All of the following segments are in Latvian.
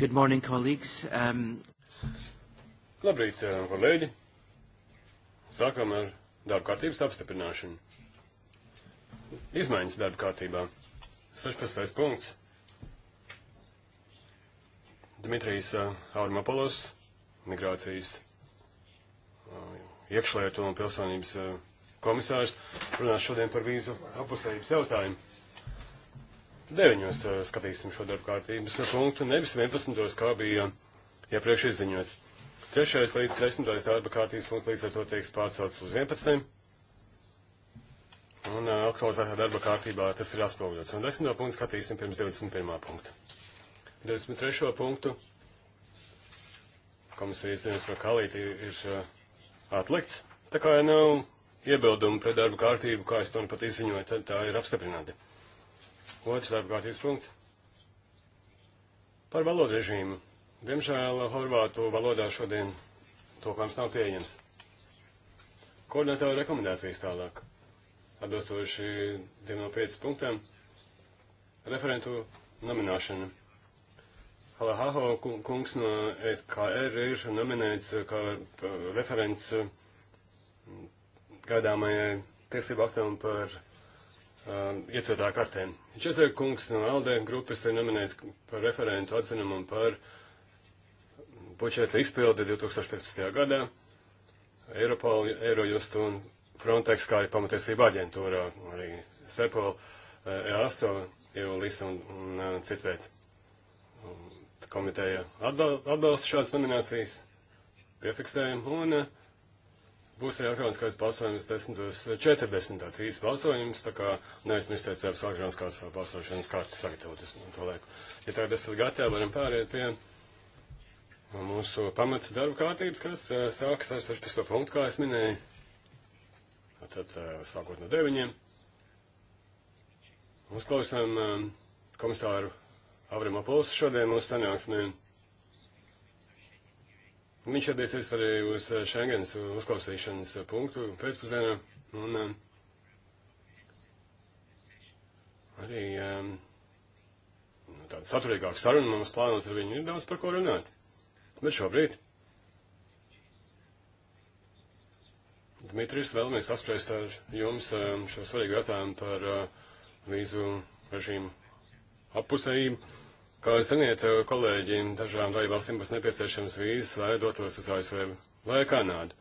Good morning, colleagues. Um... Labrīt, eh, kolēģi. Sākam ar darba kārtības apstiprināšanu. Izmaiņas darba kārtībā. 16. punkts. Dmitrijs eh, Aurmapolos, migrācijas eh, iekšlietu un pilsonības komisārs, runās šodien par vīzu apusējības jautājumu. Deviņos skatīsim šo darbu kārtības punktu, nevis 11. kā bija iepriekš izziņots. Trešais līdz desmitais darba kārtības punkts līdz ar to tiek pārcelts uz 11. Un aktualizētā darba kārtībā tas ir atspoguļots. Un 10. punktu skatīsim pirms 21. punkta. 23. punktu komisijas dienas par kalīti ir, ir atlikts. Tā kā nav iebildumu pret darba kārtību, kā es to nu pat izziņoju, tad tā ir apstiprināta. Otrs apgātības punkts. Par valodu režīmu. Diemžēl horvātu valodā šodien topams nav pieejams. Koordinatāra rekomendācijas tālāk. Atbilstoši 2 no 5 punktiem. Referentu nomināšana. Halahaho kungs no EKR ir nominēts kā uh, referents mm, gaidāmajai tiesību aktam par um, iecētā kartēm. Česēk kungs no LD grupas ir nominēts par referentu atzinumu par budžeta izpildi 2015. gadā Eiropol, Eurojust un Frontex, kā arī pamatiesība aģentūrā, arī Sepol, eh, EASO, EULIS un, un, eh, un citvēt. Komiteja atbal, atbalsta šādas nominācijas, piefiksējam, un uh, būs arī elektroniskais balsojums 10.40, tāds īsts balsojums, tā kā neaizmirstiet savas elektroniskās balsošanas kārtas sagatavot uz to laiku. Ja tagad esat gatavi, varam pāriet pie mūsu pamata darba kārtības, kas eh, sākas ar 16. punktu, kā es minēju. Tad eh, sākot no 9. Uzklausām eh, komisāru Avrim Apulsu šodien mūsu sanāksmēm. Viņš atbildēs arī uz eh, Schengens eh, uzklausīšanas eh, punktu pēcpusdienā. Un arī nu, tāda saturīgāka saruna mums plānot ar viņu ir daudz par ko runāt. Bet šobrīd. Dmitris, vēlamies apspriest ar jums šo svarīgu jautājumu par vīzu režīmu appusējību. Kā jūs ziniet, kolēģi, dažām dalībvalstīm būs nepieciešams vīzas, lai dotos uz ASV vai Kanādu.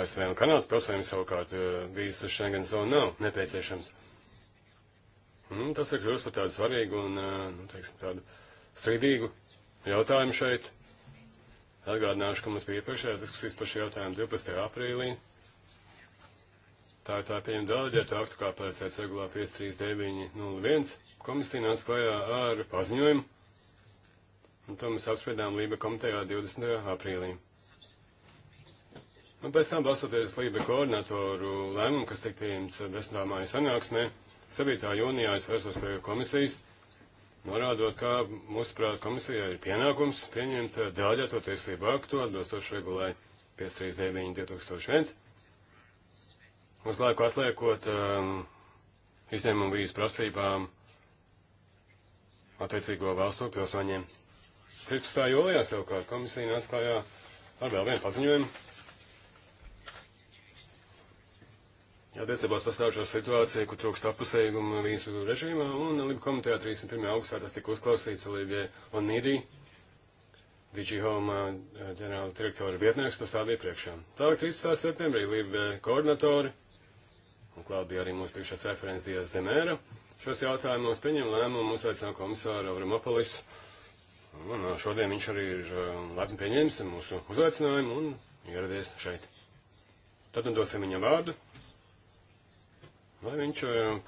ASV un Kanādas pilsoņiem savukārt eh, vīzas uz Schengen zonu nav nepieciešams. Un mm, tas ir kļūst par tādu svarīgu un, eh, nu, teiksim, tādu strīdīgu jautājumu šeit. Atgādināšu, ka mums bija iepriekšējās diskusijas par šo jautājumu 12. aprīlī. Tā ir tā pieņemta delegētu aktu, kā paredzēts regulā 53901. Komisija nāca klajā ar paziņojumu, Un to mēs apspriedām Lība komitejā 20. aprīlī. Un pēc tam, balstoties Lība koordinatoru lēmumu, kas tika pieņemts 10. māja sanāksmē, 7. jūnijā es vērsos pie komisijas, norādot, ka mūsuprāt komisijai ir pienākums pieņemt dēļēto tiesību aktu atbilstoši regulai 539.2001, uz laiku atliekot um, izņēmumu vīzu prasībām attiecīgo valstu pilsoņiem. 13. jūlijā savukārt komisija nāca klājā ar vēl vienu paziņojumu. Attiecībās pastāvšo situāciju, kur trūkst apusējuma vīzu režīmā, un Libu komitejā 31. augustā tas tika uzklausīts Olivie Onīdī, DG Home eh, ģenerāla direktora vietnieks, to stādīja priekšā. Tālāk 13. septembrī Libu koordinatori, un klāt bija arī mūsu priekšās referents Dijas Demēra, šos jautājumus pieņem lēmumu uzveicām komisāru Avramopolis. Mopolis Un uh, šodien viņš arī ir uh, labi pieņēmis mūsu uzaicinājumu un ieradies šeit. Tad un nu dosim viņam vārdu, lai viņš uh,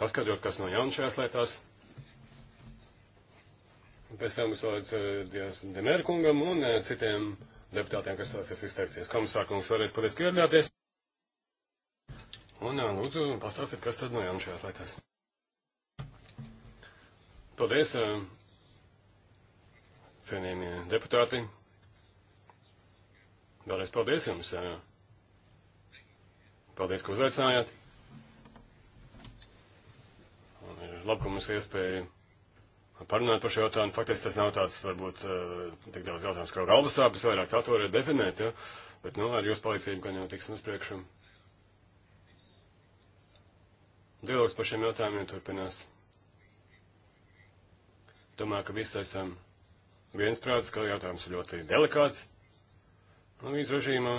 paskatot, kas no jauna šajās lietās. Pēc tam būs vārds Dievs Demērkungam un citiem deputātiem, kas vēlēsies izteikties. Komisārkungs vēlreiz paldies, ka ieradāties. Un lūdzu, pastāstiet, kas tad no jauna šajās lietās. Paldies cienījamie deputāti. Vēlreiz paldies jums. Paldies, ka uzveicinājāt. Un ir labi, ka mums ir iespēja parunāt par šo jautājumu. Faktiski tas nav tāds, varbūt, eh, tik daudz jautājums, kā galvas sāpes, vairāk tā to varētu definēt, ja? Bet, nu, ar jūsu palīdzību, ka jau tiksim uz priekšu. Dialogs par šiem jautājumiem turpinās. Domāju, ka visi esam. Um, viensprāts, ka jautājums ir ļoti delikāts. Un līdz režīma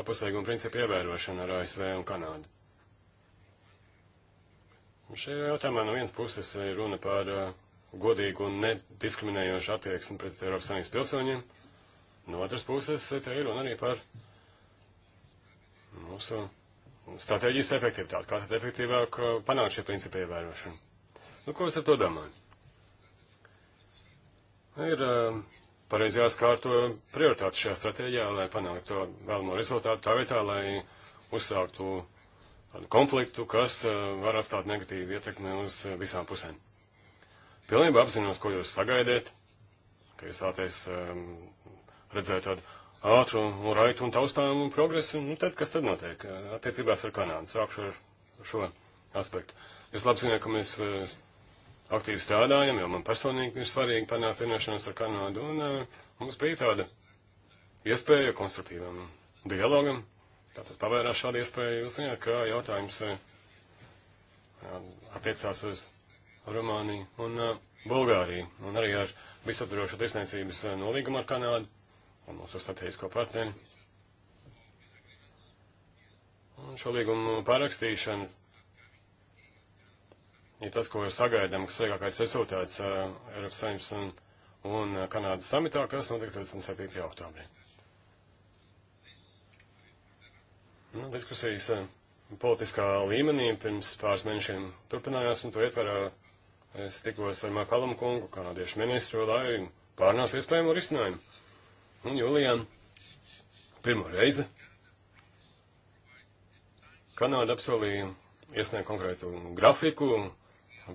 apuslīguma principu ievērošana ar ASV un Kanādu. Un šajā jautājumā no vienas puses ir runa par uh, godīgu un nediskriminējošu attieksmi pret Eiropas Savienības pilsoņiem. No otras puses, te ir runa arī par mūsu stratēģijas efektivitāti, kā tad efektīvāk uh, panākt šie principi ievērošanu. Nu, ko es ar to domāju? Ir eh, pareizi jāskārto prioritāti šajā stratēģijā, lai panāktu to vēlamo rezultātu tā vietā, lai uzsāktu konfliktu, kas eh, var atstāt negatīvu ietekmi uz visām pusēm. Pilnībā apzinos, ko jūs sagaidiet, ka jūs vēlaties eh, redzēt tādu ātru un raitu un taustāmu progresu, nu tad kas tad notiek attiecībās ar Kanādu? Sākšu ar šo aspektu. Jūs labi zināt, ka mēs aktīvi strādājam, jo man personīgi ir svarīgi panākt vienošanos ar Kanādu, un uh, mums bija tāda iespēja konstruktīvam dialogam. Tātad pavērās šāda iespēja, jūs zināt, ka jautājums uh, attiecās uz Rumāniju un uh, Bulgāriju, un arī ar visaptvarošu tirsniecības uh, nolīgumu ar Kanādu un mūsu strateģisko partneri. Un šo līgumu pārakstīšana ir tas, ko sagaidām, kas lielākais rezultāts uh, Eiropas saimnes un, un uh, Kanādas samitā, kas notiks 27. oktobrī. Nu, diskusijas uh, politiskā līmenī pirms pāris mēnešiem turpinājās, un to ietverā es tikos ar Makalam kungu, kanādiešu ministru, lai pārnāstu iespējamo risinājumu. Un jūlijā pirmo reizi Kanāda apsolīja iesniegt konkrētu grafiku,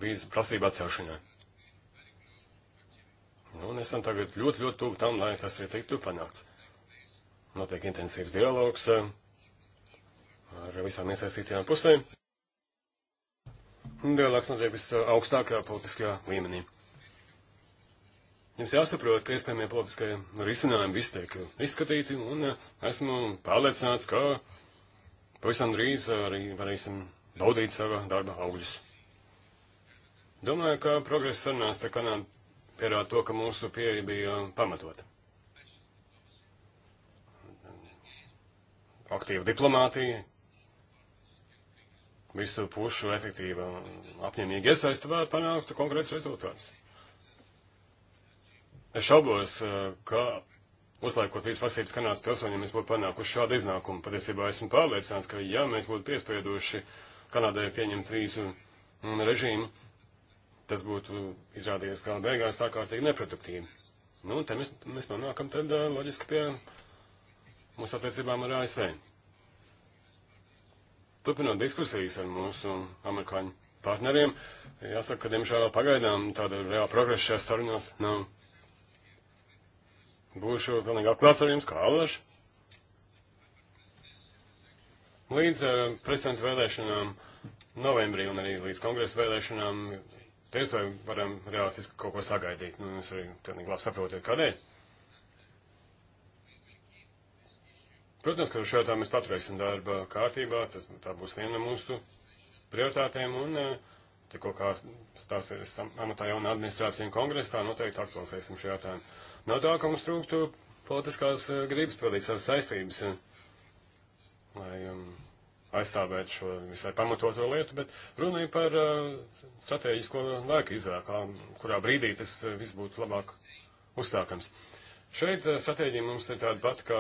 vīzu prasību atcelšanai. Nu, un esam tagad ļoti, ļoti tuvu tam, lai tas arī tiktu panākts. Notiek intensīvs dialogs eh, ar visām iesaistītajām pusēm. Dialogs notiek visaugstākajā politiskajā līmenī. Jums jāsaprot, ka iespējamie politiskie risinājumi visi tiek izskatīti, un eh, esmu pārliecināts, ka pavisam drīz arī varēsim baudīt sava darba augļus. Domāju, ka progresa sarunās ar Kanādu pierāda to, ka mūsu pieeja bija pamatota. Aktīva diplomātija, visu pušu efektīva apņemīga iesaista, lai panāktu konkrēts rezultāts. Es šaubos, ka uzlaikot visu pasības kanādas pilsoņiem, mēs būtu panākuši šādu iznākumu. Patiesībā esmu pārliecināts, ka ja mēs būtu piespieduši Kanādai pieņemt vīzu režīmu, tas būtu izrādījies gala beigās ārkārtīgi neproduktīvi. Nu, te mēs, mēs nonākam tad loģiski pie mūsu attiecībām ar ASV. Turpinot diskusijas ar mūsu amerikāņu partneriem, jāsaka, ka, diemžēl, pagaidām tāda reāla progresa šajās sarunās nav. Būšu pilnīgi atklāts ar jums, kā alaši. Līdz uh, prezidenta vēlēšanām novembrī un arī līdz kongresa vēlēšanām diez vai varam realistiski kaut ko sagaidīt. Nu, jūs arī pilnīgi labi saprotiet, kādēļ. Protams, ka šo jautājumu mēs paturēsim darba kārtībā, tas, tā būs viena no mūsu prioritātēm, un eh, tikko kā tās ir amatā jauna administrācija un kongresā, noteikti aktualizēsim šo jautājumu. Nav tā, ka mums trūktu politiskās eh, gribas pildīt savas saistības, eh, lai um, aizstāvēt šo visai pamatoto lietu, bet runāju par uh, strateģisko laika izrākā, kurā brīdī tas uh, viss būtu labāk uzsākams. Šeit uh, strateģija mums ir tāda pat, kā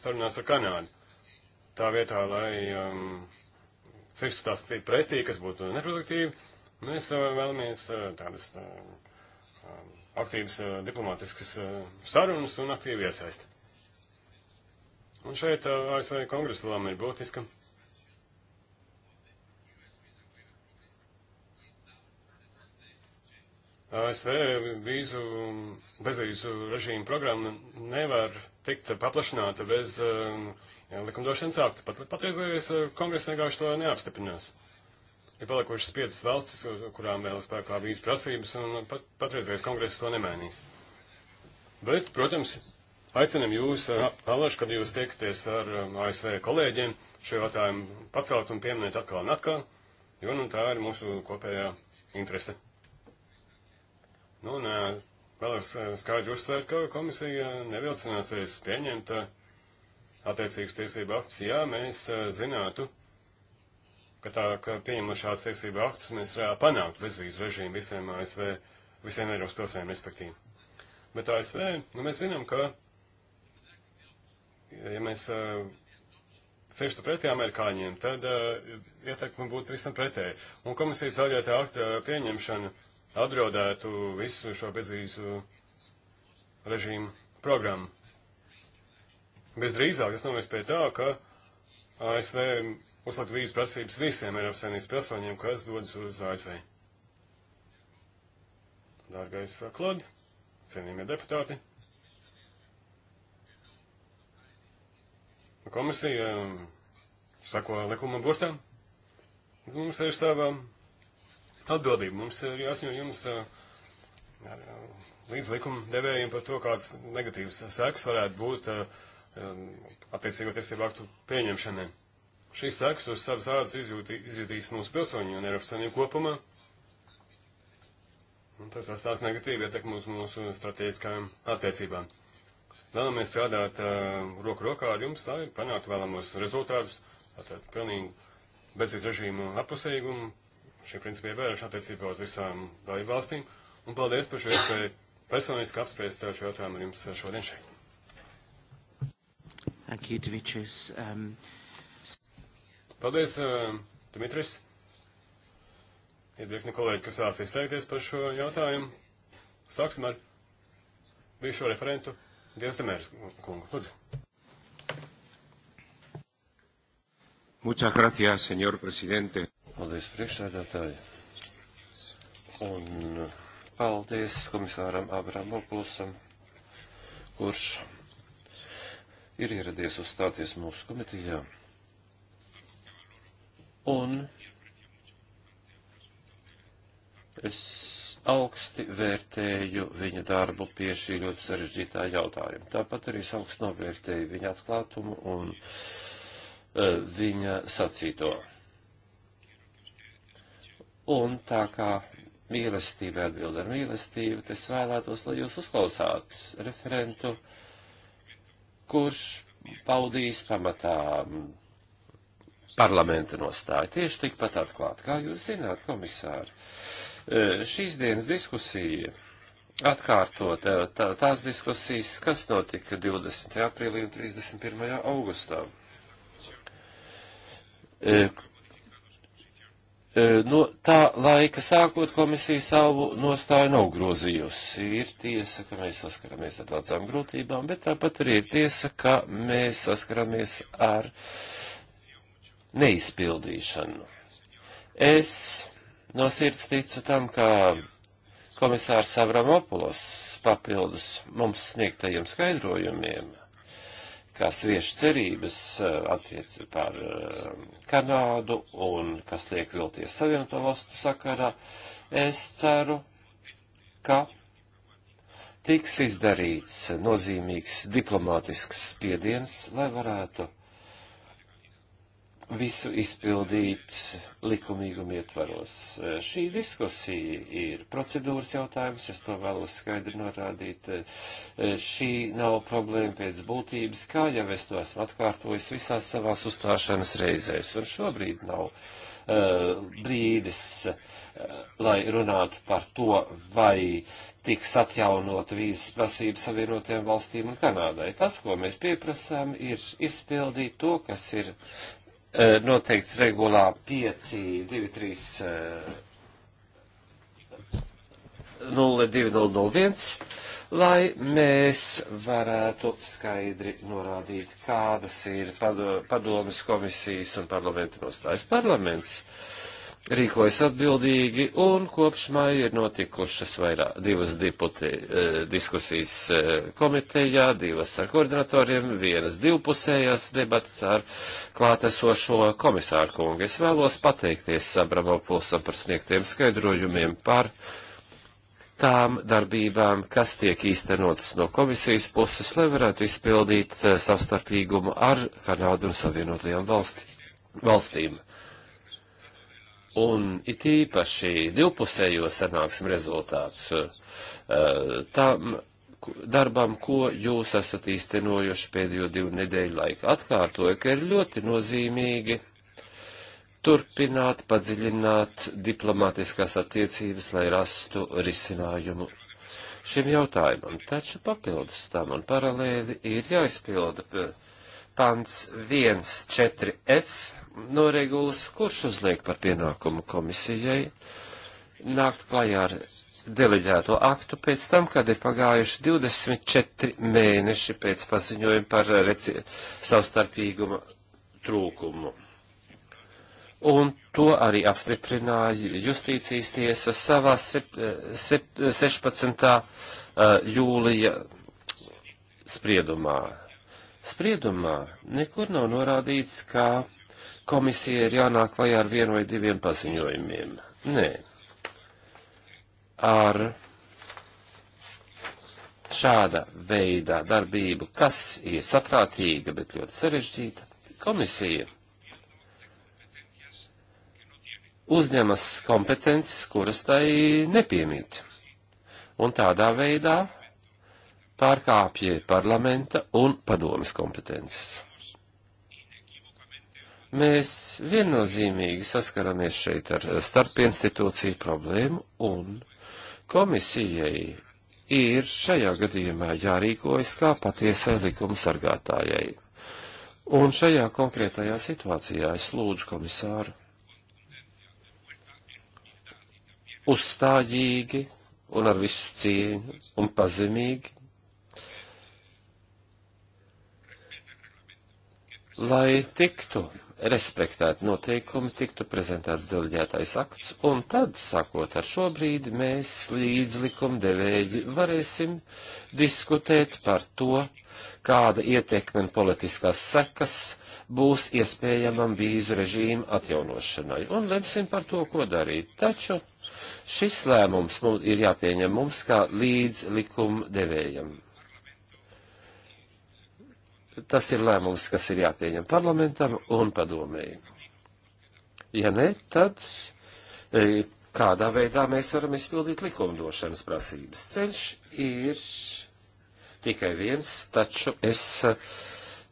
starunās ar Kanādu. Tā vietā, lai um, cirstu tās cīt pretī, kas būtu neproduktīvi, mēs uh, vēlamies uh, tādas uh, um, aktīvas uh, diplomātiskas uh, sarunas un aktīvi iesaisti. Un šeit uh, ASV kongresulam ir būtiska. Uh, ASV vīzu, bezvīzu režīmu programma nevar tikt paplašināta bez eh, likumdošanas akta. Pat, patreizējais eh, kongress vienkārši to neapstiprinās. Ir palikušas piecas valstis, kurām vēl spēkā vīzu prasības, un pat, patreizējais kongress to nemainīs. Bet, protams, aicinam jūs, eh, Alaš, kad jūs tiekaties ar um, ASV kolēģiem, šo jautājumu pacelt un pieminēt atkal un atkal, jo nu, tā ir mūsu kopējā interese. Nu, un vēlos skaidri uzsvērt, ka komisija nevilcināsies pieņemt attiecīgas tiesību aktus. Jā, mēs zinātu, ka tā, ka pieņemot šādas tiesību aktus, mēs varētu panākt bezvīzu režīmu visiem ASV, visiem Eiropas pilsēm respektīvi. Bet ASV, nu mēs zinām, ka, ja mēs uh, seštu pretī amerikāņiem, tad uh, ietekme būtu visam pretēji. Un komisijas daļai tā akta pieņemšana. Uh, apdraudētu visu šo bezvīzu režīmu programmu. Visdrīzāk tas novest pie tā, ka ASV uzlikt vīzu prasības visiem Eiropas Savienības pilsoņiem, kas dodas uz ASV. Dārgais Klod, cienījamie deputāti, komisija sako likuma burtām. Mums ir sava atbildību. Mums ir jāsņem jums līdz likuma devējiem par to, kāds negatīvs seks varētu būt attiecīgo tiesību aktu pieņemšanai. Šīs sekas uz savas ādas izjūtī, izjūtīs mūsu pilsoņi un Eiropas Savienību kopumā. Un tas atstās negatīvi ietekmi uz mūsu strateģiskajām attiecībām. Vēlamies strādāt uh, roku rokā ar jums, lai panāktu vēlamos rezultātus, tātad pilnīgu bezizrežīmu apusējumu, šie principi ievēroši attiecībā uz visām dalību valstīm. Un paldies par šo iespēju personiski apspriest šo jautājumu ar jums šodien šeit. Um, paldies, um, Dimitris. Ir virkni kolēģi, kas vēlas izteikties par šo jautājumu. Sāksim ar bijušo referentu Dievs Demērs kungu. Lūdzu. Muchas gracias, señor presidente. Paldies priekšsēdētāji. Un paldies komisāram Abramoplusam, kurš ir ieradies uzstāties mūsu komitejā. Un es augsti vērtēju viņa darbu pie šī ļoti sarežģītā jautājuma. Tāpat arī es augstu novērtēju viņa atklātumu un uh, viņa sacīto. Un tā kā mīlestība atbild ar mīlestību, es vēlētos, lai jūs uzklausātu referentu, kurš paudīs pamatā mm, parlamenta nostāja tieši tikpat atklāt, kā jūs zināt, komisāri. E, šīs dienas diskusija atkārtot e, tā, tās diskusijas, kas notika 20. aprīlī un 31. augustā. E, E, no tā laika sākot komisija savu nostāju nav grozījusi. Ir tiesa, ka mēs saskaramies ar daudzām grūtībām, bet tāpat arī ir tiesa, ka mēs saskaramies ar neizpildīšanu. Es no sirds ticu tam, ka komisārs Avramopulos papildus mums sniegtajiem skaidrojumiem kas vieš cerības eh, attiec par eh, Kanādu un kas liek vilties savienoto valstu sakarā, es ceru, ka tiks izdarīts nozīmīgs diplomātisks spiediens, lai varētu visu izpildīt likumīgumu ietvaros. Šī diskusija ir procedūras jautājums, es to vēlos skaidri norādīt. Šī nav problēma pēc būtības, kā jau es to esmu atkārtojis visās savās uzstāšanas reizēs, un šobrīd nav uh, brīdis, uh, lai runātu par to, vai tiks atjaunot vīzas prasības savienotajām valstīm un Kanādai. Tas, ko mēs pieprasām, ir izpildīt to, kas ir Eh, noteikts regulā 5, 2, 3, 0, 2, 0, 0, 1, lai mēs varētu skaidri norādīt, kādas ir padomas komisijas un parlamenta nostājas parlaments. Uh, rīkojas atbildīgi, un kopš māja ir notikušas vairāk divas diputi, eh, diskusijas eh, komitejā, divas ar koordinatoriem, vienas divpusējās debatas ar klātesošo komisāru kungu. Es vēlos pateikties Abramopulsam par sniegtiem skaidrojumiem par tām darbībām, kas tiek īstenotas no komisijas puses, lai varētu izpildīt eh, savstarpīgumu ar Kanādu un Savienotajām valstīm. valstīm. Un it īpaši divpusējo sanāksmu rezultāts eh, tam darbam, ko jūs esat īstenojuši pēdējo divu nedēļu laiku. Atkārtoju, ka ir ļoti nozīmīgi turpināt, padziļināt diplomātiskās attiecības, lai rastu risinājumu šim jautājumam. Taču papildus tam un paralēli ir jāizpilda eh, pants 1.4.f no regulas, kurš uzliek par pienākumu komisijai nākt klajā ar deleģēto aktu pēc tam, kad ir pagājuši 24 mēneši pēc paziņojuma par reci, savstarpīguma trūkumu. Un to arī apstiprināja justīcijas tiesa savā sep, sep, 16. jūlija spriedumā. Spriedumā nekur nav norādīts, kā komisija ir jānāk klajā ar vienu vai diviem paziņojumiem. Nē. Ar šāda veida darbību, kas ir saprātīga, bet ļoti sarežģīta, komisija uzņemas kompetences, kuras tai nepiemīt. Un tādā veidā pārkāpja parlamenta un padomas kompetences. Mēs viennozīmīgi saskaramies šeit ar starpinstitūciju problēmu un komisijai ir šajā gadījumā jārīkojas kā patiesai likuma sargātājai. Un šajā konkrētajā situācijā es lūdzu komisāru uzstājīgi un ar visu cieņu un pazemīgi lai tiktu respektēti noteikumi, tiktu prezentēts deleģētais akts, un tad, sākot ar šo brīdi, mēs līdz likumdevēji varēsim diskutēt par to, kāda ietekme un politiskās sekas būs iespējamam vīzu režīmu atjaunošanai, un lemsim par to, ko darīt. Taču šis lēmums nu, ir jāpieņem mums kā līdz likumdevējam tas ir lēmums, kas ir jāpieņem parlamentam un padomēji. Ja ne, tad e, kādā veidā mēs varam izpildīt likumdošanas prasības. Ceļš ir tikai viens, taču es e,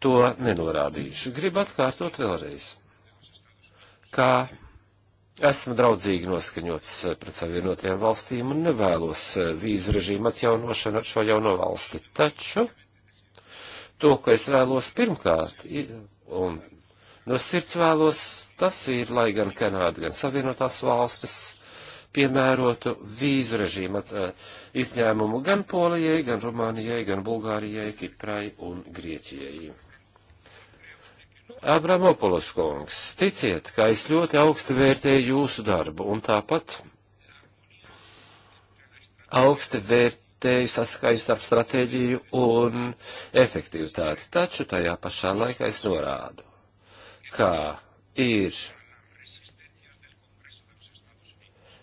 to nenorādīšu. Gribu atkārtot vēlreiz, kā esmu draudzīgi noskaņots e, pret savienotajām valstīm un nevēlos vīzu režīmu atjaunošanu ar šo jauno valsti. Taču to, ko es vēlos pirmkārt, un no sirds vēlos, tas ir, lai gan Kanāda, gan Savienotās valstis piemērotu vīzu režīmu eh, izņēmumu gan Polijai, gan Rumānijai, gan Bulgārijai, Kiprai un Grieķijai. Abramopolis kungs, ticiet, ka es ļoti augstu vērtēju jūsu darbu un tāpat augstu vērt, pretēji saskaist ar stratēģiju un efektivitāti. Taču tajā pašā laikā es norādu, kā ir,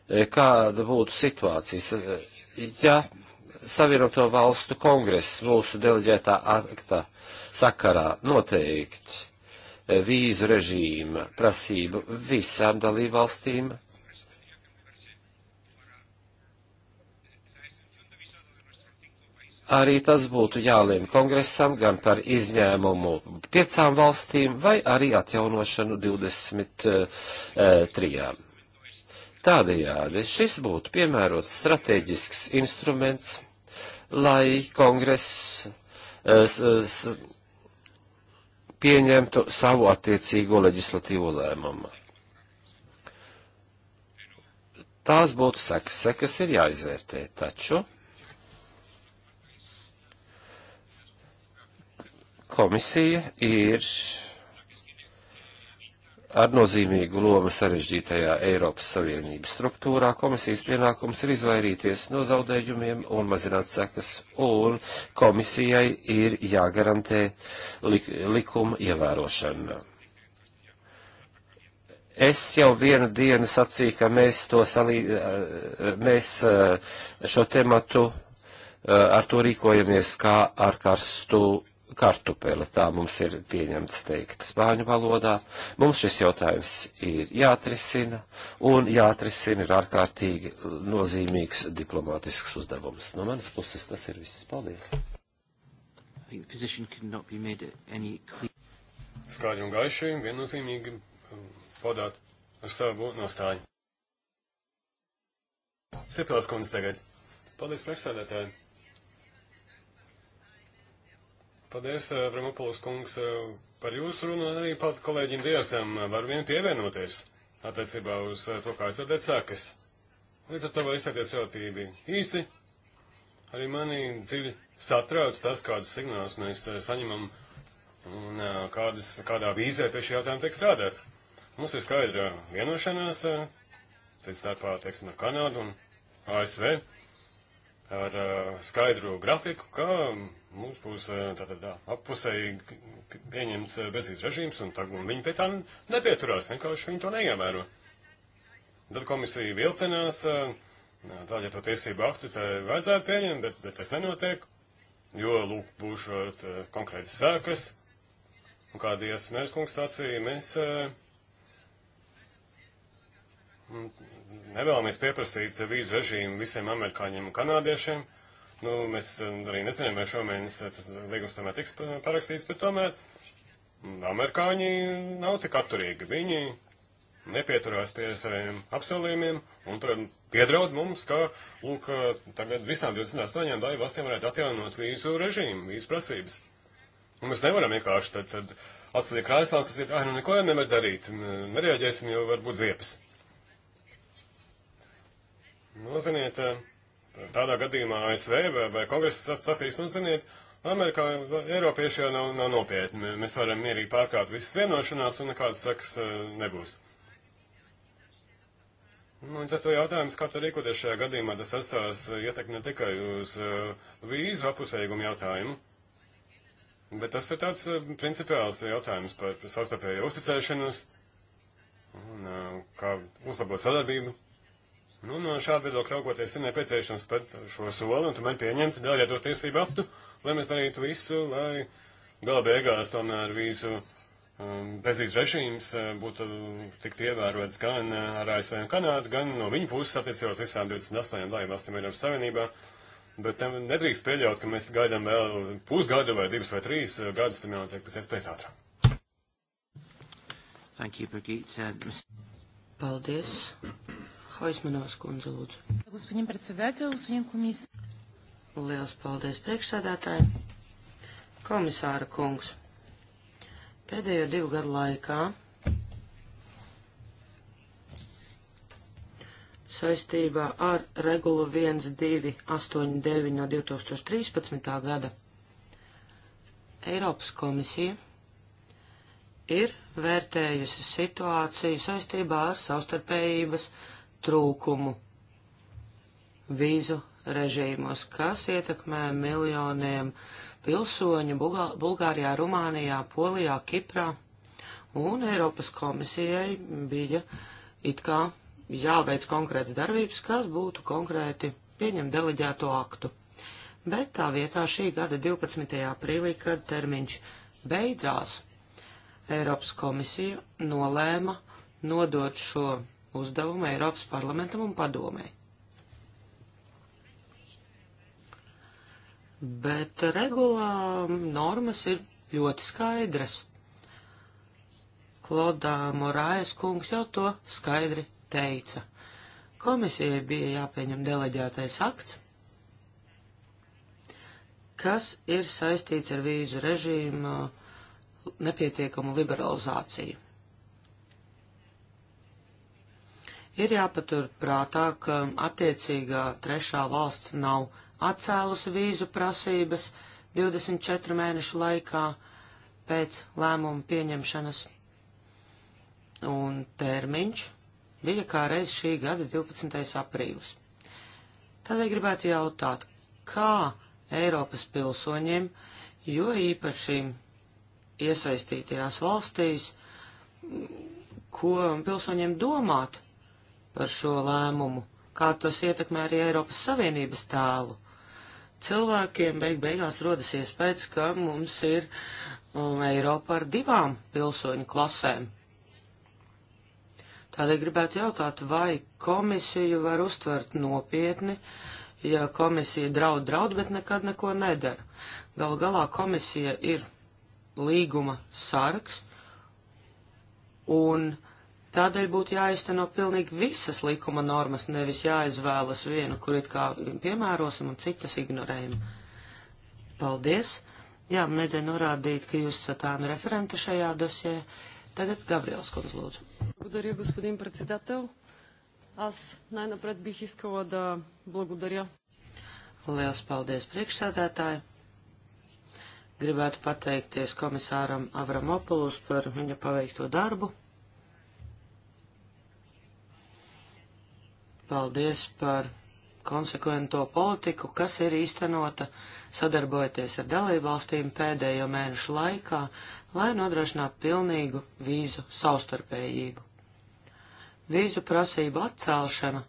e, kāda būtu situācija, e, ja Savienoto valstu kongress mūsu deleģētā akta sakarā noteikti e, vīzu režīma prasību visām dalībvalstīm arī tas būtu jālēm kongresam gan par izņēmumu piecām valstīm vai arī atjaunošanu 23. Eh, Tādējādi šis būtu piemērots strateģisks instruments, lai kongress eh, pieņemtu savu attiecīgo leģislatīvo lēmumu. Tās būtu sekas, sekas ir jāizvērtē, taču komisija ir ar nozīmīgu lomu sarežģītajā Eiropas Savienības struktūrā komisijas pienākums ir izvairīties no zaudējumiem un mazināt sekas, un komisijai ir jāgarantē lik likuma ievērošana. Es jau vienu dienu sacīju, ka mēs, to salī, eh, mēs eh, šo tematu eh, ar to rīkojamies kā ar karstu kartupele, tā mums ir pieņemts teikt spāņu valodā. Mums šis jautājums ir jāatrisina, un jāatrisina ir ārkārtīgi nozīmīgs diplomātisks uzdevums. No manas puses tas ir viss. Paldies! Skaļi un gaiši viennozīmīgi um, podāt ar savu nostāju. Sipilās kundze tagad. Paldies, priekšsēdētāji! Paldies, eh, Vremopolis kungs, eh, par jūsu runu un arī pat kolēģim Dievsam eh, var vien pievienoties attiecībā uz to, kā esat decākas. Līdz ar to var izstāties relatīvi īsi. Arī mani dziļi satrauc tas, kādus signālus mēs saņemam un kādas, kādā vīzē pie šī jautājuma tiek strādāts. Mums ir skaidra vienošanās, cits starpā, teiksim, ar Kanādu un ASV ar eh, skaidru grafiku, ka mums būs tātad appusēji pieņemts eh, bezvīz režīms, un, tag, un viņi pie tā nepieturās, vienkārši viņi to neiemēro. Tad komisija vilcinās, eh, tāļa ja to tiesību aktu te vajadzētu pieņemt, bet, bet tas nenotiek, jo, lūk, būšot konkrēti sākas, un kādies mērs kungs sacīja, mēs nevēlamies pieprasīt vīzu režīmu visiem amerikāņiem un kanādiešiem. Nu, mēs eh, arī nezinām, vai šomēnes eh, tas līgums tomēr tiks parakstīts, bet tomēr amerikāņi nav tik atturīgi. Viņi nepieturās pie saviem apsolījumiem un tad piedraud mums, ka, lūk, tagad visām 28 dalību valstīm varētu atjaunot vīzu režīmu, vīzu prasības. Un mēs nevaram vienkārši tad, tad atsliek krājas, lai sacīt, ah, nu neko nevar darīt, nereaģēsim, jo varbūt ziepes. Nu, ziniet, eh, tādā gadījumā ASV vai, vai kongresa sacīs, nu, ziniet, Amerikā Eiropieši jau nav, nav nopietni. Mēs varam mierīgi pārkāpt visas vienošanās un nekādas sekas eh, nebūs. Nu, līdz ar to jautājums, kā tad rīkoties šajā gadījumā, tas atstās eh, ietekmi ne tikai uz vīzu apusējumu jautājumu, bet tas ir tāds principiāls jautājums par savstarpēju uzticēšanos un kā uzlabot sadarbību. Nu, no šāda viedokļa raugoties ir nepieciešams spēt šo soli un tomēr pieņemt daļēto tiesību aktu, lai mēs darītu visu, lai gala beigās tomēr visu um, bezvīzu režīms uh, būtu tikt ievērots gan uh, ar ASV un Kanādu, gan no viņu puses attiecībot visām 28 dalībvalstīm Eiropas Savienībā. Bet tam nedrīkst pieļaut, ka mēs gaidām vēl pusgadu vai divus vai trīs uh, gadus, tam jānotiek pēc iespējas ātrāk. Thank you, Brigitte. Paldies. Haismanovs kundze, lūdzu. Gospodin predsedētāju, gospodin komisija. Liels paldies priekšsādātājiem. Komisāra kungs, pēdējo divu gadu laikā saistībā ar regulu 1289 no 2013. gada Eiropas komisija ir vērtējusi situāciju saistībā ar savstarpējības trūkumu vīzu režīmos, kas ietekmē miljoniem pilsoņu Bulgā, Bulgārijā, Rumānijā, Polijā, Kiprā, un Eiropas komisijai bija it kā jāveic konkrēts darbības, kas būtu konkrēti pieņem deleģēto aktu. Bet tā vietā šī gada 12. aprīlī, kad termiņš beidzās, Eiropas komisija nolēma nodot šo uzdevumu Eiropas parlamentam un padomē. Bet regulā normas ir ļoti skaidras. Klodā Morājas kungs jau to skaidri teica. Komisijai bija jāpieņem deleģētais akts, kas ir saistīts ar vīzu režīmu nepietiekamu liberalizāciju. Ir jāpatur prātā, ka attiecīgā trešā valsts nav atcēlusi vīzu prasības 24 mēnešu laikā pēc lēmuma pieņemšanas, un termiņš bija kā reiz šī gada 12. aprīlis. Tādēļ gribētu jautāt, kā Eiropas pilsoņiem, jo īpaši iesaistītajās valstīs, ko pilsoņiem domāt par šo lēmumu, kā tas ietekmē arī Eiropas Savienības tēlu. Cilvēkiem beig beigās rodas iespējas, ka mums ir um, Eiropa ar divām pilsoņu klasēm. Tādēļ gribētu jautāt, vai komisiju var uztvert nopietni, ja komisija draud draud, bet nekad neko nedara. Gal galā komisija ir līguma sargs, un Tādēļ būtu jāizteno pilnīgi visas likuma normas, nevis jāizvēlas vienu, kur it kā piemērosim un citas ignorējam. Paldies! Jā, mēģinu norādīt, ka jūs esat ānu referenta šajā dosē. Tagad Gabriels Kunz, lūdzu. Благодаря, господин председател. Аз най-напред бих искала да благодаря. Liels paldies priekšsēdētāji. Gribētu pateikties komisāram Avramopulus par viņa paveikto darbu. Paldies par konsekvento politiku, kas ir īstenota sadarbojoties ar dalībvalstīm pēdējo mēnešu laikā, lai nodrošinātu pilnīgu vīzu savstarpējību. Vīzu prasību atcelšana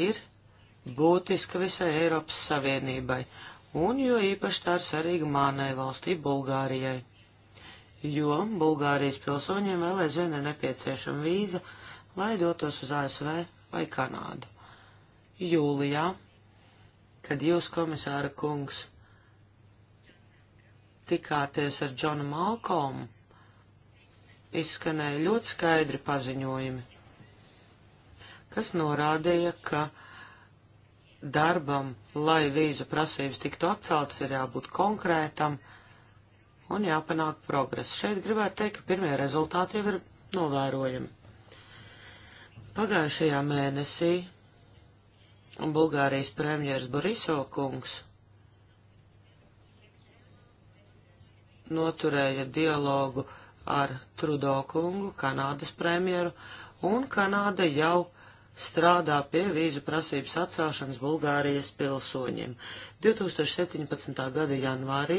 ir būtiska visai Eiropas Savienībai, un jo īpaši tā ir svarīga mānai valstī Bulgārijai, jo Bulgārijas pilsoņiem vēl aizvien ir nepieciešama vīza, lai dotos uz ASV vai Kanādu. Jūlijā, kad jūs, komisāra kungs, tikāties ar Džonu Malkomu, izskanēja ļoti skaidri paziņojumi, kas norādīja, ka darbam, lai vīzu prasības tiktu atceltas, ir jābūt konkrētam un jāpanāk progress. Šeit gribētu teikt, ka pirmie rezultāti jau ir novērojami. Pagājušajā mēnesī Bulgārijas premjers Boriso kungs noturēja dialogu ar Trudo kungu, Kanādas premjeru, un Kanāda jau strādā pie vīzu prasības atcelšanas Bulgārijas pilsoņiem. 2017. gada janvārī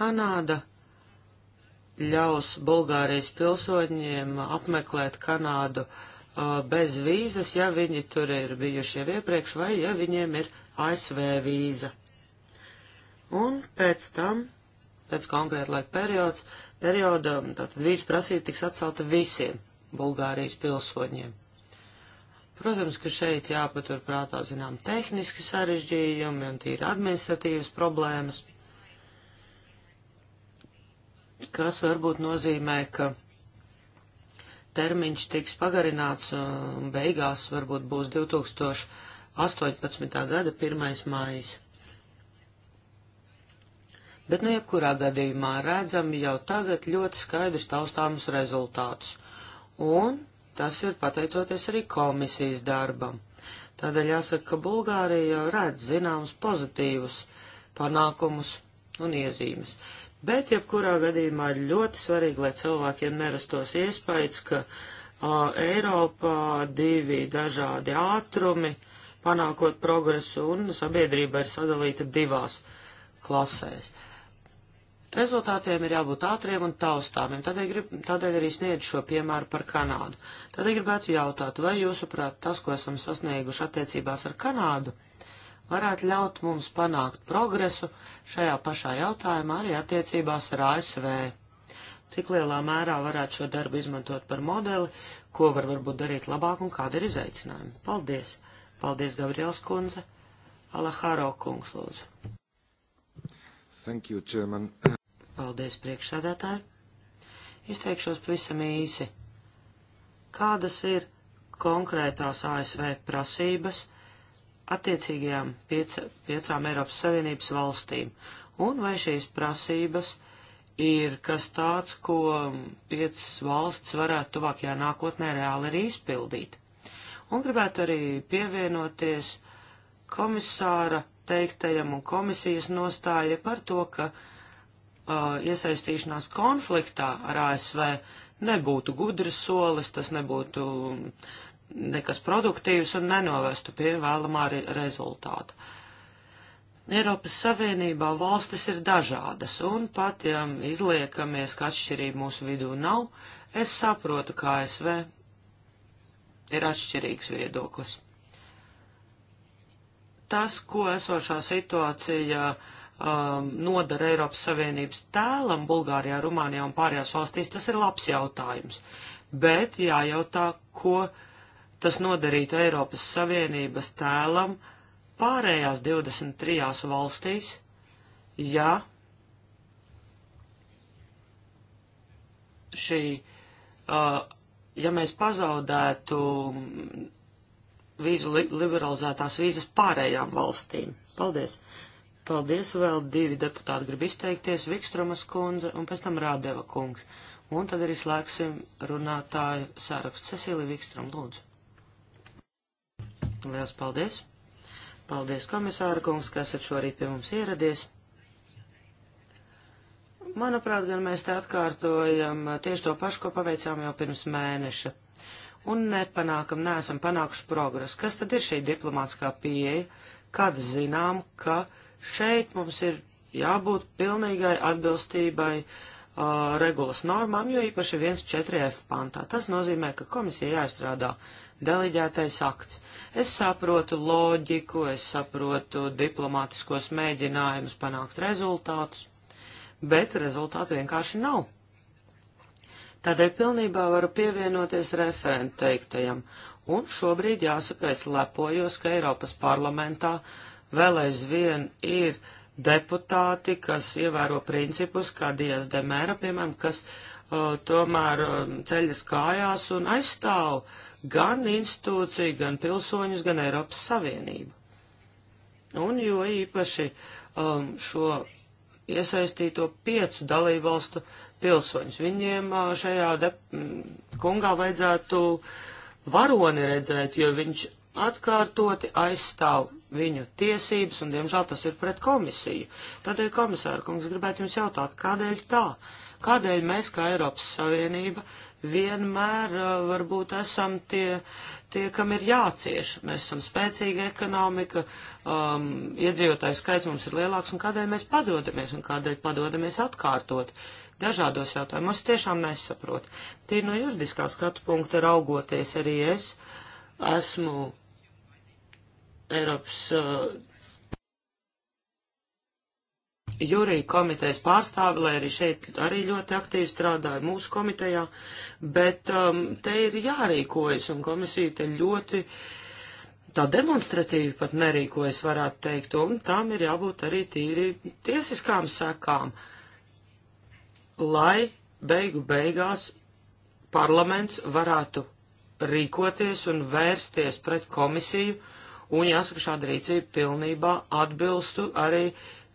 Kanāda ļaus Bulgārijas pilsoņiem apmeklēt Kanādu uh, bez vīzas, ja viņi tur ir bijuši jau iepriekš vai ja viņiem ir ASV vīza. Un pēc tam, pēc konkrēta laika periods, perioda, tātad vīzu prasība tiks atcelta visiem Bulgārijas pilsoņiem. Protams, ka šeit jāpaturprātā zinām tehniski sarežģījumi un tīri administratīvas problēmas kas varbūt nozīmē, ka termiņš tiks pagarināts un beigās varbūt būs 2018. gada 1. mājas. Bet, nu, jebkurā gadījumā redzam jau tagad ļoti skaidrus taustāmus rezultātus. Un tas ir pateicoties arī komisijas darbam. Tādēļ jāsaka, ka Bulgārija jau redz zināmus pozitīvus panākumus un iezīmes. Bet, jebkurā gadījumā, ir ļoti svarīgi, lai cilvēkiem nerastos iespējas, ka uh, Eiropā divi dažādi ātrumi, panākot progresu, un sabiedrība ir sadalīta divās klasēs. Rezultātiem ir jābūt ātriem un taustāmiem, tādēļ, grib, tādēļ arī sniedz šo piemēru par Kanādu. Tādēļ gribētu jautāt, vai jūsuprāt tas, ko esam sasnieguši attiecībās ar Kanādu, varētu ļaut mums panākt progresu šajā pašā jautājumā arī attiecībās ar ASV. Cik lielā mērā varētu šo darbu izmantot par modeli, ko var varbūt darīt labāk un kāda ir izaicinājuma. Paldies! Paldies, Gabriels kundze! Alahāro kungs, lūdzu! Thank you, Chairman. Paldies, priekšsādātāji! Izteikšos pavisam īsi. Kādas ir konkrētās ASV prasības? attiecīgajām piec, piecām Eiropas Savienības valstīm, un vai šīs prasības ir kas tāds, ko piecas valsts varētu tuvākajā nākotnē reāli arī izpildīt. Un gribētu arī pievienoties komisāra teiktajam un komisijas nostāja par to, ka uh, iesaistīšanās konfliktā ar ASV nebūtu gudras solis, tas nebūtu uh, nekas produktīvs un nenovestu pie vēlamā rezultāta. Eiropas Savienībā valstis ir dažādas, un pat ja izliekamies, ka atšķirība mūsu vidū nav, es saprotu, ka ASV ir atšķirīgs viedoklis. Tas, ko esošā situācija um, nodara Eiropas Savienības tēlam Bulgārijā, Rumānijā un pārējās valstīs, tas ir labs jautājums. Bet jājautā, ko Tas nodarītu Eiropas Savienības tēlam pārējās 23 valstīs, ja šī, uh, ja mēs pazaudētu vīzu li liberalizētās vīzas pārējām valstīm. Paldies! Paldies, vēl divi deputāti grib izteikties, Vikstromas kundze un pēc tam Rādeva kungs. Un tad arī slēgsim runātāju sarakstu. Cecīlija Vikstrom, lūdzu. Lielas paldies! Paldies, komisāra kungs, kas ir šorīt pie mums ieradies. Manuprāt, gan mēs te atkārtojam tieši to pašu, ko paveicām jau pirms mēneša. Un nepanākam, neesam panākuši progresu. Kas tad ir šī diplomātskā pieeja, kad zinām, ka šeit mums ir jābūt pilnīgai atbilstībai uh, regulas normām, jo īpaši 1.4f pantā. Tas nozīmē, ka komisija jāizstrādā uh, deleģētais akts. Es saprotu loģiku, es saprotu diplomātiskos mēģinājumus panākt rezultātus, bet rezultātu vienkārši nav. Tādēļ pilnībā varu pievienoties referentu teiktajam, un šobrīd jāsaka, es lepojos, ka Eiropas parlamentā vēl aizvien ir deputāti, kas ievēro principus, kā Dijas Demēra, piemēram, kas uh, tomēr uh, ceļas kājās un aizstāv uh, gan institūciju, gan pilsoņus, gan Eiropas Savienību. Un jo īpaši um, šo iesaistīto piecu dalībvalstu pilsoņus. Viņiem uh, šajā de, mm, kungā vajadzētu varoni redzēt, jo viņš atkārtoti aizstāv viņu tiesības, un diemžēl tas ir pret komisiju. Tādēļ, komisāra kungs, gribētu jums jautāt, kādēļ tā? Kādēļ mēs, kā Eiropas Savienība, uh, vienmēr varbūt esam tie, tie, kam ir jācieš. Mēs esam spēcīga ekonomika, um, iedzīvotājs skaits mums ir lielāks, un kādēļ mēs padodamies, un kādēļ padodamies atkārtot dažādos jautājumos, tiešām nesaprot. Tīri no juridiskā skatu punkta raugoties arī es esmu Eiropas. Uh, jūrī komitejas pārstāvi, lai arī šeit arī ļoti aktīvi strādāja mūsu komitejā, bet um, te ir jārīkojas, un komisija te ļoti tā demonstratīvi pat nerīkojas, varētu teikt, un tām ir jābūt arī tīri tiesiskām sekām, lai beigu beigās parlaments varētu rīkoties un vērsties pret komisiju, un jāsaka, šāda rīcība pilnībā atbilstu arī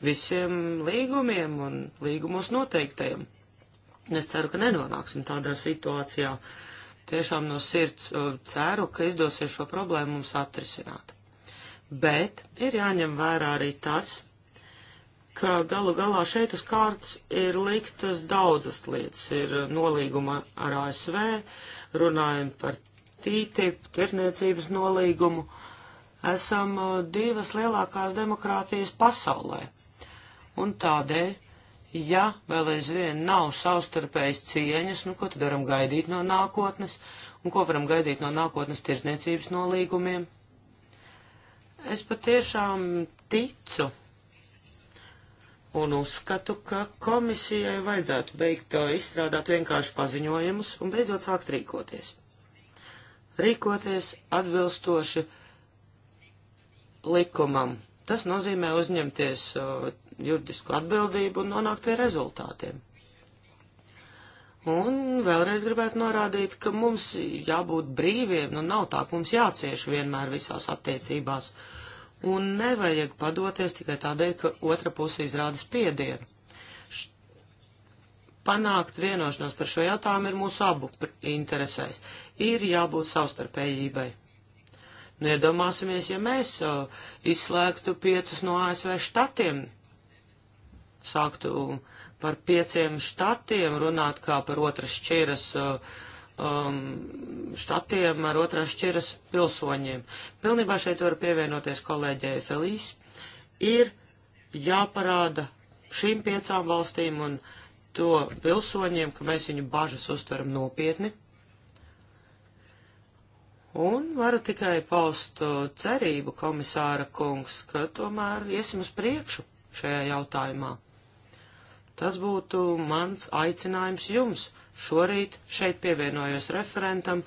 visiem līgumiem un līgumos noteiktajiem. Es ceru, ka nenonāksim tādā situācijā. Tiešām no sirds uh, ceru, ka izdosies šo problēmu mums atrisināt. Bet ir jāņem vērā arī tas, ka galu galā šeit uz kārtas ir liktas daudzas lietas. Ir nolīguma ar ASV, runājam par TTIP, tirniecības nolīgumu. Esam uh, divas lielākās demokrātijas pasaulē. Un tādēļ, ja vēl aizvien nav savstarpējas cieņas, nu ko tad varam gaidīt no nākotnes un ko varam gaidīt no nākotnes tirzniecības nolīgumiem? Es patiešām ticu un uzskatu, ka komisijai vajadzētu beigt izstrādāt vienkārši paziņojumus un beidzot sākt rīkoties. Rīkoties atbilstoši likumam. Tas nozīmē uzņemties uh, juridisku atbildību un nonākt pie rezultātiem. Un vēlreiz gribētu norādīt, ka mums jābūt brīviem, nu nav tā, ka mums jācieš vienmēr visās attiecībās, un nevajag padoties tikai tādēļ, ka otra puse izrāda spiedienu. Panākt vienošanos par šo jautājumu ir mūsu abu interesēs. Ir jābūt savstarpējībai. Nedomāsimies, nu, ja mēs uh, izslēgtu piecus no ASV štatiem sāktu par pieciem štatiem runāt kā par otras šķiras uh, um, štatiem ar otras šķiras pilsoņiem. Pilnībā šeit var pievienoties kolēģei Felīs. Ir jāparāda šīm piecām valstīm un to pilsoņiem, ka mēs viņu bažas uztveram nopietni. Un varu tikai paust uh, cerību, komisāra kungs, ka tomēr iesim uz priekšu šajā jautājumā. Tas būtu mans aicinājums jums. Šorīt šeit pievienojos referentam.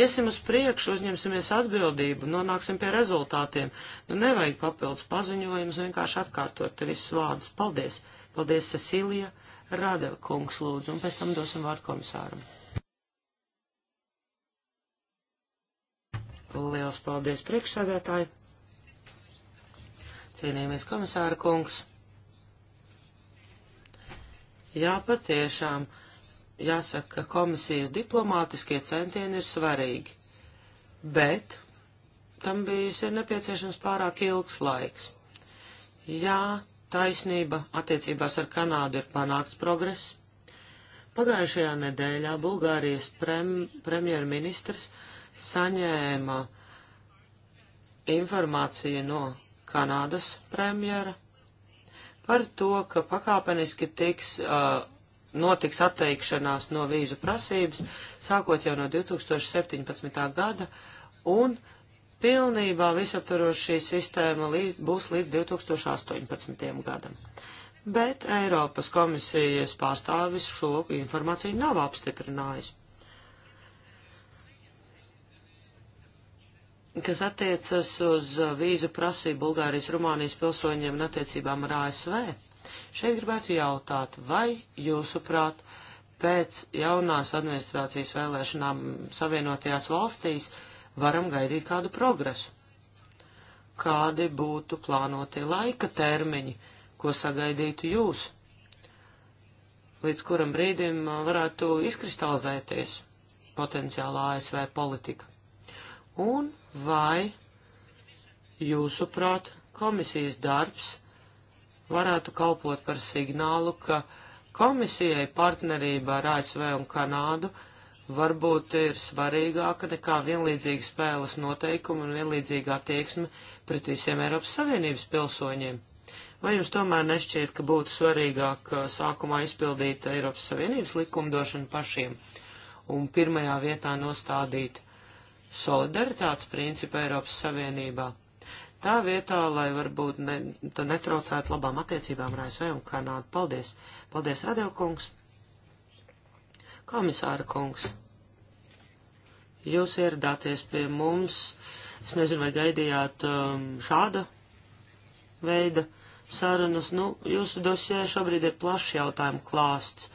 Iesim uz priekšu, uzņemsimies atbildību, nonāksim pie rezultātiem. Nu, nevajag papildus paziņojumus, vienkārši atkārtot te visus vārdus. Paldies! Paldies, Cecilija! Rada kungs lūdzu, un pēc tam dosim vārdu komisāram. Liels paldies priekšsādātāji! Cienījamies komisāra kungs! Jā, patiešām jāsaka, ka komisijas diplomātiskie centieni ir svarīgi, bet tam bijis ir nepieciešams pārāk ilgs laiks. Jā, taisnība attiecībās ar Kanādu ir panākts progress. Pagājušajā nedēļā Bulgārijas prem, premjerministrs saņēma informāciju no Kanādas premjera par to, ka pakāpeniski tiks, uh, notiks atteikšanās no vīzu prasības, sākot jau no 2017. gada, un pilnībā visaptaroši šī sistēma līdz, būs līdz 2018. gadam. Bet Eiropas komisijas pārstāvis šo informāciju nav apstiprinājis. kas attiecas uz vīzu prasību Bulgārijas, Rumānijas pilsoņiem un attiecībām ar ASV, šeit gribētu jautāt, vai jūsuprāt, pēc jaunās administrācijas vēlēšanām savienotajās valstīs varam gaidīt kādu progresu? Kādi būtu plānotie laika termiņi, ko sagaidītu jūs? Līdz kuram brīdim varētu izkristalizēties potenciālā ASV politika? Un vai jūsuprāt komisijas darbs varētu kalpot par signālu, ka komisijai partnerība ar ASV un Kanādu varbūt ir svarīgāka nekā vienlīdzīga spēles noteikuma un vienlīdzīga attieksme pret visiem Eiropas Savienības pilsoņiem. Vai jums tomēr nešķiet, ka būtu svarīgāk uh, sākumā izpildīt Eiropas Savienības likumdošanu pašiem un pirmajā vietā nostādīt solidaritātes principu Eiropas Savienībā. Tā vietā, lai varbūt ne, netraucētu labām attiecībām ar ASV un Kanādu. Paldies! Paldies, Radio kungs! Komisāra kungs! Jūs ieradāties pie mums, es nezinu, vai gaidījāt um, šāda veida sarunas. Nu, jūsu dosē šobrīd ir plašs jautājumu klāsts.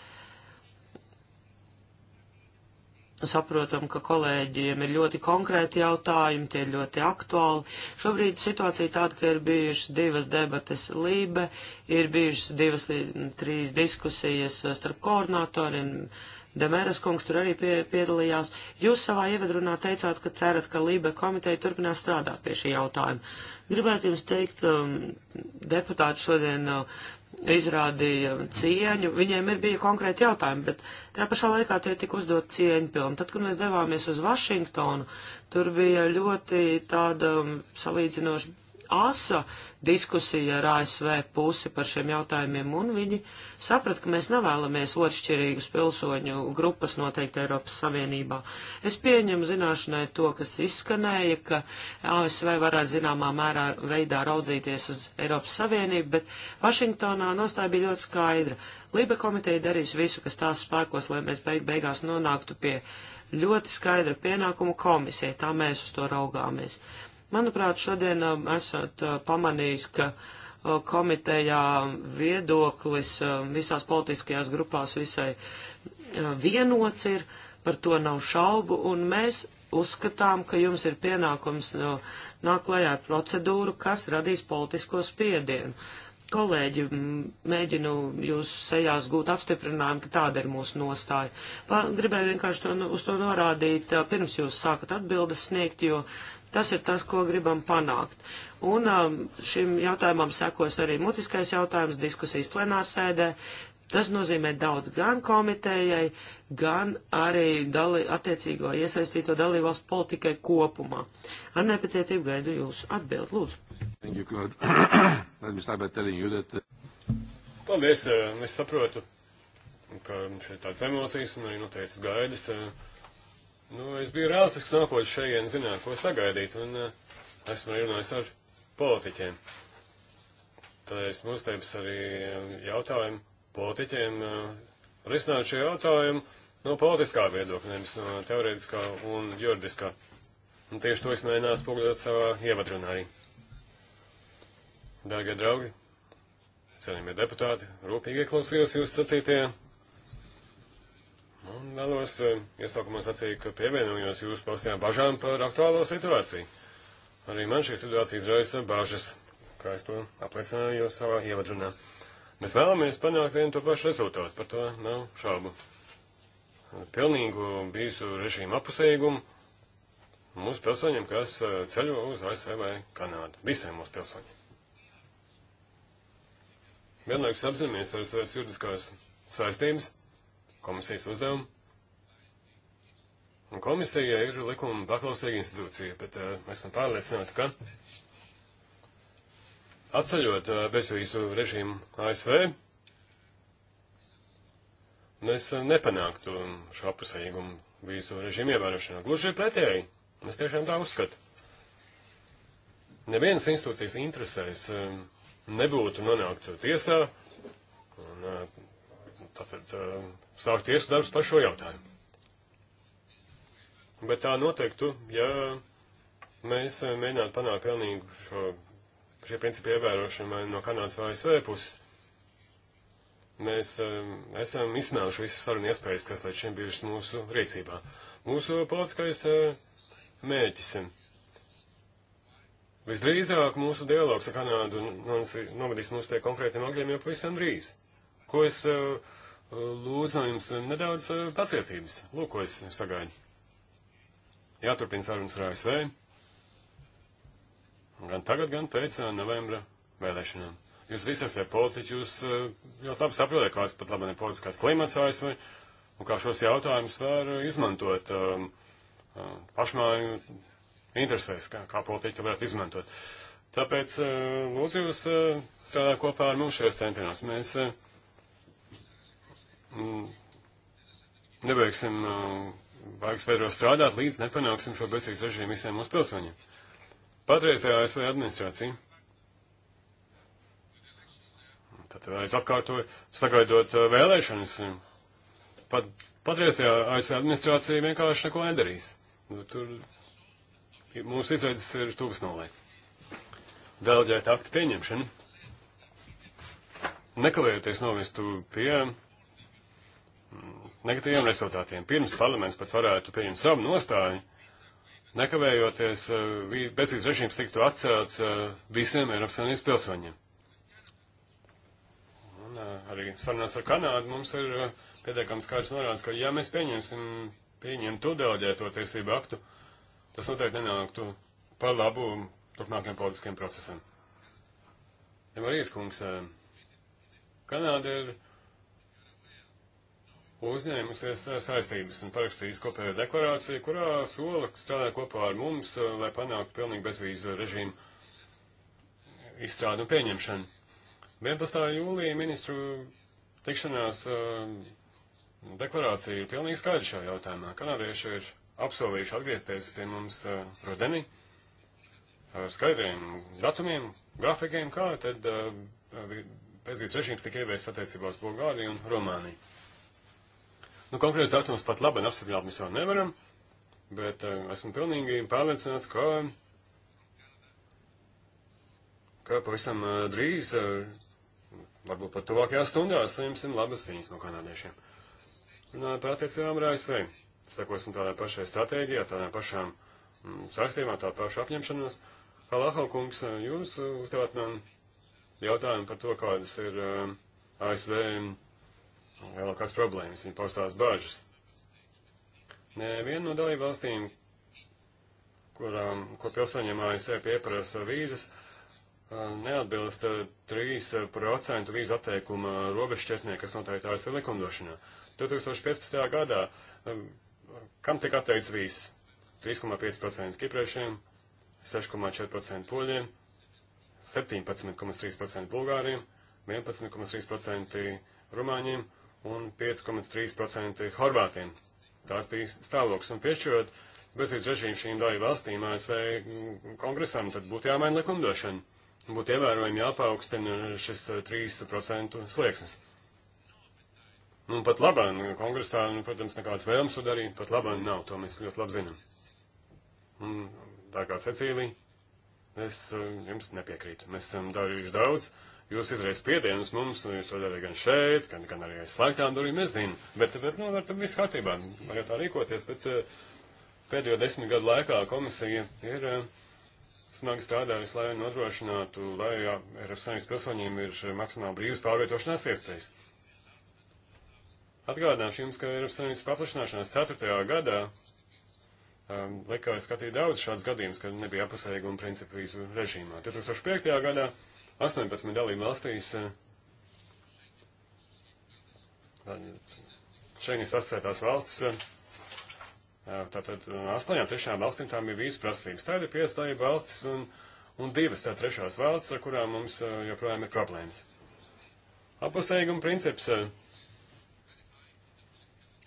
Saprotam, ka kolēģiem ir ļoti konkrēti jautājumi, tie ir ļoti aktuāli. Šobrīd situācija tāda, ka ir bijušas divas debates lībe, ir bijušas divas, trīs diskusijas starp koordinatoriem. Demēras kungs tur arī pie, piedalījās. Jūs savā ievadrunā teicāt, ka cerat, ka Lībe komiteja turpinās strādāt pie šī jautājuma. Gribētu jums teikt, um, deputāti šodien uh, izrādīja cieņu, viņiem ir bija konkrēti jautājumi, bet tajā pašā laikā tie tika uzdot cieņu pilni. Tad, kad mēs devāmies uz Vašingtonu, tur bija ļoti tāda salīdzinoši asa uh, diskusija ar ASV pusi par šiem jautājumiem, un viņi saprata, ka mēs nevēlamies otršķirīgus pilsoņu grupas noteikti Eiropas Savienībā. Es pieņemu zināšanai to, kas izskanēja, ka ASV varētu zināmā mērā veidā raudzīties uz Eiropas Savienību, bet Vašingtonā nostāja bija ļoti skaidra. Liba komiteja darīs visu, kas tās spēkos, lai mēs beig beigās nonāktu pie ļoti skaidra pienākumu komisija, tā mēs uz to raugāmies. Manuprāt, šodien um, esat uh, pamanījis, ka uh, komitejā viedoklis um, visās politiskajās grupās visai uh, vienots ir, par to nav šaubu, un mēs uzskatām, ka jums ir pienākums nāk lejā ar procedūru, kas radīs politisko spiedienu. Kolēģi, mēģinu jūs sejās gūt apstiprinājumu, ka tāda ir mūsu nostāja. Pa, gribēju vienkārši to, nu, uz to norādīt, pirms jūs sākat atbildes sniegt, jo Tas ir tas, ko gribam panākt. Un um, šim jautājumam sekos arī mutiskais jautājums diskusijas plenārsēdē. Tas nozīmē daudz gan komitejai, gan arī dali, attiecīgo iesaistīto dalībvalstu politikai kopumā. Ar nepacietību gaidu jūsu atbildi, lūdzu. Thank you, Claude. Let me start by telling you that. Uh, Paldies, uh, es saprotu, ka šeit tāds emocijas un arī noteicis gaidas. Uh, Nu, es biju realistisks nākot šajien, zināju, ko sagaidīt, un uh, esmu runājis ar politiķiem. Tad es uzdevis arī eh, jautājumu politiķiem, uh, risināt šo jautājumu no politiskā viedokļa, nevis no teorētiskā un juridiskā. Un tieši to es mēģināju spoguļot savā ievadrunā arī. Dārgie draugi, cienījamie deputāti, rūpīgi ieklausījos jūsu sacītajiem. Un vēlos eh, iesākumā sacīt, ka pievienojos jūsu paustajām bažām par aktuālo situāciju. Arī man šī situācija izraisa bažas, kā es to apliecināju jau savā ievadrunā. Mēs vēlamies panākt vienu to pašu rezultātu, par to nav šaubu. Pilnīgu bīzu režīmu apusējumu mūsu pilsoņiem, kas eh, ceļo uz ASV vai Kanādu. Visiem mūsu pilsoņiem. Vienlaikus apzināmies arī savas juridiskās saistības komisijas uzdevumu. Un komisija ir likuma paklausīga institūcija, bet uh, esam pārliecināti, ka atceļot uh, bezvīzu režīmu ASV, mēs uh, nepanāktu šo apusējīgumu vīzu režīmu ievērošanā. Gluži pretēji, es tiešām tā uzskatu. Nevienas institūcijas interesēs uh, nebūtu nonākt tiesā un uh, tātad eh, sākt tiesu darbs par šo jautājumu. Bet tā noteiktu, ja mēs eh, mēģinātu panākt pilnīgu šo, šie principi ievērošanu no Kanādas vai ASV puses. Mēs eh, esam izsmēluši visas sarunu iespējas, kas līdz šim bijušas mūsu rīcībā. Mūsu politiskais mērķis. Visdrīzāk mūsu dialogs ar Kanādu novadīs mūs pie konkrētiem augļiem jau pavisam drīz. Ko es uh, lūdzu no jums nedaudz eh, pacietības. Lūk, ko es sagaidu. Jāturpina sarunas ar ASV. Gan tagad, gan pēc eh, novembra vēlēšanām. Jūs visi esat politiķi, jūs eh, ļoti labi saprotat, kāds pat labi nepolitiskās klimats ASV un kā šos jautājumus var izmantot um, uh, pašmāju interesēs, kā, kā politiķi varētu izmantot. Tāpēc lūdzu jūs strādāt kopā ar mums šajos centienos. Mēs uh, Mm. nebeigsim vaigas vēdros strādāt, līdz nepanāksim šo bezsīgas režīmu visiem mūsu pilsoņiem. Patreizējā ASV administrācija. Tātad vēlreiz atkārtoju, sagaidot vēlēšanas, pat, patreizējā ASV administrācija vienkārši neko nedarīs. Nu, tur mūsu izredzes ir tūks nolē. Dēļģēta akta pieņemšana. Nekavējoties novestu pie negatīviem rezultātiem. Pirms parlaments pat varētu pieņemt savu nostāju, nekavējoties eh, bezvīzes režīms tiktu atcelts eh, visiem Eiropas Savienības pilsoņiem. Un eh, arī sarunās ar Kanādu mums ir pietiekami skaidrs norādes, ka ja mēs pieņemsim, pieņemtu delegēto tiesību aktu, tas noteikti nenāktu par labu turpmākiem politiskiem procesiem. Ja Marijas kungs, Kanāda ir uzņēmusies eh, saistības un parakstījis kopējo deklarāciju, kurā sola strādāt kopā ar mums, eh, lai panāktu pilnīgi bezvīzu režīmu izstrādu un pieņemšanu. 11. jūlija ministru tikšanās eh, deklarācija ir pilnīgi skaidra šajā jautājumā. Kanādieši ir apsolījuši atgriezties pie mums rudenī ar skaidriem datumiem, grafikiem, kā tad bezvīzu režīms tika ieviests attiecībā uz Bulgāriju un Romāniju. Nu, konkrēts datums pat labi apstiprināt mēs vēl nevaram, bet uh, esmu pilnīgi pārliecināts, ka, ka pavisam uh, drīz, uh, varbūt pat tuvākajās stundās, saņemsim labas ziņas no kanādiešiem. Runājot par attiecībām ar ASV, sekosim tādā pašai stratēģijā, tādā pašām mm, saistībām, tādā pašu apņemšanos. Halahau kungs, jūs uzdevāt man jautājumu par to, kādas ir ASV lielākās problēmas, viņa paustās bāžas. Nē, viena no dalību valstīm, kurām, ko pilsoņiem ASV pieprasa vīzas, neatbilst 3% vīzu atteikuma robežšķirtnē, kas noteikti ASV likumdošanā. 2015. gadā kam tika atteikts vīzas? 3,5% kipriešiem, 6,4% poļiem, 17,3% bulgāriem, 11,3% rumāņiem un 5,3% Horvātiem. Tās bija stāvoklis. Un piešķirot bezvīzu režīmu šīm dalību valstīm ASV mm, kongresam, tad būtu jāmaina likumdošana. Būtu ievērojami jāpaukstina šis 3% eh, slieksnis. Nu, pat labāk, kongresā, nu, protams, nekādas vēlmes to darīt, pat labāk nav, to mēs ļoti labi zinām. Un, tā kā Cecīlija, es eh, jums nepiekrītu. Mēs esam darījuši daudz, uh, jūs izraisat spiedienus mums, un nu, jūs to darāt gan šeit, gan, gan arī slēgtām durvīm, nezinu. Bet, bet nu, ar tam viss kārtībā, varat tā rīkoties, bet eh, pēdējo desmit gadu laikā komisija ir eh, smagi strādājusi, lai nodrošinātu, lai Eiropas Savienības pilsoņiem ir maksimāli brīvas pārvietošanās iespējas. Atgādināšu jums, ka Eiropas Savienības paplašināšanās 4. gadā um, likās skatīt daudz šāds gadījums, kad nebija apusējuma principu vīzu režīmā. 2005. gadā 18 dalību valstīs Šengens eh, asociētās valstis, eh, eh, tātad astoņām trešām valstīm tām ir vīzu prasības. Tā ir piecas dalību valstis un, un divas tā trešās valstis, ar kurām mums joprojām ir problēmas. Apusējuma princips.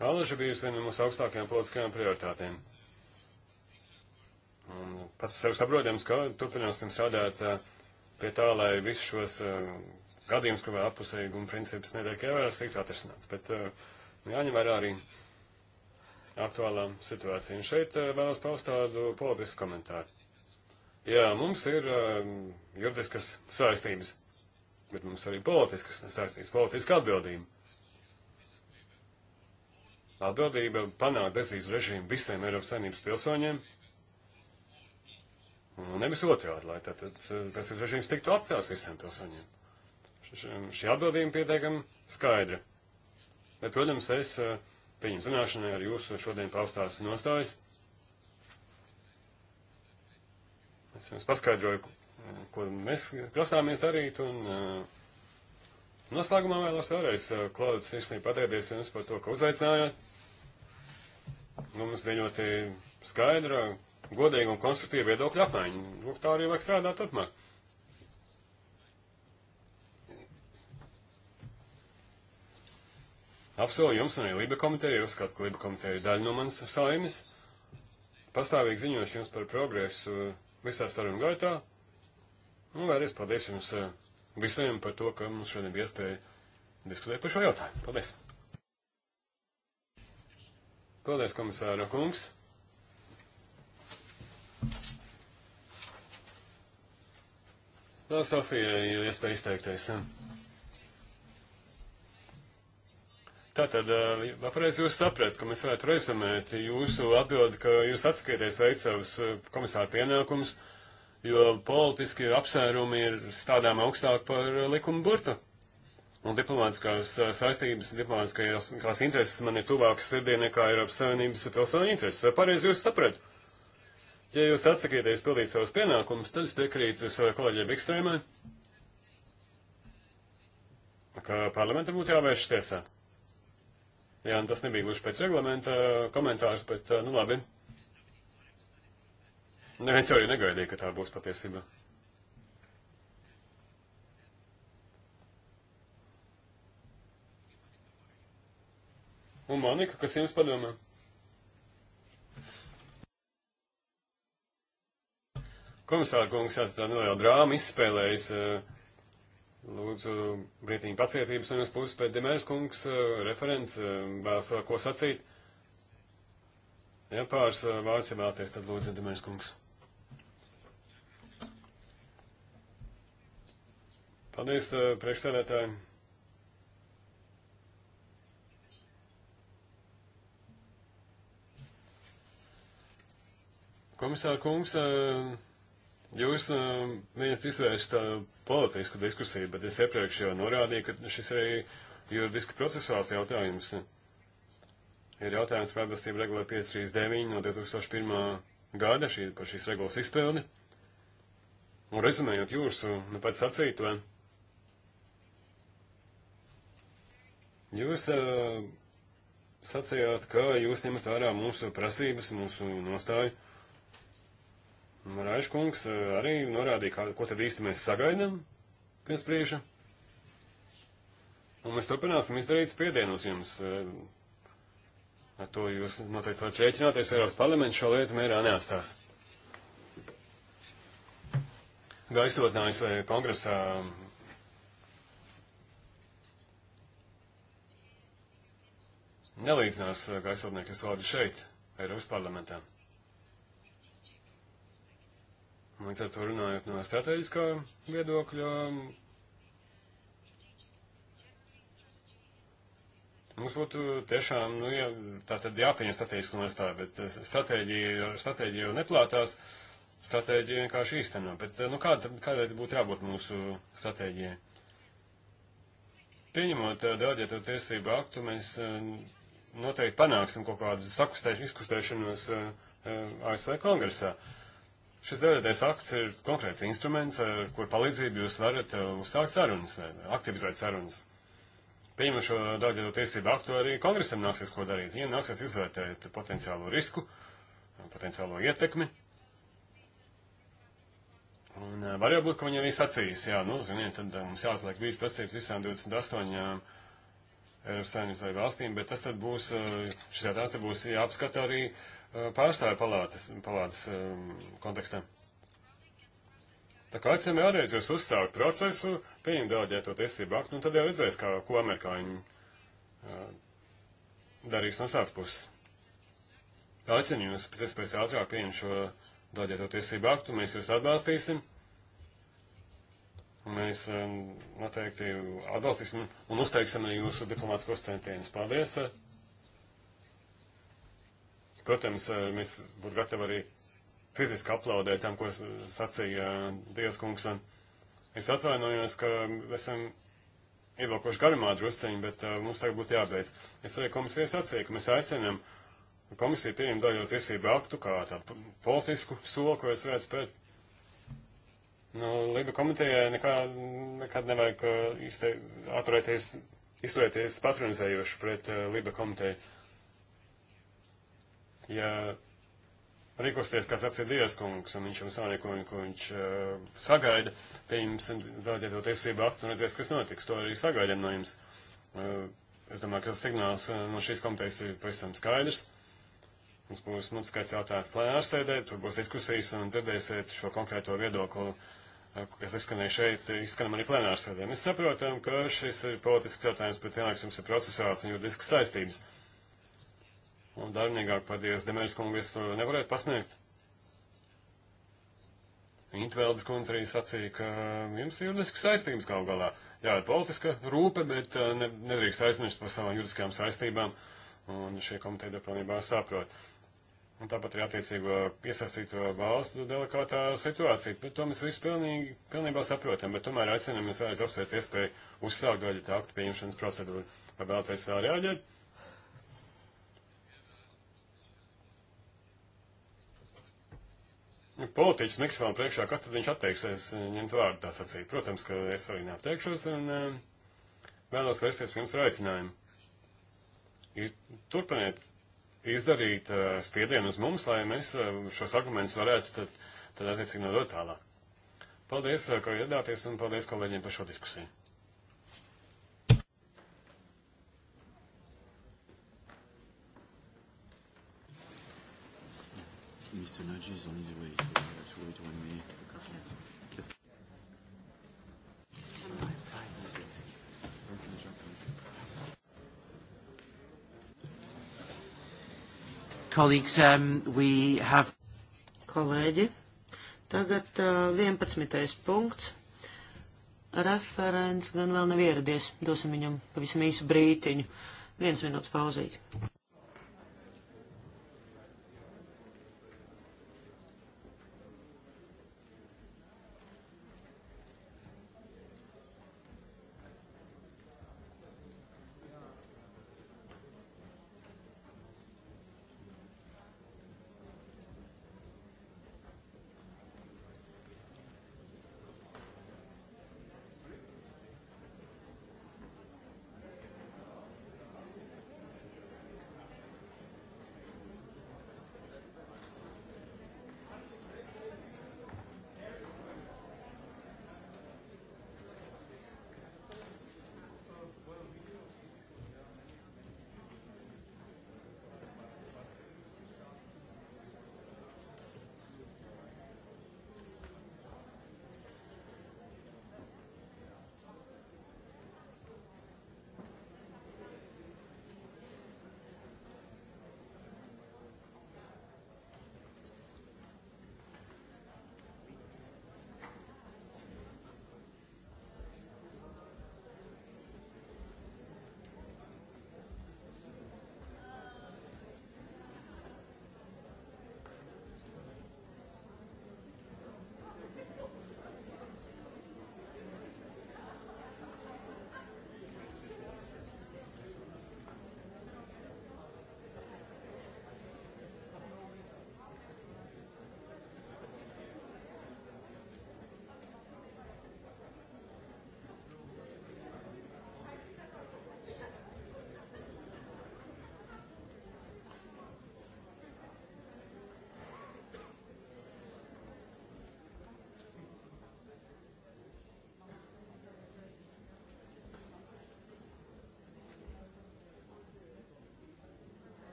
Alaža bijusi viena no mūsu augstākajām politiskajām prioritātēm. Un pats par sevi saprotams, ka turpināsim strādāt uh, pie tā, lai visus šos uh, gadījumus, kur vēl apusējīguma princips netiek ievērots, tiktu atrisināts. Bet uh, jāņem vērā arī aktuālā situācija. Un šeit uh, vēlos paust tādu politisku komentāru. Jā, mums ir juridiskas saistības, bet mums arī politiskas saistības, politiska atbildība. Atbildība panākt bezvīzu režīmu visiem Eiropas saimnības pilsoņiem, Un nevis otrādi, lai tad pēc eh, režīms tiktu atcēls visiem pilsoņiem. Šī atbildība pietiekam skaidra. Bet, protams, es eh, pieņem zināšanai ar jūsu šodien paustās nostājas. Es jums paskaidroju, eh, ko mēs grasāmies darīt, un noslēgumā vēlos vēlreiz Klaudis īstenībā pateikties jums par to, ka uzaicinājāt. Nu, mums bija ļoti skaidra, godīgu un konstruktīvu viedokļu apmaiņu. Lūk, nu, tā arī vajag strādāt turpmāk. Apsolu jums un arī Liba komiteja, jūs skatāt, ka Liba komiteja ir daļa no manas saimes. Pastāvīgi ziņošu jums par progresu visā sarunu gaitā. Un vēlreiz paldies jums eh, visiem par to, ka mums šodien bija iespēja diskutēt par šo jautājumu. Paldies! Paldies, komisāra kungs! Vēl Sofija ir iespēja izteikties. Tātad, pareiz jūs saprat, ka mēs varētu rezumēt jūsu atbildi, ka jūs atskaities veikt savus komisāru pienākumus, jo politiski apsvērumi ir stādām augstāk par likumu burtu. Un diplomātiskās saistības, diplomātiskās intereses man ir tuvākas sirdī nekā Eiropas Savienības pilsoņu intereses. Vai pareizi jūs saprat? Ja jūs atsakieties pildīt savus pienākumus, tad es piekrītu savai kolēģiem ekstrēmai, ka parlamentam būtu jāvēršas tiesā. Jā, un tas nebija gluži pēc reglamenta komentārs, bet, eh, nu labi. Neviens jau arī negaidīja, ka tā būs patiesība. Un Monika, kas jums padomā? Komisāra kungs, jā, tā neliela nu drāma izspēlējas. Eh, lūdzu, brītiņa pacietības un jūs puses, bet Demērs kungs, eh, referents, eh, vēlas ko sacīt. Ja pāris vārds ir vēlties, tad lūdzu, Demērs kungs. Paldies, priekšstādētāji. Komisāra kungs, uh, Jūs uh, mēģināt izvērst tādu politisku diskusiju, bet es iepriekš jau norādīju, ka šis arī juridiski procesuāls jautājums. Ir jautājums par atbilstību regulē 539 no 2001. gada šī, par šīs regulas izpildi. Un rezumējot jūsu, nu pēc sacīto, jūs uh, sacījāt, ka jūs ņemat vērā mūsu prasības, mūsu nostāju. Marājuši kungs eh, arī norādīja, kā, ko tad īsti mēs sagaidām pēc brīža. Un mēs turpināsim izdarīt spiedienu uz jums. Eh, ar to jūs noteikti varat rēķināties, Eiropas parlaments šo lietu mērā neatstās. Gaisotnājas vai kongresā nelīdzinās eh, gaisotnieki, kas valda šeit, Eiropas parlamentā. Līdz ar to runājot no strateģiskā viedokļa, mums būtu tiešām, nu, jā, tā tad jāpieņem strateģiski nostāja, bet eh, stratēģija, stratēģija jau neplātās, stratēģija vienkārši īsteno. Bet, eh, nu, kāda, kādai būtu jābūt mūsu stratēģijai? Pieņemot eh, dēļģēto tiesību aktu, mēs noteikti panāksim kaut kādu sakustēšanos ASV kongresā. Uh, Šis delegētais akts ir konkrēts instruments, ar kur palīdzību jūs varat uh, uzsākt sarunas, aktivizēt sarunas. Pieņemot šo daļu tiesību aktu, arī kongresam nāksies ko darīt. Viņiem nāksies izvērtēt potenciālo risku, uh, potenciālo ietekmi. Un uh, var jau būt, ka viņi arī sacīs, jā, nu, ziniet, tad mums jāsliek vīrs pēc visām 28 Eiropas Savienības vai valstīm, bet tas tad būs, eh, šis jautājums tad būs jāapskata arī eh, pārstāvju palātas, palātas ehm, kontekstā. Tā kā aicinām vēlreiz jūs uzsākt procesu, pieņem delegēto tiesību aktu, un tad jau redzēs, kā, ko amerikāņi eh, darīs no savas puses. Aicinu jūs pēc iespējas ātrāk pieņemt šo delegēto tiesību aktu, mēs jūs atbalstīsim. Mēs eh, noteikti atbalstīsim un uzteiksim arī jūsu diplomātiskos centienus. Paldies! Protams, eh, mēs būtu gatavi arī fiziski aplaudēt tam, ko sacīja eh, Dievs kungs. Es atvainojos, ka esam ievilkoši garumā drusciņi, bet mums tagad būtu jābeidz. Es arī komisijai sacīju, ka mēs aicinām komisiju pieņemt daļo tiesību aktu kā tādu politisku soli, ko es redzu spēt Nu, Liba komitejai nekā, nekad nevajag uh, izte, atturēties, izturēties patronizējoši pret uh, Liba komiteju. Ja rīkosties, kā sacīja Dievs kungs, un viņš jums nav neko, ko viņš uh, sagaida, pieņemsim vēl, ja to tiesību aktu, un redzēs, kas notiks, to arī sagaidām no jums. Uh, es domāju, ka signāls uh, no šīs komitejas ir pavisam skaidrs. Mums būs, nu, skaits jautājums plēnārsēdē, tur būs diskusijas, un dzirdēsiet šo konkrēto viedokli kas izskanēja šeit, izskanam arī plenārsēdē. Mēs saprotam, ka šis ir politisks jautājums, bet vienlaiks jums ir procesuāls un juridisks saistības. Un darbinīgāk paldies, Demērs kungas to nevarētu pasniegt. Intveldes kundze arī sacīja, ka jums ir juridiskas saistības kaut galā. Jā, ir politiska rūpe, bet ne, nedrīkst aizmirst par savām juridiskajām saistībām, un šie komiteja pilnībā saprot. Un tāpat ir attiecīgo iesaistīto valstu delikātā situācija. Bet to mēs visi pilnīgi, pilnībā saprotam, bet tomēr aicinām jūs aiz apsvērt iespēju uzsākt daļu tā aktu pieņemšanas procedūru. Vai vēlaties vēl reaģēt? Nu, politiķis mikrofonu priekšā, kad tad viņš atteiksies eh, ņemt vārdu tā sacīt. Protams, ka es arī neatteikšos un eh, vēlos vērsties pie jums ar aicinājumu. Ir, turpiniet izdarīt eh, spiedienu uz mums, lai mēs eh, šos argumentus varētu tad, tad attiecīgi nodot tālāk. Paldies, eh, ka iedāties, un paldies kolēģiem par šo diskusiju. Mr. Nudges on his way to, to, to me. Colleagues, um, we have... Kolēģi, tagad uh, 11. punkts. Referents gan vēl nav ieradies. Dosim viņam pavisam īsu brītiņu. Viens minūtes pauzīt.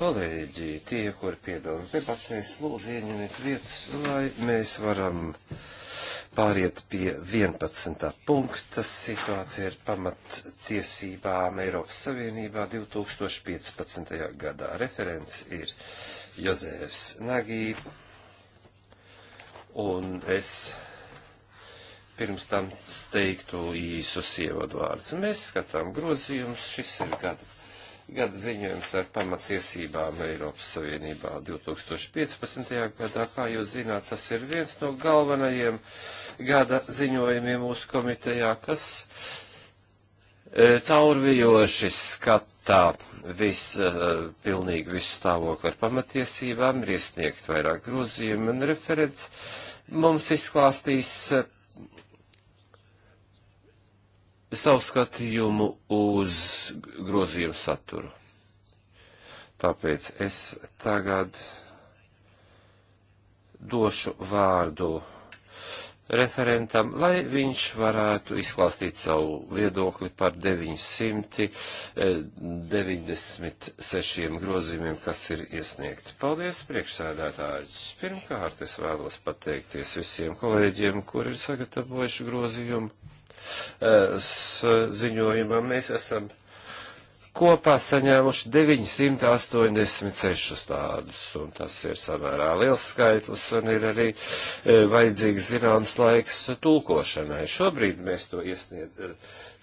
Kolēģi, tie, kur piedalās debatēs, lūdzu ieņemiet vietas, lai mēs varam pāriet pie 11. punkta. Situācija ir pamattiesībām Eiropas Savienībā 2015. gadā. Referents ir Jozēvs Nagī. Un es pirms tam steigtu īsus ievadvārdus. Mēs skatām grozījumus, šis ir gada gada ziņojums ar pamatiesībām Eiropas Savienībā 2015. gadā. Kā jūs zināt, tas ir viens no galvenajiem gada ziņojumiem mūsu komitejā, kas e, caurvijoši skatā vis, e, pilnīgi visu stāvokli ar pamatiesībām, ir iesniegt vairāk grozījumu un referents. Mums izklāstīs e, savu skatījumu uz grozījumu saturu. Tāpēc es tagad došu vārdu referentam, lai viņš varētu izklāstīt savu viedokli par 996 eh, grozījumiem, kas ir iesniegti. Paldies, priekšsēdētāji! Pirmkārt, es vēlos pateikties visiem kolēģiem, kuri ir sagatavojuši grozījumu. Eh, ziņojumam. Mēs esam kopā saņēmuši 986 tādus, un tas ir samērā liels skaitlis, un ir arī e, vajadzīgs zināms laiks tulkošanai. Šobrīd mēs to iesniedz, eh,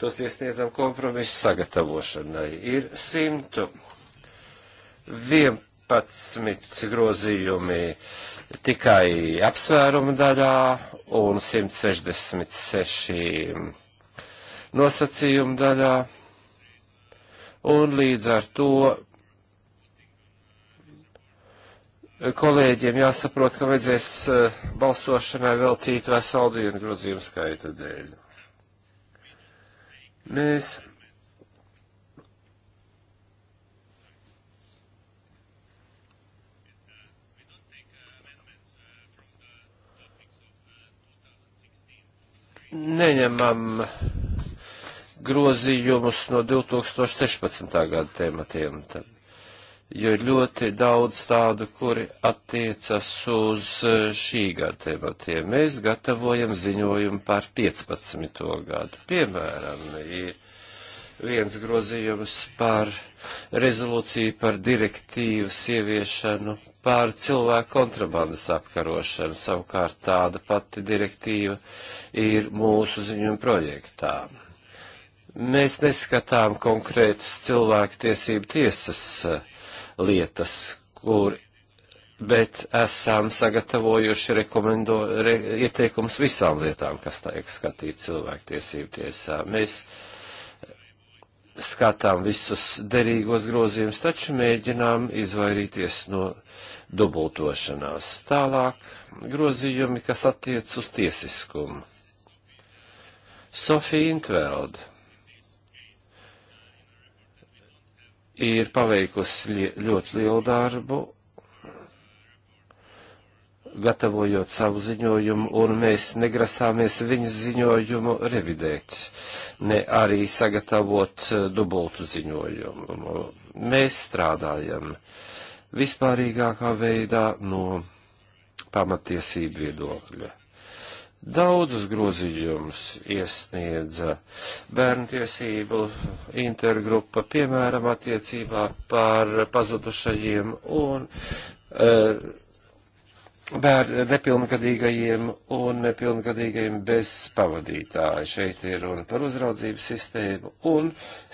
tos iesniedzam kompromisu sagatavošanai. Ir 111 grozījumi tikai apsvēruma daļā un 166 nosacījuma daļā. Un līdz ar to kolēģiem jāsaprot, ka vajadzēs eh, balsošanai veltīt veselu dienu grozījumu skaita dēļ. Mēs neņemam grozījumus no 2016. gada tematiem, tad, jo ir ļoti daudz tādu, kuri attiecas uz e, šī gada tematiem. Mēs gatavojam ziņojumu par 15. gadu. Piemēram, ir viens grozījums par rezolūciju par direktīvas ieviešanu par cilvēku kontrabandas apkarošanu. Savukārt tāda pati direktīva ir mūsu ziņojuma projektā. Mēs neskatām konkrētus cilvēku tiesību tiesas eh, lietas, kur, bet esam sagatavojuši rekomendo, re, ieteikums visām lietām, kas tiek skatīt cilvēku tiesību tiesā. Mēs, skatām visus derīgos grozījumus, taču mēģinām izvairīties no dubultošanās. Tālāk grozījumi, kas attiec uz tiesiskumu. Sofija Intveld ir paveikusi ļoti lielu darbu, gatavojot savu ziņojumu, un mēs negrasāmies viņas ziņojumu revidēt, ne arī sagatavot eh, dubultu ziņojumu. Mēs strādājam uh, vispārīgākā veidā no pamatiesību viedokļa. Daudzus grozījumus iesniedza bērntiesību intergrupa, piemēram, attiecībā par pazudušajiem un e, eh, bērnu nepilngadīgajiem un nepilngadīgajiem bez pavadītāja. Šeit ir runa par uzraudzības sistēmu un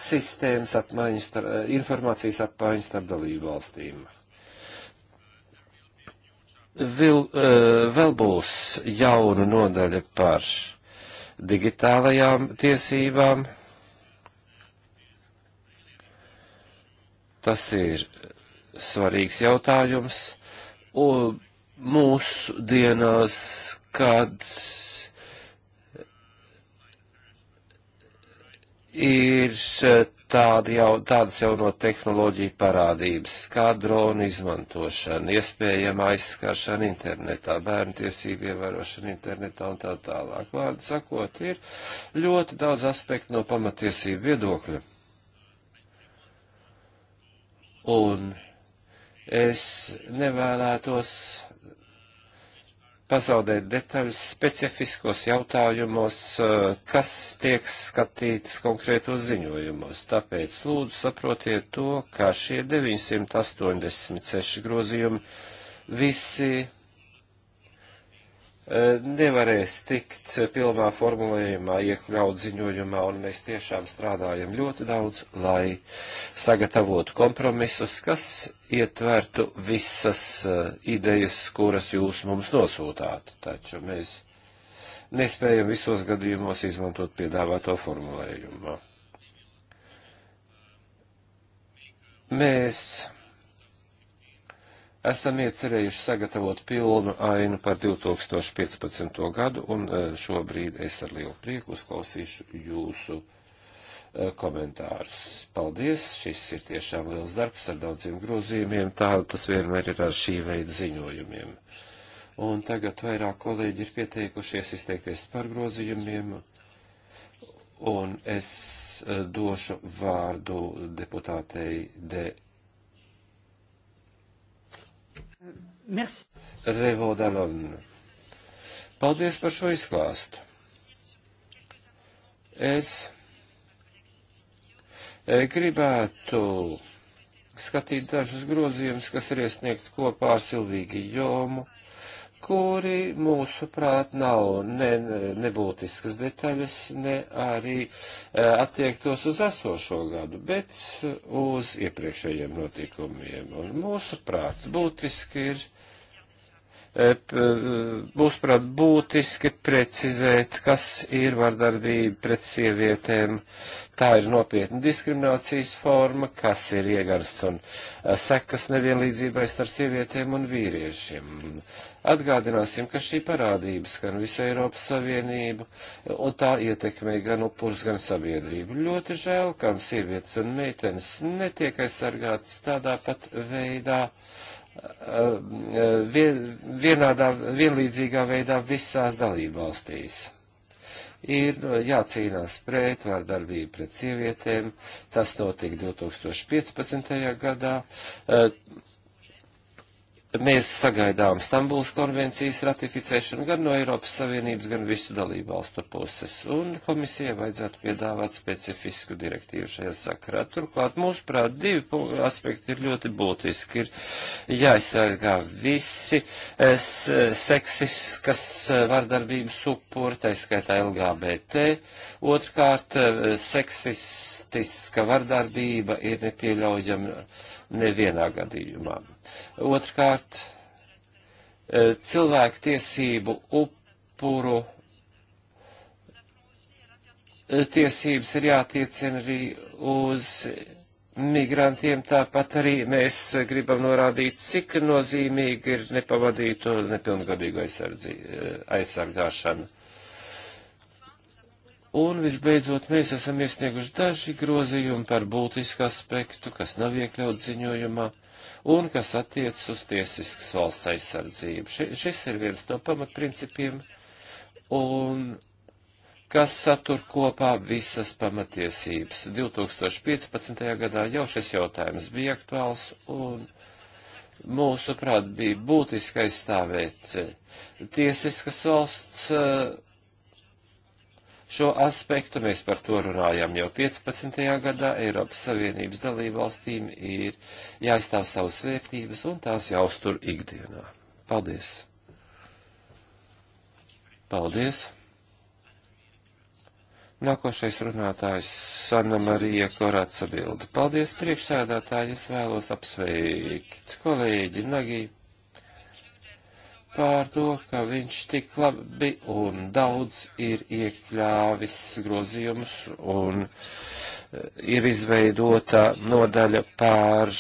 sistēmas apmaiņas, informācijas apmaiņas starp dalību valstīm. Vil, eh, vēl būs jauna nodaļa par digitālajām tiesībām. Tas ir svarīgs jautājums. Un mūsu dienās, kad ir eh, tādi jau, tādas jau no tehnoloģija parādības, kā drona izmantošana, iespējama aizskaršana internetā, bērnu tiesību ievērošana internetā un tā tālāk. Vārdu sakot, ir ļoti daudz aspektu no pamatiesību viedokļa. Un es nevēlētos pazaudēt detaļas specifiskos jautājumos, eh, kas tiek skatītas konkrētos ziņojumos. Tāpēc lūdzu saprotiet to, ka šie 986 grozījumi visi Eh, nevarēs tikt pilnā formulējumā iekļaut ziņojumā, un mēs tiešām strādājam ļoti daudz, lai sagatavotu kompromisus, kas ietvertu visas eh, idejas, kuras jūs mums nosūtāt. Taču mēs nespējam visos gadījumos izmantot piedāvāto formulējumu. Mēs esam iecerējuši sagatavot pilnu ainu par 2015. gadu, un e, šobrīd es ar lielu prieku uzklausīšu jūsu e, komentārus. Paldies, šis ir tiešām liels darbs ar daudziem grozījumiem, tā tas vienmēr ir ar šī veida ziņojumiem. Un tagad vairāk kolēģi ir pieteikušies izteikties par grozījumiem, un es e, došu vārdu deputātei D. De Merci. Revo Dalon. Paldies par šo izklāstu. Es e, gribētu skatīt dažus grozījumus, kas ir iesniegti kopā ar Silvīgi Jomu, kuri, mūsuprāt, nav ne, nebūtiskas detaļas, ne arī e, attiektos uz esošo gadu, bet uz iepriekšējiem notikumiem. Un, mūsuprāt, būtiski ir E, e, būs, prāt, būtiski precizēt, kas ir vardarbība pret sievietēm. Tā ir nopietna diskriminācijas forma, kas ir iegarsts un e, sekas nevienlīdzībai starp sievietēm un vīriešiem. Atgādināsim, ka šī parādība skan visu Eiropas Savienību, un tā ietekmē gan upurs, gan sabiedrību. Ļoti žēl, ka sievietes un meitenes netiek aizsargātas tādā pat veidā. Uh, Eh, eh, vien, vienādā, vienlīdzīgā veidā visās dalībvalstīs. Ir jācīnās pret vārdarbību pret sievietēm, tas notika 2015. gadā. Eh, mēs sagaidām Stambuls konvencijas ratificēšanu gan no Eiropas Savienības, gan visu dalību valstu puses, un komisijai vajadzētu piedāvāt specifisku direktīvu šajā sakarā. Turklāt, mūsuprāt, divi aspekti ir ļoti būtiski. Ir jāizsargā visi es, eh, seksiskas eh, vardarbības upuri, tā skaitā LGBT. Otrkārt, eh, seksistiska vardarbība ir nepieļaujama nevienā gadījumā Otrkārt, e, cilvēku tiesību upuru e, tiesības ir jātiecina arī uz migrantiem, tāpat arī mēs gribam norādīt, cik nozīmīgi ir nepavadīto nepilngadīgu e, aizsargāšana. Un visbeidzot, mēs esam iesnieguši daži grozījumi par būtisku aspektu, kas nav iekļauts ziņojumā un kas attiecas uz tiesisks valsts aizsardzību. Šis ir viens no pamatprincipiem, un kas satur kopā visas pamatiesības. 2015. gadā jau šis jautājums bija aktuāls, un mūsuprāt bija būtiski aizstāvēt tiesiskas valsts Šo aspektu mēs par to runājām jau 15. gadā. Eiropas Savienības dalību valstīm ir jāizstāv savas vērtības un tās jāuztur ikdienā. Paldies! Paldies! Nākošais runātājs Sanna Marija Koratsa bilda. Paldies priekšsēdātāji, es vēlos apsveikt kolēģi Nagiju par to, ka viņš tik labi un daudz ir iekļāvis grozījumus un eh, ir izveidota nodaļa pār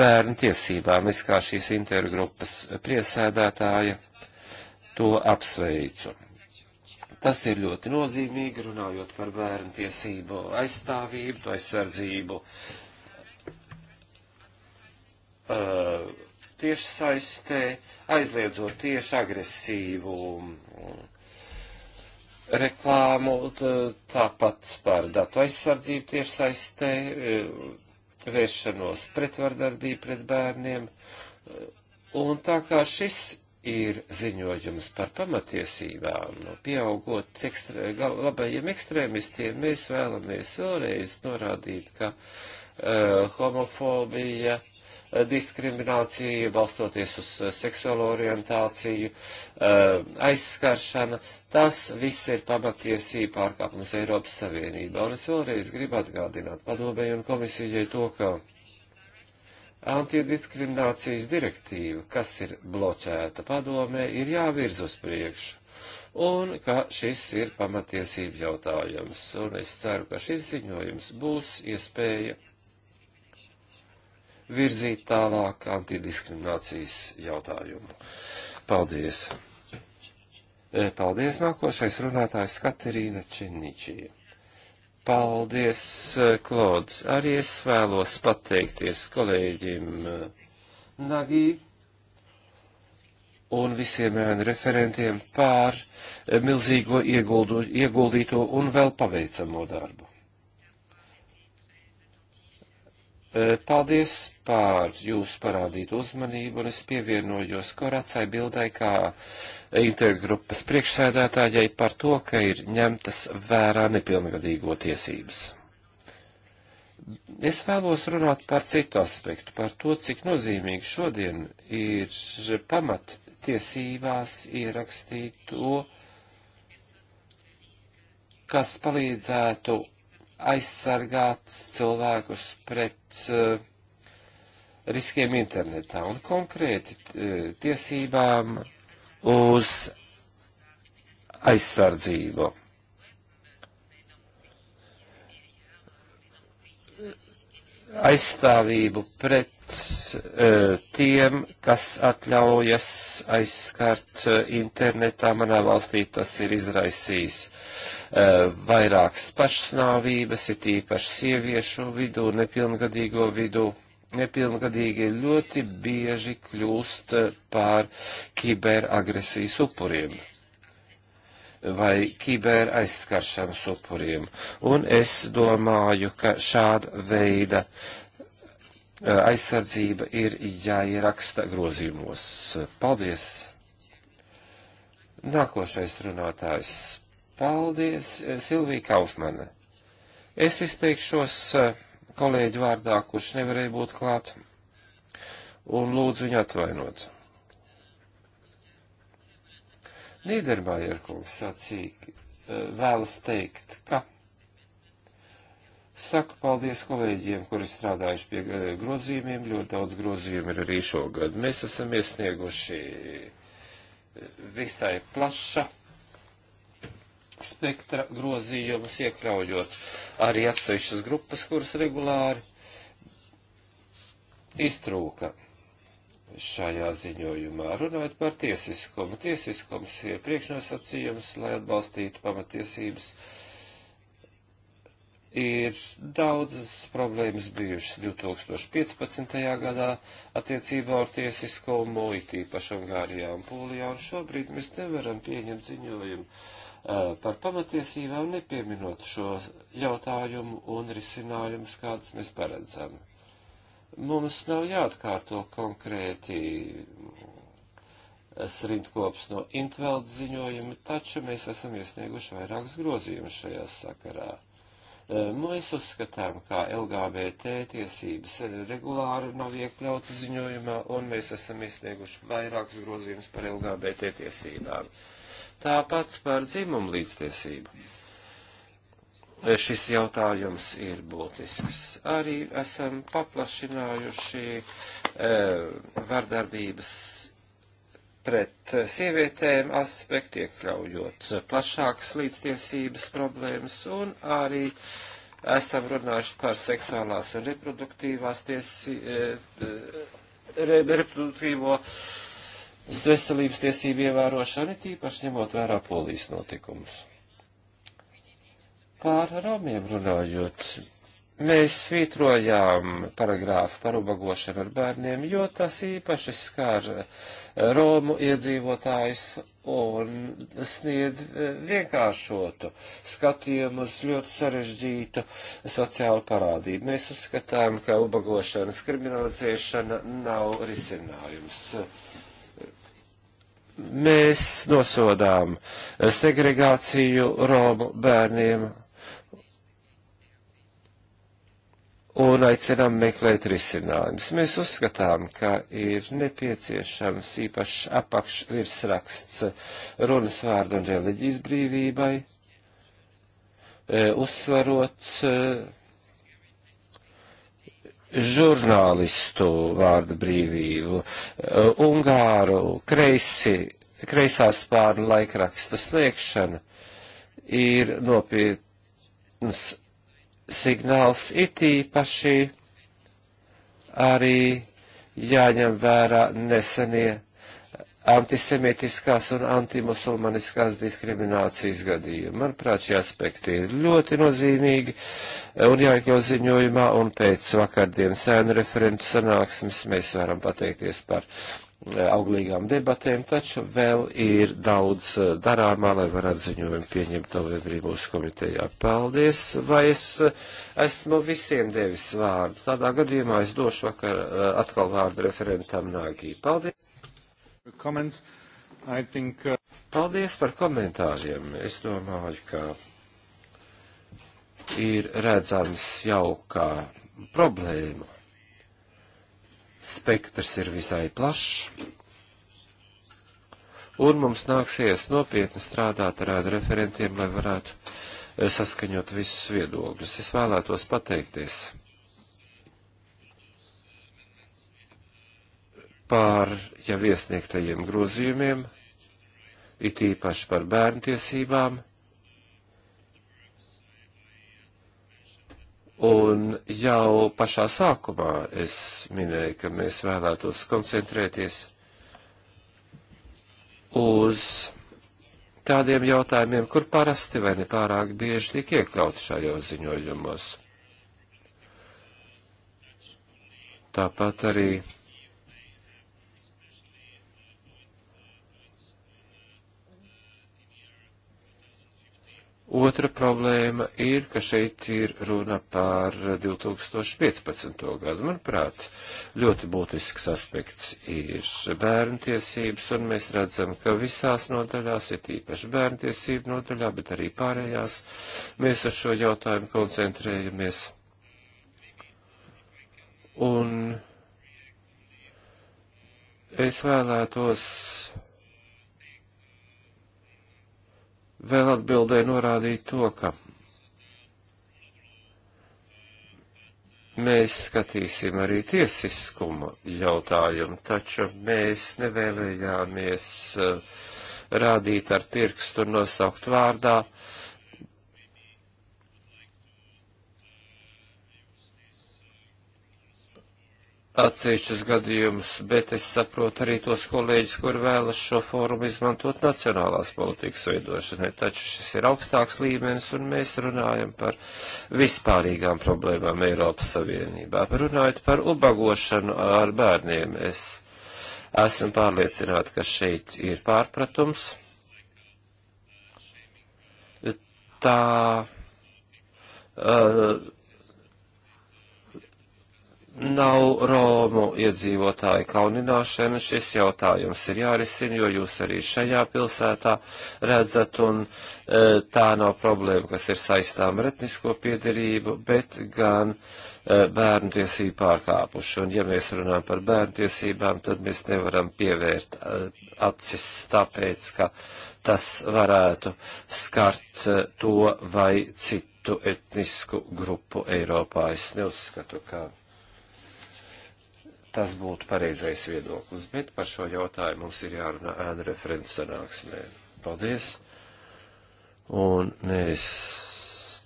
bērnu tiesībām. Es kā šīs intergrupas priesēdētāja to apsveicu. Tas ir ļoti nozīmīgi, runājot par bērnu tiesību aizstāvību, aizsardzību. Uh, tieši saistē, aizliedzot tieši agresīvu reklāmu, tāpat par datu aizsardzību tieši saistē, e, vēršanos pretvardarbību pret bērniem. Un tā kā šis ir ziņojums par pamatiesībām, no nu, pieaugot ekstrē, gal, labajiem ekstrēmistiem, mēs vēlamies vēlreiz norādīt, ka uh, homofobija, diskriminācija, balstoties uz eh, seksuālo orientāciju, eh, aizskaršana. Tas viss ir pamatiesība pārkāpums Eiropas Savienībā. Un es vēlreiz gribu atgādināt padomēju un komisijai to, ka antidiskriminācijas direktīva, kas ir bloķēta padomē, ir jāvirz uz priekšu. Un ka šis ir pamatiesība jautājums. Un es ceru, ka šis ziņojums būs iespēja virzīt tālāk antidiskriminācijas jautājumu. Paldies! E, paldies! Nākošais runātājs Katerīna Čeničija. Paldies, e, Klods! Arī es vēlos pateikties kolēģim e, Nagī un visiem ēnu referentiem pār milzīgo ieguldu, ieguldīto un vēl paveicamo darbu. Eh, paldies pār jūsu parādītu uzmanību, un es pievienojos Koracai bildai kā intergrupas priekšsēdētājai par to, ka ir ņemtas vērā nepilngadīgo tiesības. Es vēlos runāt par citu aspektu, par to, cik nozīmīgi šodien ir pamat tiesībās ierakstīt to, kas palīdzētu aizsargāt cilvēkus pret uh, riskiem internetā un konkrēti eh, tiesībām uz aizsardzību. aizstāvību pret uh, tiem, kas atļaujas aizskart uh, internetā. Manā valstī tas ir izraisījis uh, vairākas pašnāvības, ir tīpaši sieviešu vidū, nepilngadīgo vidū. Nepilngadīgi ļoti bieži kļūst pār kiberagresijas upuriem vai kiber aizskaršanas upuriem. Un es domāju, ka šāda veida eh, aizsardzība ir jāieraksta grozījumos. Paldies! Nākošais runātājs. Paldies, eh, Silvija Kaufmane. Es izteikšos eh, kolēģi vārdā, kurš nevarēja būt klāt, un lūdzu viņu atvainot. Nīderbajerkungs sacīja, eh, vēlas teikt, ka saku paldies kolēģiem, kuri strādājuši pie eh, grozījumiem, ļoti daudz grozījumu ir arī šogad. Mēs esam iesnieguši eh, visai plaša spektra grozījumus, iekļaujot arī atsevišķas grupas, kuras regulāri iztrūka šajā ziņojumā. Runājot par tiesiskumu, tiesiskums ir priekšnosacījums, lai atbalstītu pamatiesības. Ir daudzas problēmas bijušas 2015. gadā attiecībā ar tiesiskumu, it īpaši Ungārijā un Pūlijā, un šobrīd mēs nevaram pieņemt ziņojumu par pamatiesībām, nepieminot šo jautājumu un risinājumus, kādus mēs paredzam. Mums nav jāatkārto konkrēti srindkops no Intvelds ziņojuma, taču mēs esam iesnieguši vairākus grozījumus šajā sakarā. E, mēs uzskatām, ka LGBT tiesības regulāri nav iekļautas ziņojumā, un mēs esam iesnieguši vairākus grozījumus par LGBT tiesībām. Tāpat par dzimumu līdztiesību šis jautājums ir būtisks. Arī esam paplašinājuši e, vardarbības pret sievietēm aspektu, iekļaujot plašākas līdztiesības problēmas un arī esam runājuši par seksuālās un reproduktīvās tiesi, e, e re, reproduktīvo veselības tiesību ievērošanu, tīpaši ņemot vērā polijas notikumus. Par romiem runājot, mēs svītrojām paragrāfu par ubagošanu ar bērniem, jo tas īpaši skār eh, Romu iedzīvotājs un sniedz eh, vienkāršotu skatījumu uz ļoti sarežģītu sociālu parādību. Mēs uzskatām, ka ubagošanas kriminalizēšana nav risinājums. Mēs nosodām eh, segregāciju Romu bērniem un aicinām meklēt risinājumus. Mēs uzskatām, ka ir nepieciešams īpašs apakšvirsraksts runas vārdu un reliģijas brīvībai, e, uzsvarot e, žurnālistu vārdu brīvību, e, ungāru, kreisi, kreisā spārna laikraksta sliekšana ir nopietnas signāls it īpaši arī jāņem vērā nesenie antisemitiskās un antimusulmaniskās diskriminācijas gadījumi. Manuprāt, šie aspekti ir ļoti nozīmīgi un jāiekļaut ziņojumā, un pēc vakardienas sēnu referentu sanāksmes mēs varam pateikties par auglīgām debatēm, taču vēl ir daudz eh, darāmā, lai varētu ziņojumu pieņemt novembrī mūsu komitejā. Paldies, vai es eh, esmu visiem devis vārdu. Tādā gadījumā es došu vakar eh, atkal vārdu referentam Nāgī. Paldies. Comments. I think, uh... Paldies par komentāriem. Es domāju, ka ir redzams jau kā problēma spektrs ir visai plašs, un mums nāksies nopietni strādāt ar ēdu referentiem, lai varētu eh, saskaņot visus viedokļus. Es vēlētos pateikties par jau iesniegtajiem grozījumiem, it īpaši par bērnu tiesībām Un jau pašā sākumā es minēju, ka mēs vēlētos koncentrēties uz tādiem jautājumiem, kur parasti vai nepārāk bieži tiek iekļauts šajos ziņojumos. Tāpat arī Otra problēma ir, ka šeit ir runa par 2015. gadu. Manuprāt, ļoti būtisks aspekts ir bērntiesības, un mēs redzam, ka visās nodaļās, ir tīpaši bērntiesību nodaļā, bet arī pārējās, mēs ar šo jautājumu koncentrējamies. Un es vēlētos vēl atbildēju norādīt to, ka mēs skatīsim arī tiesiskumu jautājumu, taču mēs nevēlējāmies eh, rādīt ar pirkstu nosaukt vārdā atsevišķus gadījumus, bet es saprotu arī tos kolēģis, kur vēlas šo fórumu izmantot nacionālās politikas veidošanai. Taču šis ir augstāks līmenis, un mēs runājam par vispārīgām problēmām Eiropas Savienībā. Runājot par ubagošanu ar bērniem, es esmu pārliecināta, ka šeit ir pārpratums. Tā. Uh, nav Romu iedzīvotāju kaunināšana. Šis jautājums ir jārisina, jo jūs arī šajā pilsētā redzat, un e, tā nav problēma, kas ir saistām ar etnisko piedarību, bet gan e, bērnu tiesību pārkāpuši. Un ja mēs runājam par bērnu tiesībām, tad mēs nevaram pievērt e, acis tāpēc, ka tas varētu skart e, to vai citu etnisku grupu Eiropā. Es neuzskatu, ka. Kā tas būtu pareizais viedoklis, bet par šo jautājumu mums ir jārunā ēnu referents sanāksmē. Paldies! Un mēs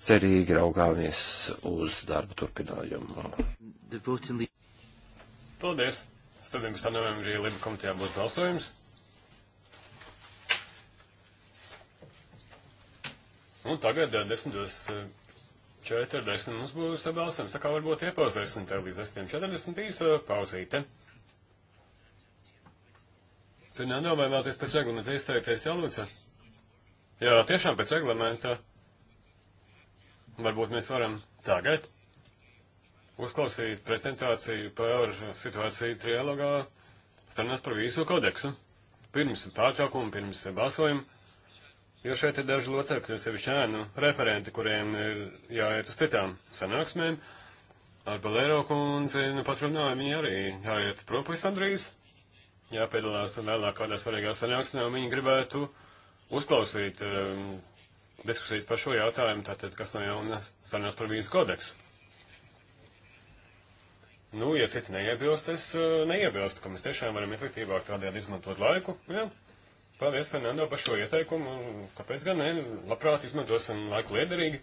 cerīgi raugāmies uz darba turpinājumu. Paldies! 17. novembrī Liba komitejā būs balsojums. Un tagad 10. Eh, 40 mums būs eh, balsojums, tā kā varbūt iepauzēsim tev līdz 10.45 eh, pauzīte. Tu nedomāji vēlties pēc reglamenta izteikties, jā, lūdzu? Jā, tiešām pēc reglamenta. Varbūt mēs varam tagad uzklausīt prezentāciju par situāciju trialogā, sarunās par vīzu kodeksu. Pirms pārtraukuma, pirms balsojuma. Jo šeit ir daži locekļi, jo sevišķi ēnu referenti, kuriem ir jāiet uz citām sanāksmēm. Ar Balēro kundzi, nu pat runāju, viņi arī jāiet prop visam drīz. Jāpiedalās vēlāk kādā svarīgā sanāksmē, un viņi gribētu uzklausīt um, diskusijas par šo jautājumu, tātad kas no jauna sarunās par vīzu kodeksu. Nu, ja citi neiebilst, es uh, neiebilstu, ka mēs tiešām varam efektīvāk tādēļ izmantot laiku. Jā. Ja? Paldies, Fernando, par šo ieteikumu. Kāpēc gan ne? Labprāt izmantosim laiku liederīgi.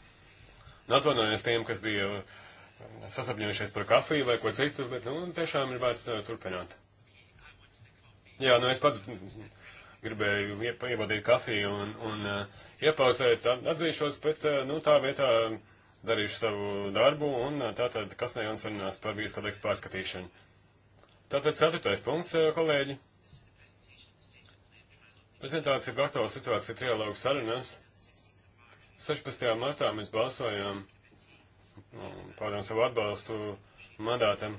Atvainojos tiem, kas bija eh, sasapņojušies par kafiju vai ko citu, bet, nu, tiešām ir vērts eh, turpināt. Jā, nu, es pats gribēju ievadīt kafiju un, un uh, iepauzēt, atzīšos, bet, uh, nu, tā vietā darīšu savu darbu un uh, tātad, kas ne jums runās par bīskateiks pārskatīšanu. Tātad ceturtais punkts, kolēģi. Prezentācija gatava situācija trialogu sarunās. 16. martā mēs balsojām, mm, pārdām savu atbalstu mandātam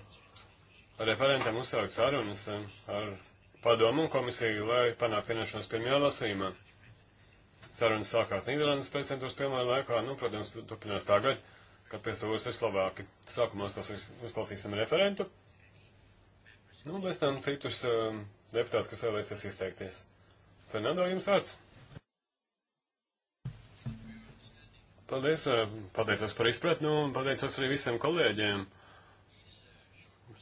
referentam uzsākt sarunas eh, ar padomu un komisiju, lai panāktu vienošanos pirmajā lasījumā. Sarunas sākās Nīderlandes prezidentūras pirmajā laikā, nu, protams, turpinās tagad, kad pēc to būs ir Slovāki. Sākumā uzklausīsim referentu, nu, un pēc tam citus uh, deputātus, kas vēlēsies izteikties. Fernando, jums vārds. Paldies, eh, pateicos par izpratnu un pateicos arī visiem kolēģiem,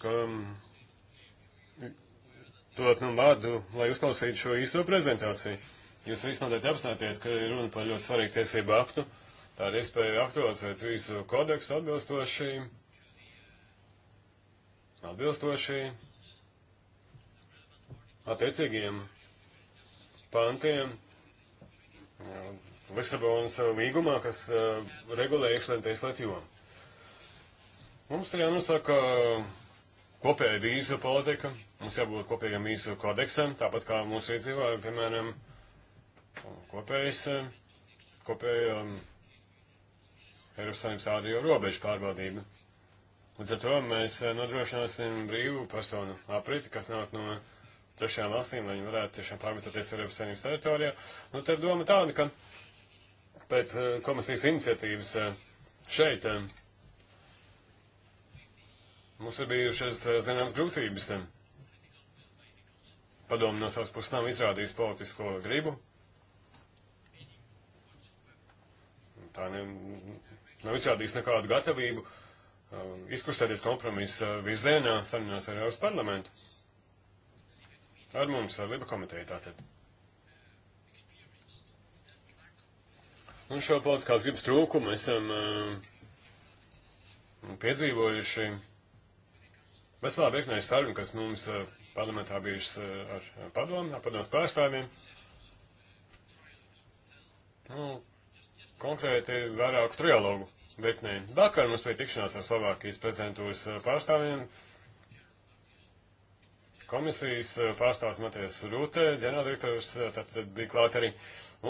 ka mm, dot man vārdu, lai uzklausītu šo īsto prezentāciju. Jūs visi noteikti apzināties, ka ir runa par ļoti svarīgu tiesību aktu. Tā ir iespēja aktualizēt visu kodeksu atbilstoši, atbilstoši attiecīgiem pantiem Lisabonas līgumā, kas regulē iekšlietu tieslietu jomu. Mums ir jānosaka kopēja vīzu politika, mums jābūt kopējam vīzu kodeksam, tāpat kā mūsu iedzīvotāji, piemēram, kopējas, kopēja um, Eiropas Savienības ārējo robežu pārbaudība. Līdz ar to mēs nodrošināsim brīvu personu apriti, kas nāk no trešajām valstīm, lai viņi varētu tiešām pārvietoties Eiropas Savienības teritorijā. Nu, tad doma tāda, ka pēc eh, komisijas iniciatīvas eh, šeit eh, mums ir bijušas zināmas grūtības. Padomu no savas puses nav izrādījis politisko gribu. Tā ne, nav izrādījis nekādu gatavību izkustēties kompromisa virzienā sarunās ar Eiropas parlamentu. Ar mums, ar Liba komiteju tātad. Un šo politiskās gribas trūkumu esam uh, piedzīvojuši veselā virknē sarunu, kas mums uh, parlamentā bijušas uh, ar padomu, ar padomas pārstāvjiem. Nu, konkrēti vairāku trialogu virknē. Vakar mums bija tikšanās ar Slovākijas prezidentūras uh, pārstāvjiem. Uh, komisijas eh, pārstāvs Matijas Rūtē, ģenerāldirektors, eh, tad, tad bija klāt arī.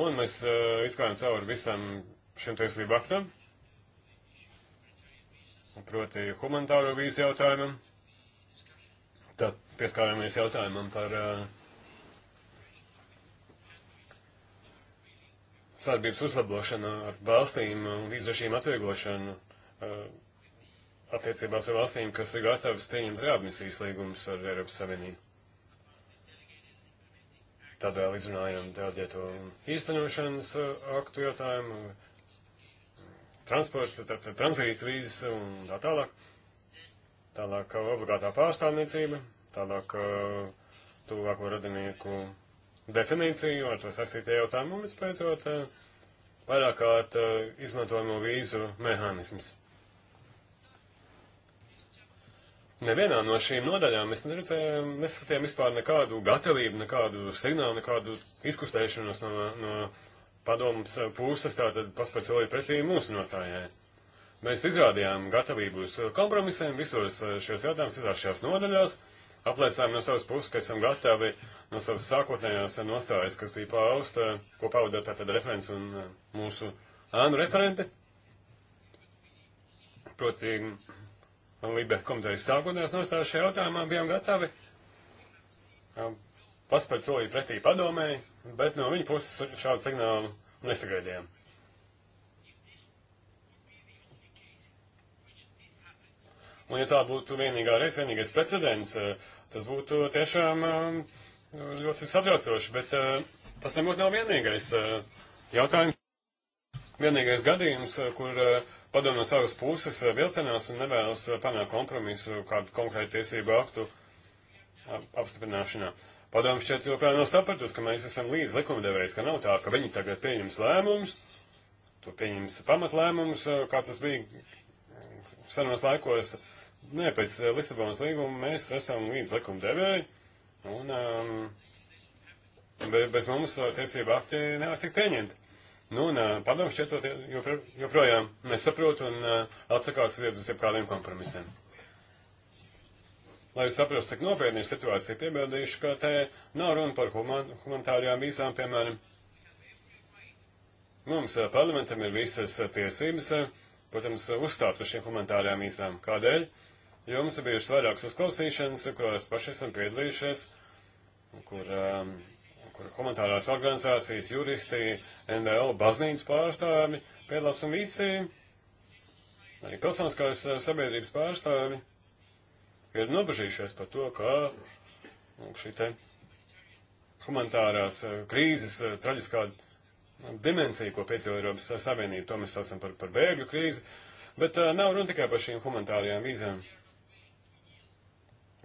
Un mēs eh, izklājām cauri visam šim tiesību aktam, proti humanitāro vīzu jautājumam. Tad pieskārāmies jautājumam par uh, sadarbības uzlabošanu ar valstīm un vīzošīm atvieglošanu. Uh, attiecībās ar valstīm, kas ir gatavas pieņemt readmisijas līgumus ar Eiropas Savienību. Tādēļ izrunājām delegēto īstenošanas uh, aktu jautājumu, transporta, tātad tranzīta vīzes un tā tālāk. Tālāk uh, obligātā pārstāvniecība, tālāk uh, tuvāko radinieku definīciju ar to saistītie jautājumi un, vispēcot, vairāk kārt izmantojamo vīzu mehānismus. Nevienā no šīm nodaļām mēs neredzējām, neskatījām vispār nekādu gatavību, nekādu signālu, nekādu izkustēšanos no, no padomas puses, tātad paspēc cilvēku pretī mūsu nostājai. Mēs izrādījām gatavību uz kompromisiem visos šajos jautājumus, visās šajās nodaļās, apliecinājām no savas puses, ka esam gatavi no savas sākotnējās nostājas, kas bija pausta, ko pauda tātad referents un uh, mūsu ānu referente. Proti, Libe komitejas sākotnējās nostājas šajā jautājumā bijām gatavi um, paspēt solīt pretī padomēji, bet no viņa puses šādu signālu nesagaidījām. Un ja tā būtu vienīgā reiz, vienīgais precedents, eh, tas būtu tiešām um, ļoti satraucoši, bet eh, tas nebūtu nav vienīgais eh, jautājums. Vienīgais gadījums, kur uh, padomu no savas puses eh, vilcinās un nevēlas eh, panākt kompromisu kādu konkrētu tiesību aktu apstiprināšanā. Padomu šķiet joprojām nav sapratusi, ka mēs esam līdz likumdevējs, ka nav tā, ka viņi tagad pieņems lēmumus, to pieņems pamatlēmumus, eh, kā tas bija senos laikos. Nē, pēc Lisabonas līguma mēs esam līdz likumdevēji, un um, bez mums tiesība akti nevar tikt pieņemti. Nu, un padomu šķiet, to joprojām nesaprot un atsakās iet uz jebkādiem kompromisiem. Lai jūs saprastu, cik nopietni ir situācija, piebildīšu, ka te nav runa par human, humanitārijām vīzām, piemēram. Mums parlamentam ir visas tiesības, protams, uzstāt uz šīm humanitārajām vīzām. Kādēļ? Jo mums ir bijušas vairākas uzklausīšanas, kurās paši esam piedalījušies, kur um, humanitārās organizācijas, juristi, NVO, baznīcas pārstāvi, piedalās un visi, arī pilsoniskās eh, sabiedrības pārstāvi, ir nobežījušies par to, ka šī te humanitārās eh, krīzes eh, traģiskā dimensija, ko piedzīvo Eiropas Savienība, to mēs saucam par, par bēgļu krīzi, bet uh, nav runa tikai par šīm humanitārajām vīzām.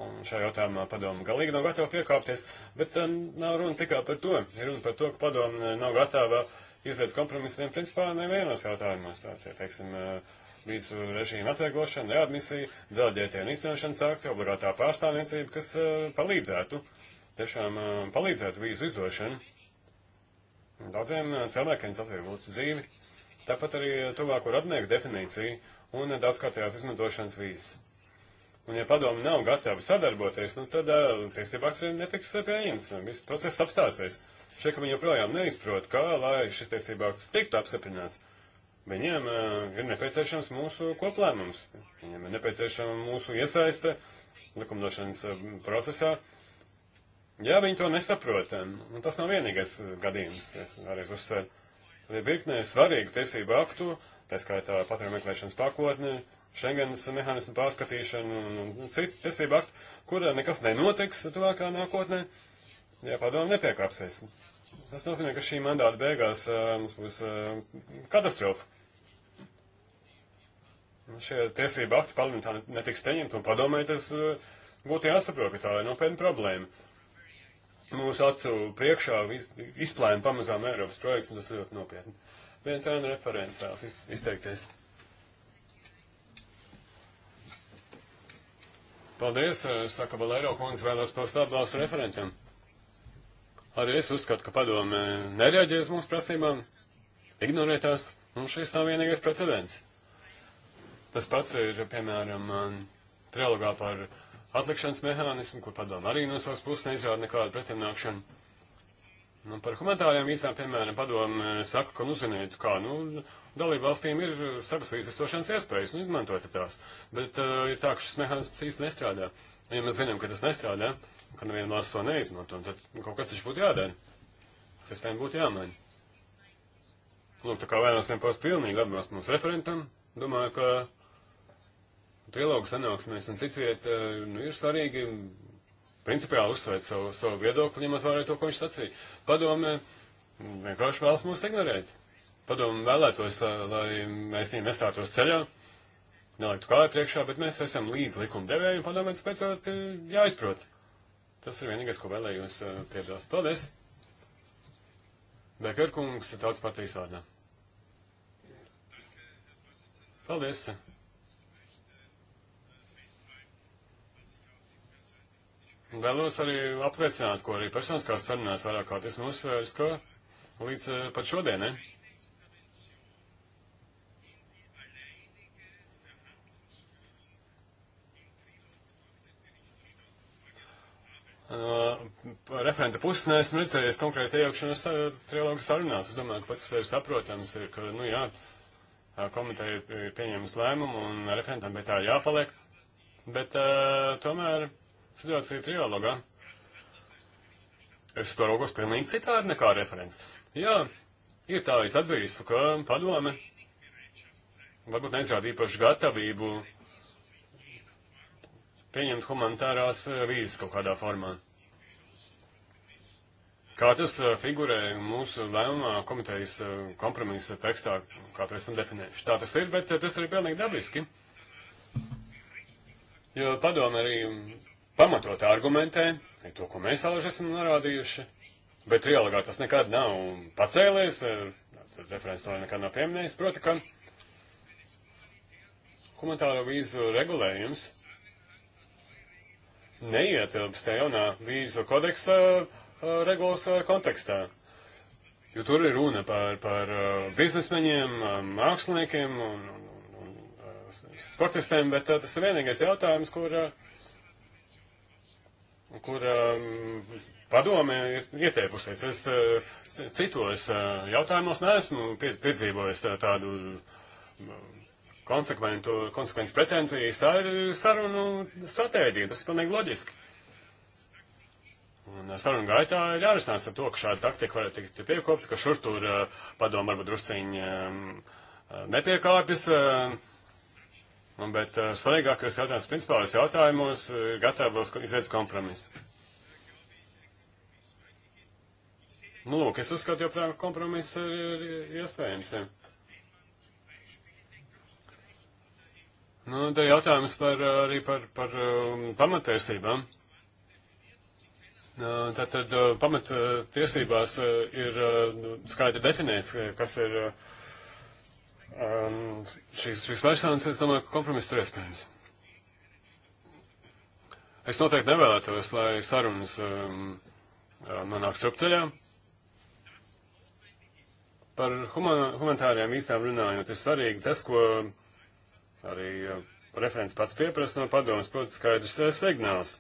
Un šajā jautājumā padomu galīgi nav gatava piekāpties, bet um, nav runa tikai par to. Ir runa par to, ka padomu eh, nav gatava izlietas kompromisiem principā nevienos jautājumos. Tā tie, teiksim, eh, visu režīmu atvieglošana, readmisija, delegētie un izcenošanas akti, obligātā pārstāvniecība, kas uh, palīdzētu, tiešām uh, palīdzētu vīzu izdošanu. Daudziem uh, cilvēkiem tas atvieglotu dzīvi. Tāpat arī tuvāku radnieku definīciju un uh, daudzkārtējās izmantošanas vīzes. Un, ja padomu nav gatavi sadarboties, nu, tad uh, tiesībās netiks pieņemts, viss process apstāsies. Šeit, ka viņi joprojām neizprot, kā, lai šis tiesība akts tiktu apstiprināts, viņiem uh, ir nepieciešams mūsu koplēmums, viņiem ir nepieciešama mūsu iesaiste likumdošanas uh, procesā. Jā, viņi to nesaprot, un tas nav vienīgais gadījums, es arī uzsveru. Ir virknē svarīgu tiesību aktu, tā skaitā patvērumu meklēšanas pakotni, uh, Schengenas mehānismu pārskatīšanu un, un citu tiesību aktu, kur nekas nenotiks tuvākā nākotnē, ja padomu nepiekāpsies. Tas nozīmē, ka šī mandāta beigās mums būs katastrofa. Šie tiesība akti parlamentā netiks pieņemti, un padomēji tas būtu jāsaprot, ka tā ir nopietna problēma. Mūsu acu priekšā izplēma pamazām Eiropas projekts, un tas ir ļoti nopietni. Viens ēna referents tās iz, izteikties. Paldies, eh, saka Valēro kundze, vēlos paust atbalstu referentam. Arī es uzskatu, ka padome nereaģē uz mūsu prasībām, ignorē tās, un nu, šis nav vienīgais precedents. Tas pats ir, piemēram, eh, trilogā par atlikšanas mehānismu, kur padome arī no savas puses neizrāda nekādu pretimnākšanu. Nu, par humanitāriem īsām, piemēram, padome eh, saka, ka, nu, ziniet, kā, nu, Dalību valstīm ir eh, savas līdzsvarošanas iespējas un izmantot tās, bet uh, ir tā, ka šis mehānisms īsti nestrādā. Ja mēs zinām, ka tas nestrādā, ka nevienmēr to neizmanto, tad kaut kas taču būtu jādara. Sistēma būtu jāmaina. Lūk, tā kā vēlēsim paust pilnīgi atbalstu mūsu referentam, domāju, ka trilogu sanāksmēs un citviet, eh, nu, ir svarīgi principiāli uzsvērt savu, savu viedokli, ņemot vērā to, ko viņš sacīja. Padome vienkārši vēlas mūs ignorēt padomu vēlētos, lai, lai mēs viņiem nestātos ceļā, neliktu kāju priekšā, bet mēs esam līdz likumdevējiem, padomēt, pēc tam eh, jāizprot. Tas ir vienīgais, ko vēlējos eh, piebilst. Paldies! Bekarkungs, tāds partijas vārdā. Paldies! Vēlos arī apliecināt, ko arī personiskās sarunās vairāk kā tas nosvērs, ka līdz eh, pat šodienai. Eh? Uh, referenta puses neesmu nu, redzējis konkrēti iejaukšanos uh, trilogu sarunās. Es domāju, ka pats par sevi saprotams ir, ka, nu jā, komiteja ir pieņēmusi lēmumu un referentam pie tā ir jāpaliek. Bet uh, tomēr situācija trilogā. Es to raugos pilnīgi citādi nekā referents. Jā, ir tā, es atzīstu, ka padome varbūt neizrāda īpašu gatavību pieņemt humanitārās eh, vīzes kaut kādā formā. Kā tas eh, figurē mūsu lēmumā komitejas eh, kompromisa tekstā, kā to esam definējuši. Tā tas ir, bet tas arī pilnīgi dabiski. Jo padomu arī mm, pamatot argumentē, ir to, ko mēs alaži esam norādījuši, bet trialogā tas nekad nav pacēlies, referents to nekad nav pieminējis, proti, ka humanitāro vīzu regulējums neietilpst tajā jaunā vīzu kodeksa regulas kontekstā. Jo tur ir runa par, par biznesmeņiem, māksliniekiem un, un, un sportistiem, bet tas ir vienīgais jautājums, kur, kur padome ir ietēpušies. Es citos jautājumos neesmu piedzīvojis tādu konsekvences pretenzijas ar sarunu stratēģiju. Tas ir pilnīgi loģiski. Un eh, sarunu gaitā ir jārisinās ar to, ka šāda taktika varētu tikt piekopta, ka šur tur eh, padomu varbūt drusciņi ehm, eh, nepiekāpjas. Bet svarīgākajos jautājumos, principālajos jautājumos, ir gatavs izveids kompromisu. Nu, lūk, es uzskatu, joprojām kompromiss ir, ir iespējams. Ja. Nu, te jautājums par, uh, arī par, par um, pamatiesībām. Tātad nu, uh, pamatiesībās uh, ir skaidri definēts, kas ir um, šīs, šīs personas, es domāju, ka kompromiss ir iespējams. Es noteikti nevēlētos, lai sarunas um, nonāk strupceļā. Par humanitāriem īstām runājot, ir svarīgi tas, ko Arī eh, referents pats pieprasa no padomas, protams, skaidrs eh, signāls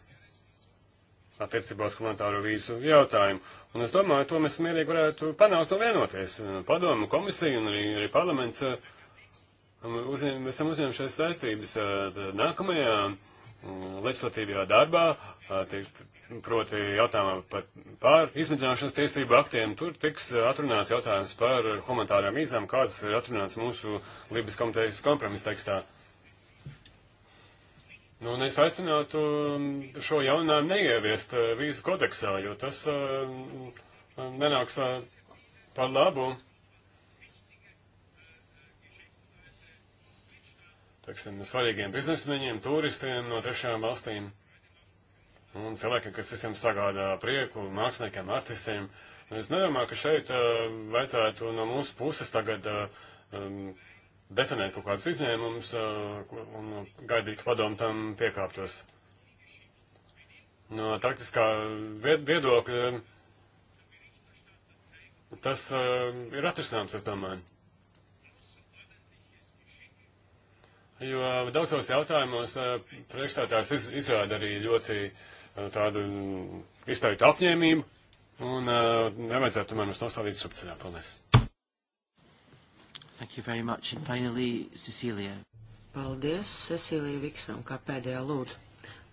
attiecībā uz komentāru vīzu jautājumu. Un es domāju, to mēs mierīgi varētu panākt un vienoties. Eh, padomu komisija un arī, arī parlaments um, uzņem, mēs esam uzņemšies saistības nākamajā mm, legislatīvajā darbā, tikt, proti jautājumā par, par izmitināšanas tiesību aktiem. Tur tiks atrunāts jautājums par humanitārām vīzām, kādas ir atrunāts mūsu Libijas komitejas kompromisa tekstā. Nu, un es aicinātu um, šo jauninājumu neieviest uh, vīzu kodeksā, jo tas uh, mm, nenāks uh, par labu. Teiksim, svarīgiem biznesmeņiem, turistiem no trešajām valstīm un cilvēkiem, kas visiem sagādā prieku, māksliniekiem, artistiem. Es nedomāju, ka šeit uh, vajadzētu no mūsu puses tagad uh, um, definēt kaut kādus izņēmumus eh, un gaidīt, ka padomu tam piekāptos. No taktiskā viedokļa tas eh, ir atrisināms, es domāju. Jo daudzos jautājumos eh, priekšstādājs iz, izrāda arī ļoti tādu izteiktu apņēmību un nevajadzētu tomēr mums nostādīt strupceļā. Paldies! Thank you very much. And finally, Cecilia. Paldies, Cecilija Viksam, kā pēdējā lūdzu.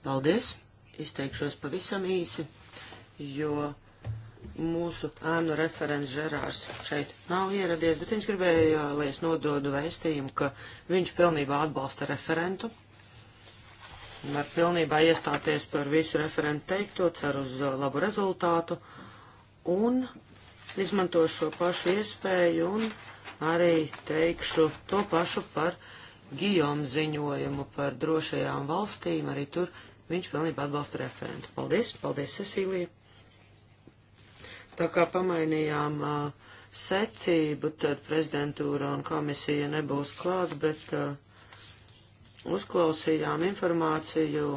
Paldies, izteikšos pavisam īsi, jo mūsu ēnu referents Žerārs šeit nav ieradies, bet viņš gribēja, lai es nododu vēstījumu, ka viņš pilnībā atbalsta referentu. Var pilnībā iestāties par visu referentu teikto, ceru uz uh, labu rezultātu. Un Izmantošu šo pašu iespēju un arī teikšu to pašu par Gijom ziņojumu par drošajām valstīm. Arī tur viņš pilnībā atbalsta referentu. Paldies, paldies, Cecīlija. Tā kā pamainījām uh, secību, tad prezidentūra un komisija nebūs klāt, bet uh, uzklausījām informāciju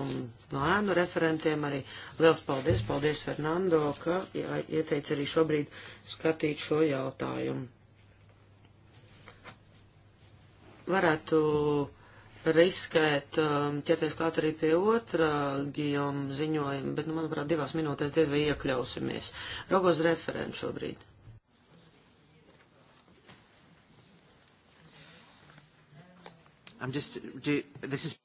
no ēnu referentiem arī. Liels paldies, paldies Fernando, ka ieteica arī šobrīd skatīt šo jautājumu. Varētu riskēt um, ķerties klāt arī pie otra Gijoma ziņojuma, bet, nu, manuprāt, divās minūtēs diez vai iekļausimies. Rogos referents šobrīd. I'm just, do, this is...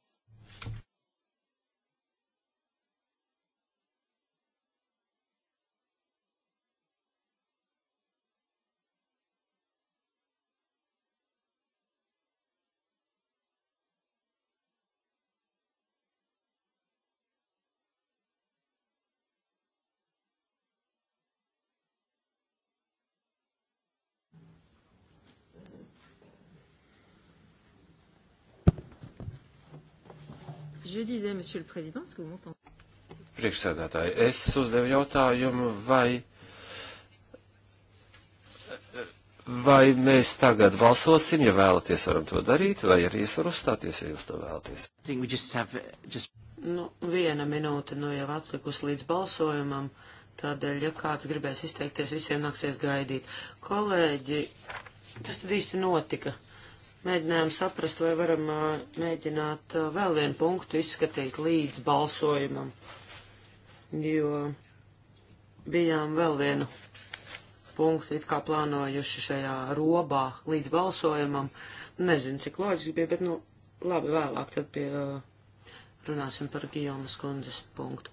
Priekšsēdētāji, es uzdevu jautājumu, vai, vai mēs tagad balsosim, ja vēlaties, varam to darīt, vai arī es varu uzstāties, ja jūs to vēlaties. Just have, just... Nu, viena minūte nu jau atlikus līdz balsojumam, tādēļ, ja kāds gribēs izteikties, visiem nāksies gaidīt. Kolēģi, kas tad īsti notika? mēģinājām saprast, vai varam mēģināt vēl vienu punktu izskatīt līdz balsojumam, jo bijām vēl vienu punktu it kā plānojuši šajā robā līdz balsojumam. Nezinu, cik loģiski bija, bet, nu, labi, vēlāk tad pie, runāsim par Gijomas kundzes punktu.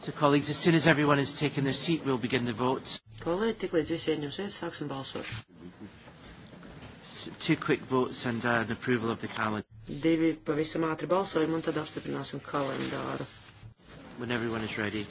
So, colleagues, as soon as everyone has taken their seat, we'll begin the vote. Kolēģi, tik līdz visi ieņemsies, sāksim balsot. So, two quick votes and uh, an approval of the calendar. Divi pavisam ātri balsojumi un tad apstiprināsim kalendāru. When everyone is ready.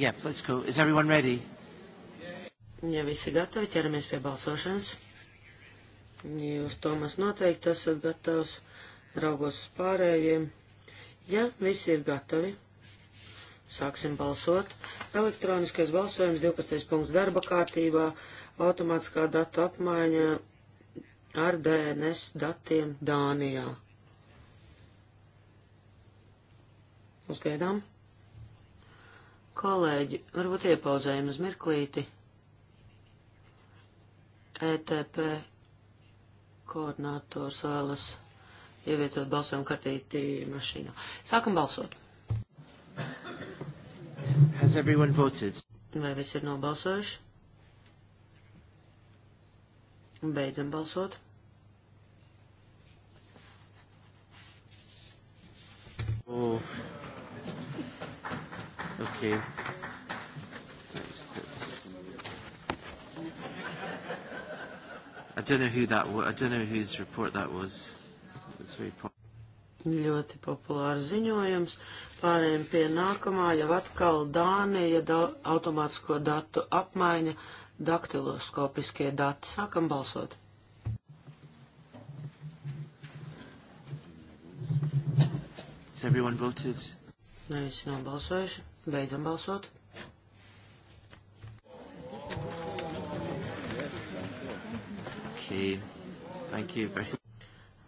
yeah, let's go. Is everyone ready? Ja visi gatavi, ķeramies pie balsošanas. Jūs, Tomas, noteikti esat gatavs, raugos uz pārējiem. Ja visi ir gatavi, sāksim balsot. Elektroniskais balsojums 12. punkts darba kārtībā, automātiskā datu apmaiņa ar DNS datiem Dānijā. Uzgaidām. Kolēģi, varbūt iepauzējam uz mirklīti. ETP koordinātors vēlas ievietot balsojumu kartīti mašīnā. Sākam balsot. Has everyone voted? Vai visi ir nobalsojuši? Beidzam balsot. Oh. Okay. What is this? I don't know who that was. I don't know whose report that was. It's very popular. Ļoti populārs ziņojums. Pārējiem pie nākamā, jau atkal Dānija, da, automātisko datu apmaiņa, daktiloskopiskie dati. Sākam balsot. Has everyone voted? Nē, visi nav balsojuši. Beidzam balsot. Okay. Thank you very much.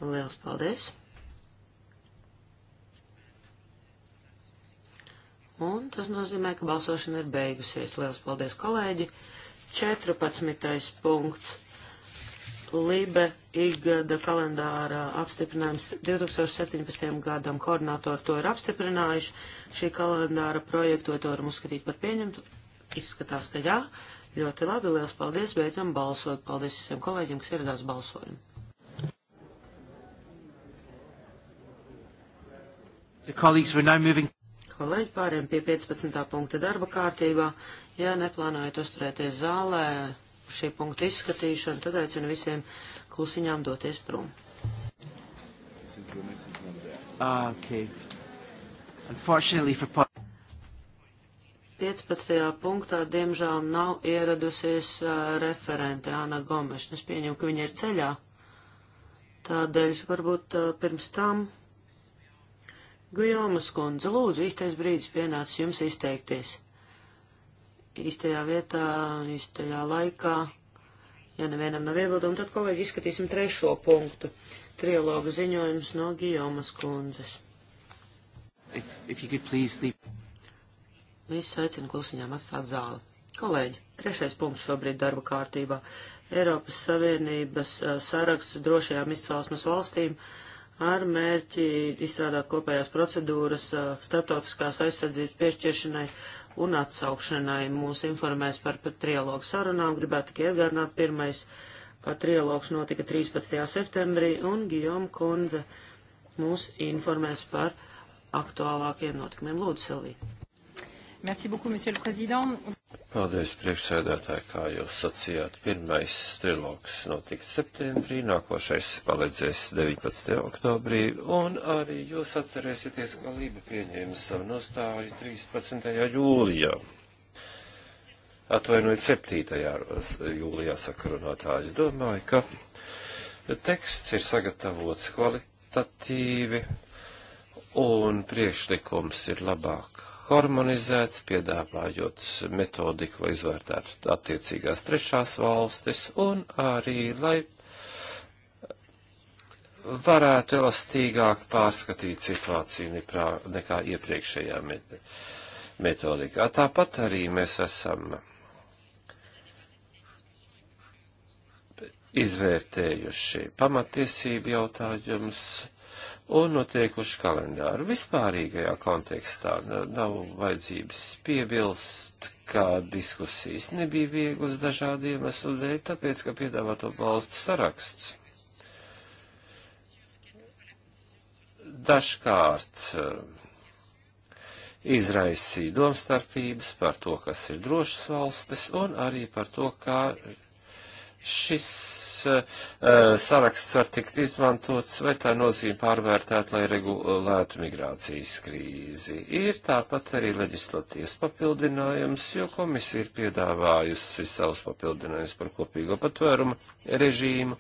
Liels paldies. Un tas nozīmē, ka balsošana ir beigusies. Liels paldies, kolēģi. 14. punkts Libe ikgada kalendāra apstiprinājums 2017. gadam koordinātori to ir apstiprinājuši. Šī kalendāra projektu to varam uzskatīt par pieņemtu. Izskatās, ka jā. Ļoti labi, liels paldies, beidzam balsot. Paldies visiem kolēģiem, kas ieradās balsojumu. Kolēģi pāriem pie 15. punkta darba kārtībā. Ja neplānojat uzturēties zālē, šī punkta izskatīšanu, tad aicinu visiem klusiņām doties prom. Ah, okay. 15. punktā, diemžēl, nav ieradusies uh, referente Ana Gomeša. Es pieņemu, ka viņa ir ceļā. Tādēļ varbūt uh, pirms tam Gujomas kundze, lūdzu, īstais brīdis pienācis jums izteikties īstajā vietā, īstajā laikā. Ja nevienam nav iebildumu, tad, kolēģi, izskatīsim trešo punktu. Trialoga ziņojums no Gijomas kundzes. If, if you could please leave. Visus aicinu klusiņām atstāt zāli. Kolēģi, trešais punkts šobrīd darba kārtībā. Eiropas Savienības eh, saraksts drošajām izcelsmes valstīm ar mērķi izstrādāt kopējās procedūras eh, starptautiskās aizsardzības piešķiršanai un atsaukšanai. Mūs informēs par, par trialogu sarunām. Gribētu tikai atgādināt, pirmais trialogs notika 13. septembrī, un Gijoma Konze mūs informēs par aktuālākiem notikumiem. Lūdzu, Silvija. Merci beaucoup, monsieur le président. Paldies, priekšsēdētāji, kā jūs sacījāt. Pirmais trilogs notiks septembrī, nākošais paledzēs 19. oktobrī, un arī jūs atcerēsieties, ka Lība pieņēma savu nostāju 13. jūlijā. Atvainojiet, 7. jūlijā sakarunātāji. Domāju, ka teksts ir sagatavots kvalitatīvi, un priekšlikums ir labāk harmonizēts, piedāvājot metodiku, lai izvērtētu attiecīgās trešās valstis un arī, lai varētu elastīgāk pārskatīt situāciju neprā, nekā iepriekšējā metodikā. Tāpat arī mēs esam izvērtējuši pamatiesību jautājumus, un notiekuši kalendāru. Vispārīgajā kontekstā nav vajadzības piebilst, ka diskusijas nebija vieglas dažādu iemeslu dēļ, tāpēc, ka piedāvāto balstu saraksts dažkārt eh, izraisīja domstarpības par to, kas ir drošas valstis, un arī par to, kā šis Eh, eh, saraksts var tikt izmantots, vai tā nozīme pārvērtēt, lai regulētu migrācijas krīzi. Ir tāpat arī leģislatīvas papildinājums, jo komisija ir piedāvājusi savus papildinājumus par kopīgo patvērumu režīmu.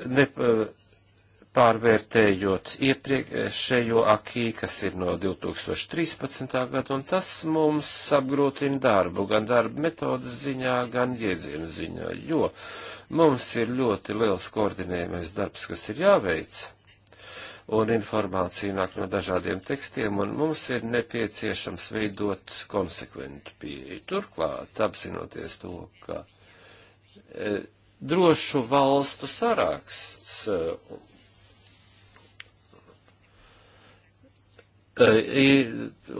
Ne, eh, pārvērtējot iepriekšējo akī, kas ir no 2013. gada, un tas mums apgrūtina darbu, gan darba metodas ziņā, gan iedzienu ziņā, jo mums ir ļoti liels koordinējumais darbs, kas ir jāveic, un informācija nāk no dažādiem tekstiem, un mums ir nepieciešams veidot konsekventu pieeju. Turklāt, apzinoties to, ka e, drošu valstu saraksts eh,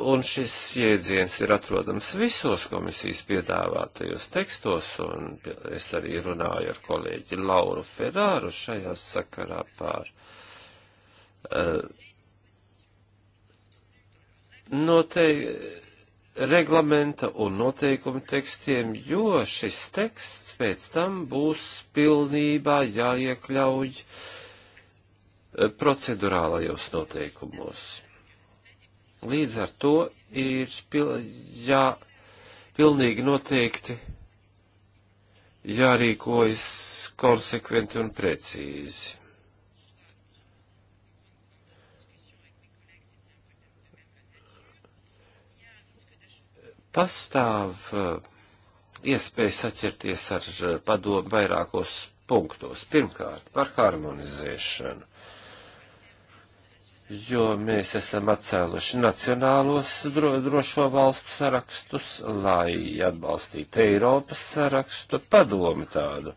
Un šis jēdziens ir atrodams visos komisijas piedāvātajos tekstos, un es arī runāju ar kolēģi Lauru Ferāru šajā sakarā pār noteikti reglamenta un noteikumu tekstiem, jo šis teksts pēc tam būs pilnībā jāiekļauj procedurālajos noteikumos. Līdz ar to ir pil, jā, pilnīgi noteikti jārīkojas konsekventi un precīzi. Pastāv uh, iespēja saķerties ar uh, padomu vairākos punktos. Pirmkārt, par harmonizēšanu jo mēs esam atcēluši nacionālos dro, drošo valstu sarakstus, lai atbalstītu Eiropas sarakstu. Padomi tādu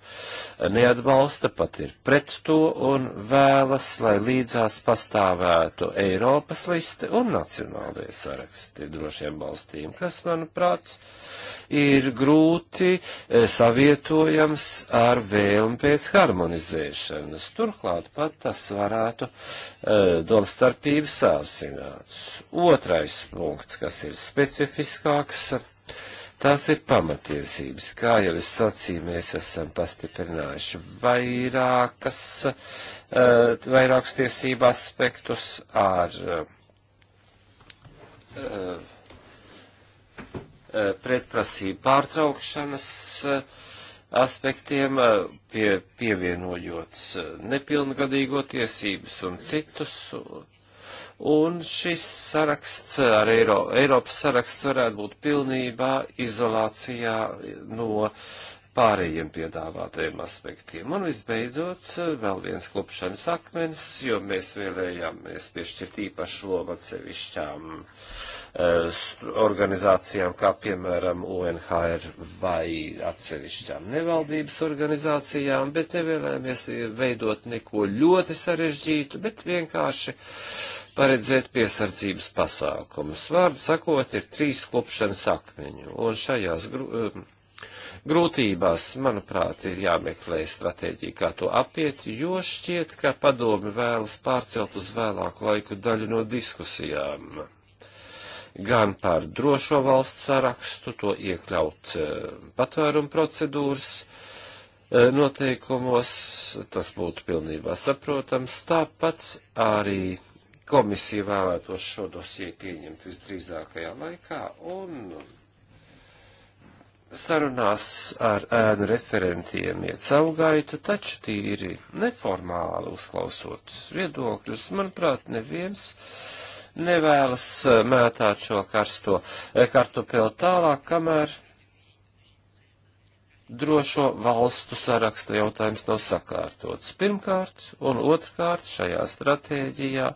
neatbalsta, pat ir pret to un vēlas, lai līdzās pastāvētu Eiropas liste un nacionālie saraksti drošiem valstīm, kas, manuprāt, ir grūti e, savietojams ar vēlmi pēc harmonizēšanas. Turklāt pat tas varētu e, domstāt starpības sāsināts. Otrais punkts, kas ir specifiskāks, tās ir pamatiesības. Kā jau es sacīju, mēs esam pastiprinājuši vairākas, eh, vairākus tiesību aspektus ar eh, eh, pretprasību pārtraukšanas aspektiem, pie, pievienojot nepilngadīgo tiesības un citus, un, un šis saraksts ar Eiro, Eiropas saraksts varētu būt pilnībā izolācijā no pārējiem piedāvātajiem aspektiem. Un visbeidzot, vēl viens klupšanas akmens, jo mēs vēlējāmies piešķirt īpašu lomu atsevišķām eh, organizācijām, kā piemēram UNHR vai atsevišķām nevaldības organizācijām, bet nevēlējāmies veidot neko ļoti sarežģītu, bet vienkārši paredzēt piesardzības pasākumus. Vārdu sakot, ir trīs klupšanas akmeņi, un šajās gru, um, grūtībās, manuprāt, ir jāmeklē stratēģija, kā to apiet, jo šķiet, ka padomi vēlas pārcelt uz vēlāku laiku daļu no diskusijām gan par drošo valstu sarakstu, to iekļaut um, patvērumu procedūras uh, noteikumos, tas būtu pilnībā saprotams, tāpat arī komisija vēlētos šo dosiju pieņemt visdrīzākajā laikā un sarunās ar ēnu referentiem iet savu gaitu, taču tīri neformāli uzklausot viedokļus, manuprāt, neviens nevēlas mētāt šo karsto kartupeli tālāk, kamēr drošo valstu saraksta jautājums nav sakārtots. Pirmkārt, un otrkārt, šajā stratēģijā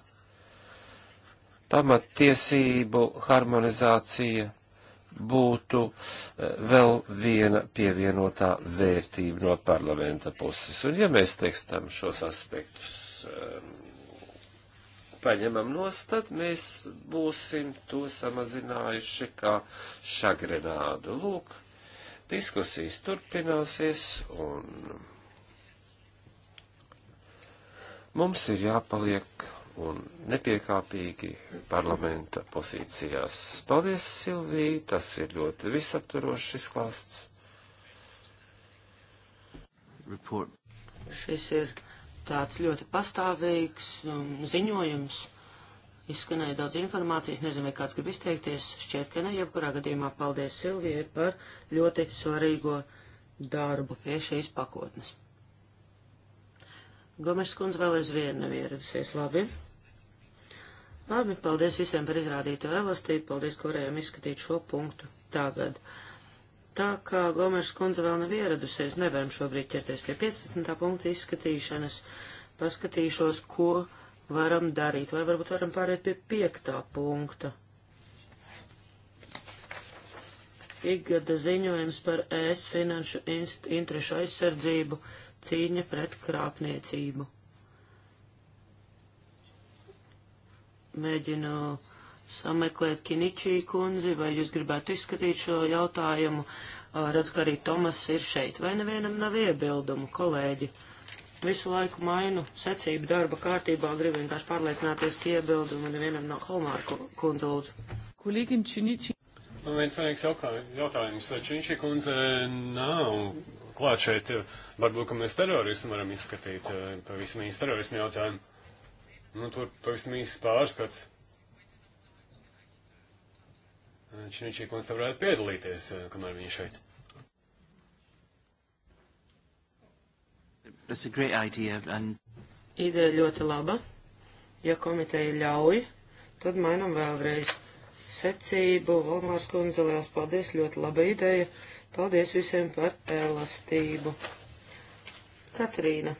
pamattiesību harmonizācija būtu eh, vēl viena pievienotā vērtība no parlamenta puses. Un ja mēs tekstam šos aspektus um, paņemam nost, tad mēs būsim to samazinājuši kā šagrenādu. Lūk, diskusijas turpināsies un mums ir jāpaliek un nepiekāpīgi parlamenta pozīcijās. Paldies, Silvija, tas ir ļoti visaptvarošs šis klāsts. Report. Šis ir tāds ļoti pastāvīgs um, ziņojums. Izskanēja daudz informācijas, nezinu, vai kāds grib izteikties. Šķiet, ka ne, jebkurā gadījumā paldies Silvijai par ļoti svarīgo darbu pie šīs pakotnes. Gomes kundze vēl aizvien nav ieradusies labi. Labi, paldies visiem par izrādīto elastību, paldies, ka varējām izskatīt šo punktu tagad. Tā kā Gomers kundze vēl nav ieradusies, nevaram šobrīd ķerties pie 15. punkta izskatīšanas. Paskatīšos, ko varam darīt, vai varbūt varam pāriet pie 5. punkta. Ikgada ziņojums par ES finanšu interešu aizsardzību, cīņa pret krāpniecību. mēģinu sameklēt Kiničī kundzi, vai jūs gribētu izskatīt šo jautājumu. Redz, ka arī Tomas ir šeit. Vai nevienam nav iebildumu, kolēģi? Visu laiku mainu secību darba kārtībā, gribu vienkārši pārliecināties, ka iebildumu nevienam nav Holmāra kundze lūdzu. Kulīgin Činičī. Man nu, viens vajag jautājums. Činičī kundze nav klāt šeit. Varbūt, ka mēs terorismu varam izskatīt, pavisam īsti terorismu jautājumu. Nu, tur pavisam īsts pārskats. Činičī kundze varētu piedalīties, eh, kamēr viņa šeit. That's a great idea and... Ideja ļoti laba. Ja komiteja ļauj, tad mainam vēlreiz secību. Valmārs kundze, liels paldies, ļoti laba ideja. Paldies visiem par elastību. Katrīna,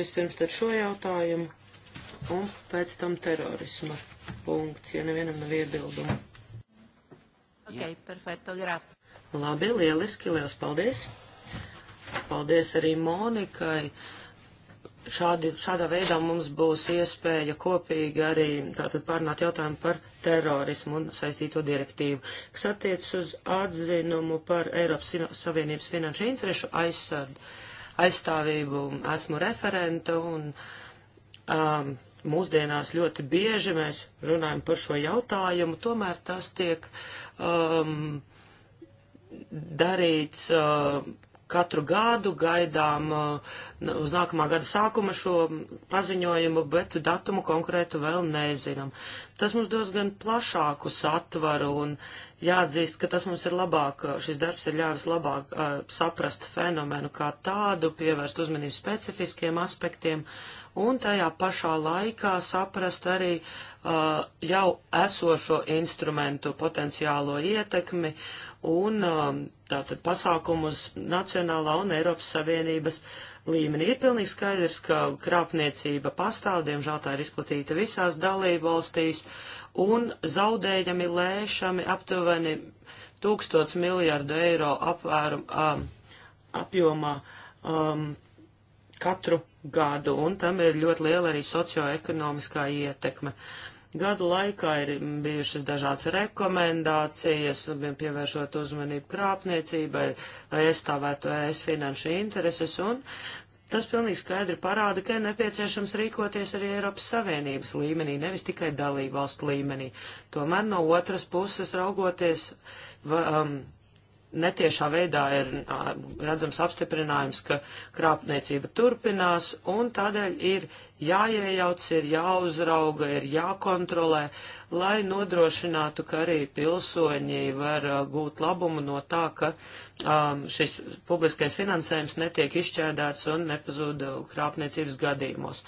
vispirms tad šo jautājumu un pēc tam terorisma punkts, ja nevienam nav iebildumu. Ok, perfekto, grāt. Labi, lieliski, liels paldies. Paldies arī Monikai. Šādi, šādā veidā mums būs iespēja kopīgi arī tātad pārnāt jautājumu par terorismu un saistīto direktīvu, kas attiecas uz atzinumu par Eiropas Savienības finanšu interešu aizsardzību aizstāvību esmu referenta un um, mūsdienās ļoti bieži mēs runājam par šo jautājumu, tomēr tas tiek um, darīts uh, katru gadu, gaidām uh, uz nākamā gada sākuma šo paziņojumu, bet datumu konkrētu vēl nezinām. Tas mums dos gan plašāku satvaru un jāatzīst, ka tas mums ir labāk, šis darbs ir ļāvis labāk uh, saprast fenomenu kā tādu, pievērst uzmanību specifiskiem aspektiem un tajā pašā laikā saprast arī uh, jau esošo instrumentu potenciālo ietekmi un um, tātad pasākumus nacionālā un Eiropas Savienības līmenī. Ir pilnīgi skaidrs, ka krāpniecība pastāv, diemžēl tā ir izplatīta visās dalību valstīs, un zaudējumi lēšami aptuveni tūkstots miljardu eiro apvērum, um, apjomā um, katru gadu, un tam ir ļoti liela arī socioekonomiskā ietekme. Gadu laikā ir bijušas dažādas rekomendācijas, pievēršot uzmanību krāpniecībai, lai aizstāvētu ES finanšu intereses, un tas pilnīgi skaidri parāda, ka ir nepieciešams rīkoties arī Eiropas Savienības līmenī, nevis tikai dalību valstu līmenī. Tomēr no otras puses raugoties. Va, um, netiešā veidā ir redzams apstiprinājums, ka krāpniecība turpinās, un tādēļ ir jāiejauc, ir jāuzrauga, ir jākontrolē, lai nodrošinātu, ka arī pilsoņi var gūt labumu no tā, ka um, šis publiskais finansējums netiek izšķērdēts un nepazūd krāpniecības gadījumos.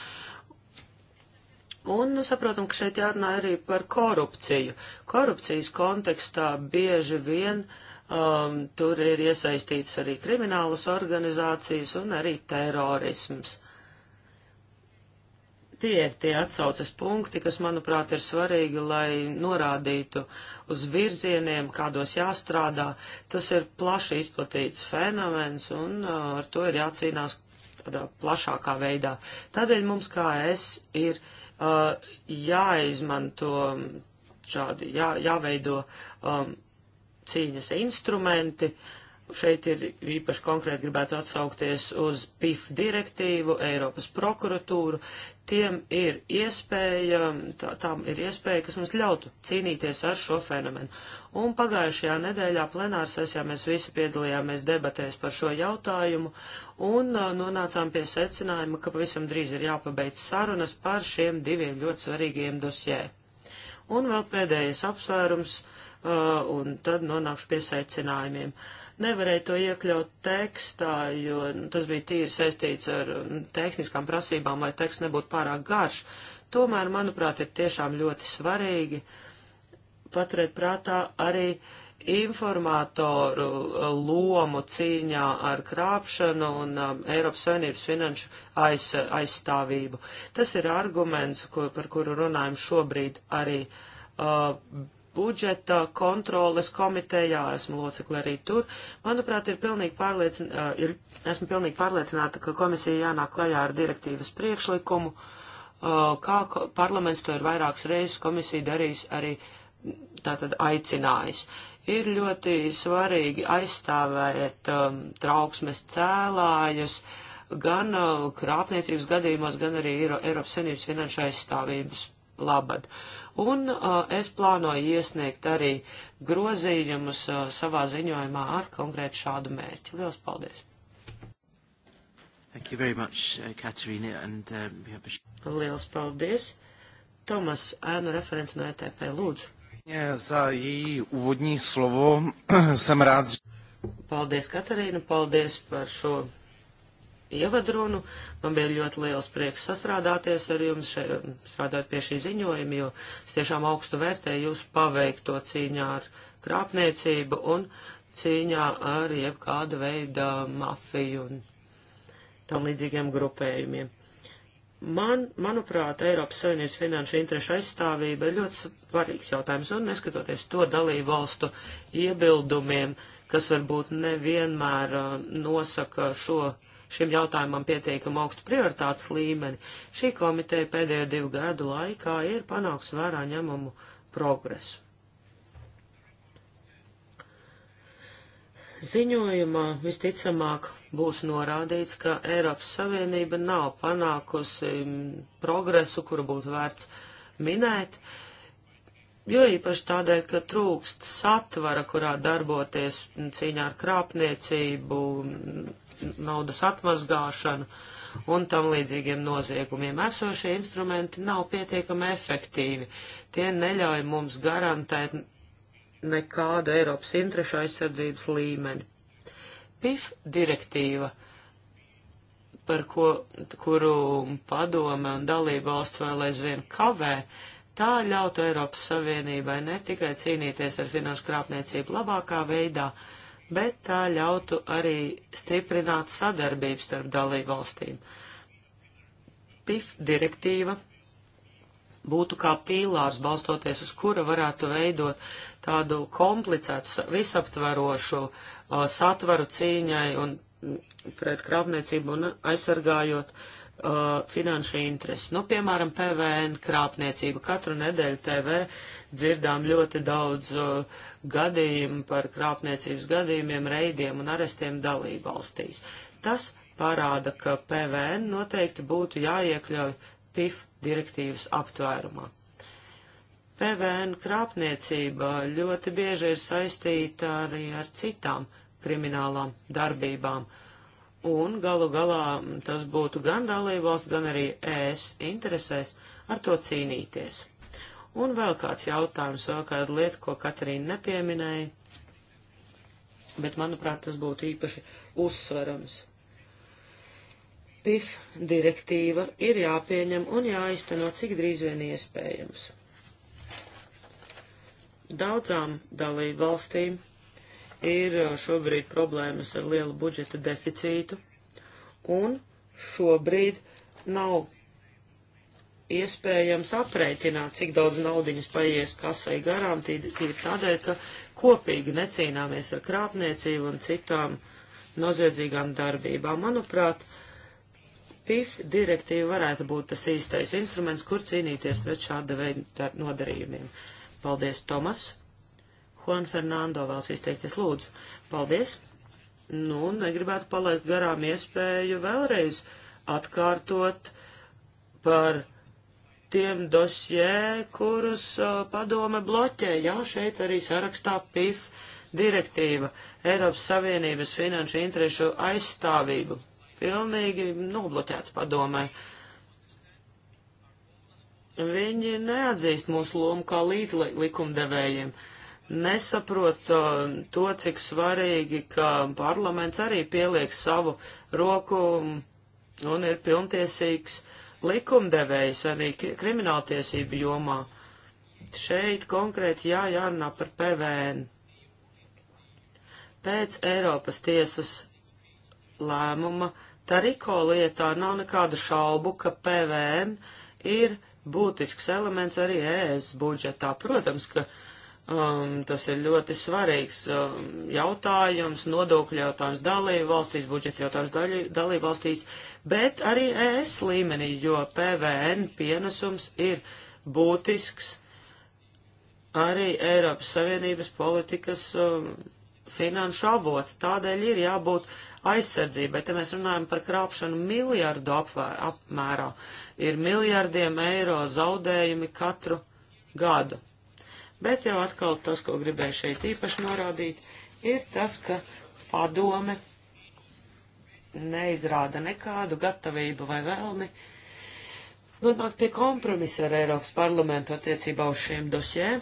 Un saprotam, ka šeit jārunā arī par korupciju. Korupcijas kontekstā bieži vien uh, Um, tur ir iesaistīts arī kriminālas organizācijas un arī terorisms. Tie ir tie atsauces punkti, kas, manuprāt, ir svarīgi, lai norādītu uz virzieniem, kādos jāstrādā. Tas ir plaši izplatīts fenomens un uh, ar to ir jācīnās tādā plašākā veidā. Tādēļ mums kā es ir uh, jāizmanto um, šādi, jā, jāveido um, cīņas instrumenti. Šeit ir īpaši konkrēti gribētu atsaukties uz PIF direktīvu, Eiropas prokuratūru. Tiem ir iespēja, tā, tām ir iespēja, kas mums ļautu cīnīties ar šo fenomenu. Un pagājušajā nedēļā plenārsesijā mēs visi piedalījāmies debatēs par šo jautājumu un uh, nonācām pie secinājuma, ka pavisam drīz ir jāpabeidz sarunas par šiem diviem ļoti svarīgiem dosjē. Un vēl pēdējais apsvērums. Uh, un tad nonākšu pie secinājumiem. Nevarēju to iekļaut tekstā, jo nu, tas bija tīri saistīts ar tehniskām prasībām, lai teksts nebūtu pārāk garš. Tomēr, manuprāt, ir tiešām ļoti svarīgi paturēt prātā arī informatoru lomu cīņā ar krāpšanu un um, Eiropas Savienības finanšu aiz, aizstāvību. Tas ir arguments, ko, par kuru runājam šobrīd arī uh, budžeta kontroles komitejā, esmu locekli arī tur. Manuprāt, ir pilnīgi pārliecināta, ir, esmu pilnīgi pārliecināta, ka komisija jānāk klajā ar direktīvas priekšlikumu, kā parlaments to ir vairākas reizes komisija darījis arī tātad aicinājis. Ir ļoti svarīgi aizstāvēt um, trauksmes cēlājus gan uh, krāpniecības gadījumos, gan arī Eiro, Eiropas Savienības finanšu aizstāvības labad. Uh, un uh, es plānoju iesniegt arī grozījumus uh, savā ziņojumā ar konkrētu šādu mērķi. Lielas paldies! Thank you very much, uh, Katerina, and um, we have a... Lielas paldies! Tomas, ēnu referents no ETP, lūdzu. Yeah, za její úvodní slovo jsem rád. Paldies, Katerīna, paldies par šo ievadrunu. Man bija ļoti liels prieks sastrādāties ar jums, še, strādāt pie šī ziņojuma, jo es tiešām augstu vērtēju jūsu paveikto cīņā ar krāpniecību un cīņā ar jebkāda veida mafiju un tam līdzīgiem grupējumiem. Man, manuprāt, Eiropas Savienības finanšu interešu aizstāvība ir ļoti svarīgs jautājums, un neskatoties to dalību valstu iebildumiem, kas varbūt nevienmēr uh, nosaka šo šim jautājumam pietiekam augstu prioritātes līmeni, šī komiteja pēdējo divu gadu laikā ir panākusi vērā ņemamu progresu. Ziņojumā visticamāk būs norādīts, ka Eiropas Savienība nav panākusi mm, progresu, kuru būtu vērts minēt, jo īpaši tādēļ, ka trūkst satvara, kurā darboties mm, cīņā ar krāpniecību, naudas atmazgāšanu un tam līdzīgiem noziegumiem. Esošie instrumenti nav pietiekami efektīvi. Tie neļauj mums garantēt nekādu Eiropas interešu aizsardzības līmeni. PIF direktīva, par ko, kuru padome un dalība valsts vēl aizvien kavē, tā ļautu Eiropas Savienībai ne tikai cīnīties ar finanšu krāpniecību labākā veidā, bet tā ļautu arī stiprināt sadarbību starp dalību valstīm. PIF direktīva būtu kā pīlārs, balstoties uz kura varētu veidot tādu komplicētu, visaptvarošu o, uh, satvaru cīņai un mm, pret krāpniecību un aizsargājot uh, uh, finanšu intereses. Nu, piemēram, PVN krāpniecība. Katru nedēļu TV dzirdām ļoti daudz uh, gadījumu par krāpniecības gadījumiem, reidiem un arestiem dalību valstīs. Tas parāda, ka PVN noteikti būtu jāiekļauj PIF direktīvas aptvērumā. PVN krāpniecība ļoti bieži ir saistīta arī ar citām kriminālām darbībām. Uh, Un galu galā tas būtu gan dalībvalstu, gan arī ES interesēs ar to cīnīties. Un vēl kāds jautājums, vēl kāda lieta, ko Katarīna nepieminēja, bet manuprāt tas būtu īpaši uzsverams. PIF direktīva ir jāpieņem un jāizteno cik drīz vien iespējams. Daudzām dalību valstīm ir eh, šobrīd problēmas ar lielu budžeta deficītu, un šobrīd nav iespējams aprēķināt, cik daudz naudiņas paies kasai garām, tīri tādēļ, ka kopīgi necīnāmies ar krāpniecību un citām noziedzīgām darbībām. Manuprāt, PIF direktīva varētu būt tas īstais instruments, kur cīnīties pret šāda veida nodarījumiem. Paldies, Tomas! Juan Fernando vēlas izteikties lūdzu. Paldies! Nu, negribētu palaist garām iespēju vēlreiz atkārtot par tiem dosjē, kurus uh, padome bloķē. Jā, šeit arī sarakstā PIF direktīva Eiropas Savienības finanšu interešu aizstāvību. Pilnīgi nobloķēts padomē. Viņi neatzīst mūsu lomu kā līdz likumdevējiem. Li nesaprot uh, to, cik svarīgi, ka parlaments arī pieliek savu roku un ir pilntiesīgs likumdevējs arī krimināltiesību jomā. Šeit konkrēti jā, jārunā par PVN. Pēc Eiropas tiesas lēmuma Tariko lietā nav nekādu šaubu, ka PVN ir būtisks elements arī ES budžetā. Protams, ka uh, Um, tas ir ļoti svarīgs um, jautājums, nodokļu jautājums dalību valstīs, budžeta jautājums dalību valstīs, bet arī ES līmenī, jo PVN pienesums ir būtisks arī Eiropas Savienības politikas um, finanšu avots. Tādēļ ir jābūt aizsardzībai. Te mēs runājam par krāpšanu miljardu apvē, apmērā. Ir miljardiem eiro zaudējumi katru gadu Bet jau atkal tas, ko gribēju šeit īpaši norādīt, ir tas, ka padome neizrāda nekādu gatavību vai vēlmi nonākt pie kompromisa ar Eiropas parlamentu attiecībā uz šiem dosjē,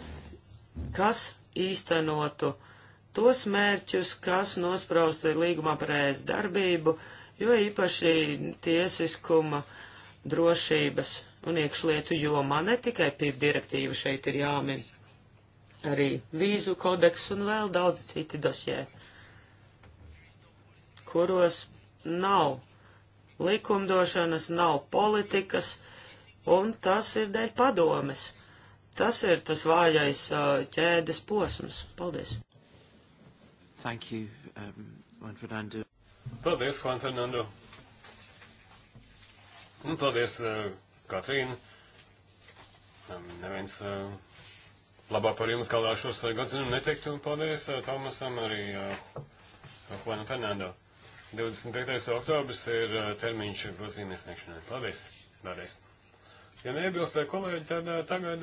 kas īstenotu tos mērķus, kas nosprausta līgumā par ēst darbību, jo īpaši tiesiskuma drošības un iekšlietu jomā ne tikai PIP direktīva šeit ir jāmin arī vīzu kodeks un vēl daudz citi dosjē, kuros nav likumdošanas, nav politikas, un tas ir dēļ padomes. Tas ir tas vājais uh, ķēdes posms. Paldies. Thank you, um, Juan Fernando. Paldies, Juan Fernando. Un paldies, uh, Katrīna. Um, neviens uh, labā par jums kalāšos, lai gadsimtu netiktu. Paldies eh, Tomasam, arī eh, Juanam Fernando. 25. oktobris ir eh, termiņš grozījuma iesniegšanai. Paldies! Vēlreiz! Ja neiebilst, vai kolēģi, tad tagad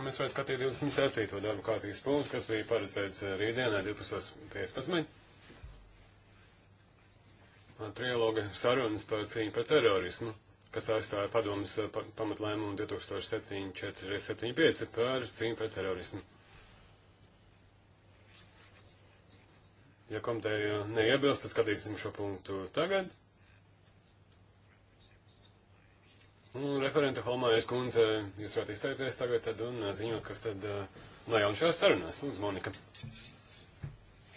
mēs varam skatīt 27. darba kārtības punktu, kas bija paredzēts rītdienā 12.15. Trialoga sarunas par cīņu par terorismu kas aizstāja padomas eh, pamatlēmumu 2007-475 par cīņu pret terorismu. Ja komiteja neiebilst, tad skatīsim šo punktu tagad. Un referenta Holmājas kundze, jūs varat izteikties tagad tad un eh, ziņot, kas tad eh, nojaun šajās sarunās. Lūdzu, Monika.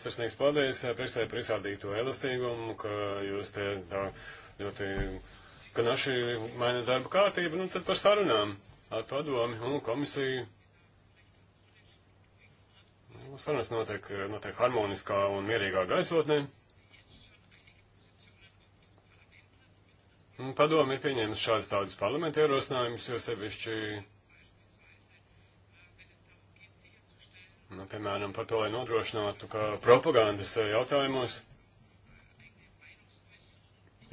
Sirsnīgs paldies, priekšstāja par izrādīto elastīgumu, ka jūs te tā ļoti ka naši maina darba kārtību, nu tad par sarunām ar padomi un komisiju. Nu, sarunas notiek, notiek harmoniskā un mierīgā gaisotnē. Padomi ir pieņēmis šādus tādus parlamentu ierosinājumus, jo sevišķi, nu, piemēram, par to, lai nodrošinātu, ka propagandas eh, jautājumos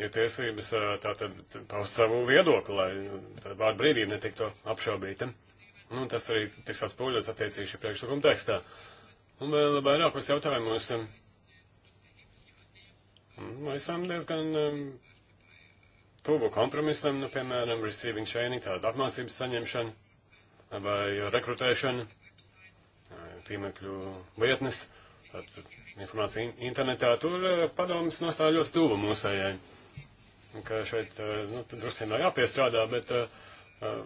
ir tiesības tātad paust savu viedokli, lai nu, vārdu brīvība netiktu apšaubīta. Nu, tas arī tiks atspūļots attiecīgi šī priekšlikuma tekstā. Un vēl vairākos jautājumus. Nu, esam diezgan um, tuvu kompromisam, nu, piemēram, receiving training, tāda apmācības saņemšana vai rekrutēšana, tīmekļu vietnes, informācija internetā. Tur padomas nostāja ļoti tuvu mūsējai ka šeit, eh, nu, drusiem vēl jāpiestrādā, bet eh, eh,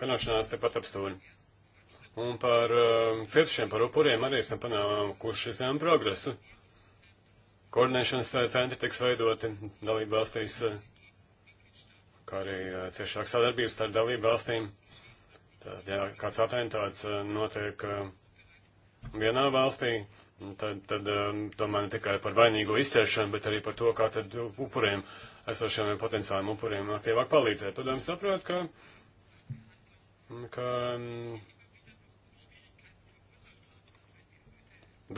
vienošanās tepat apstūri. Un par cietušiem, par upuriem arī esam panākuši zinām progresu. Koordinēšanas centri tiks veidoti dalību valstīs, kā arī ciešāk sadarbības starp dalību valstīm. Tad, ja kāds atentāts notiek vienā valstī, tad, tad domā ne tikai par vainīgo izcēršanu, bet arī par to, kā tad upuriem uh, esošiem potenciāliem upuriem aktīvāk palīdzēt. Padomju saprot, ka, ka mm,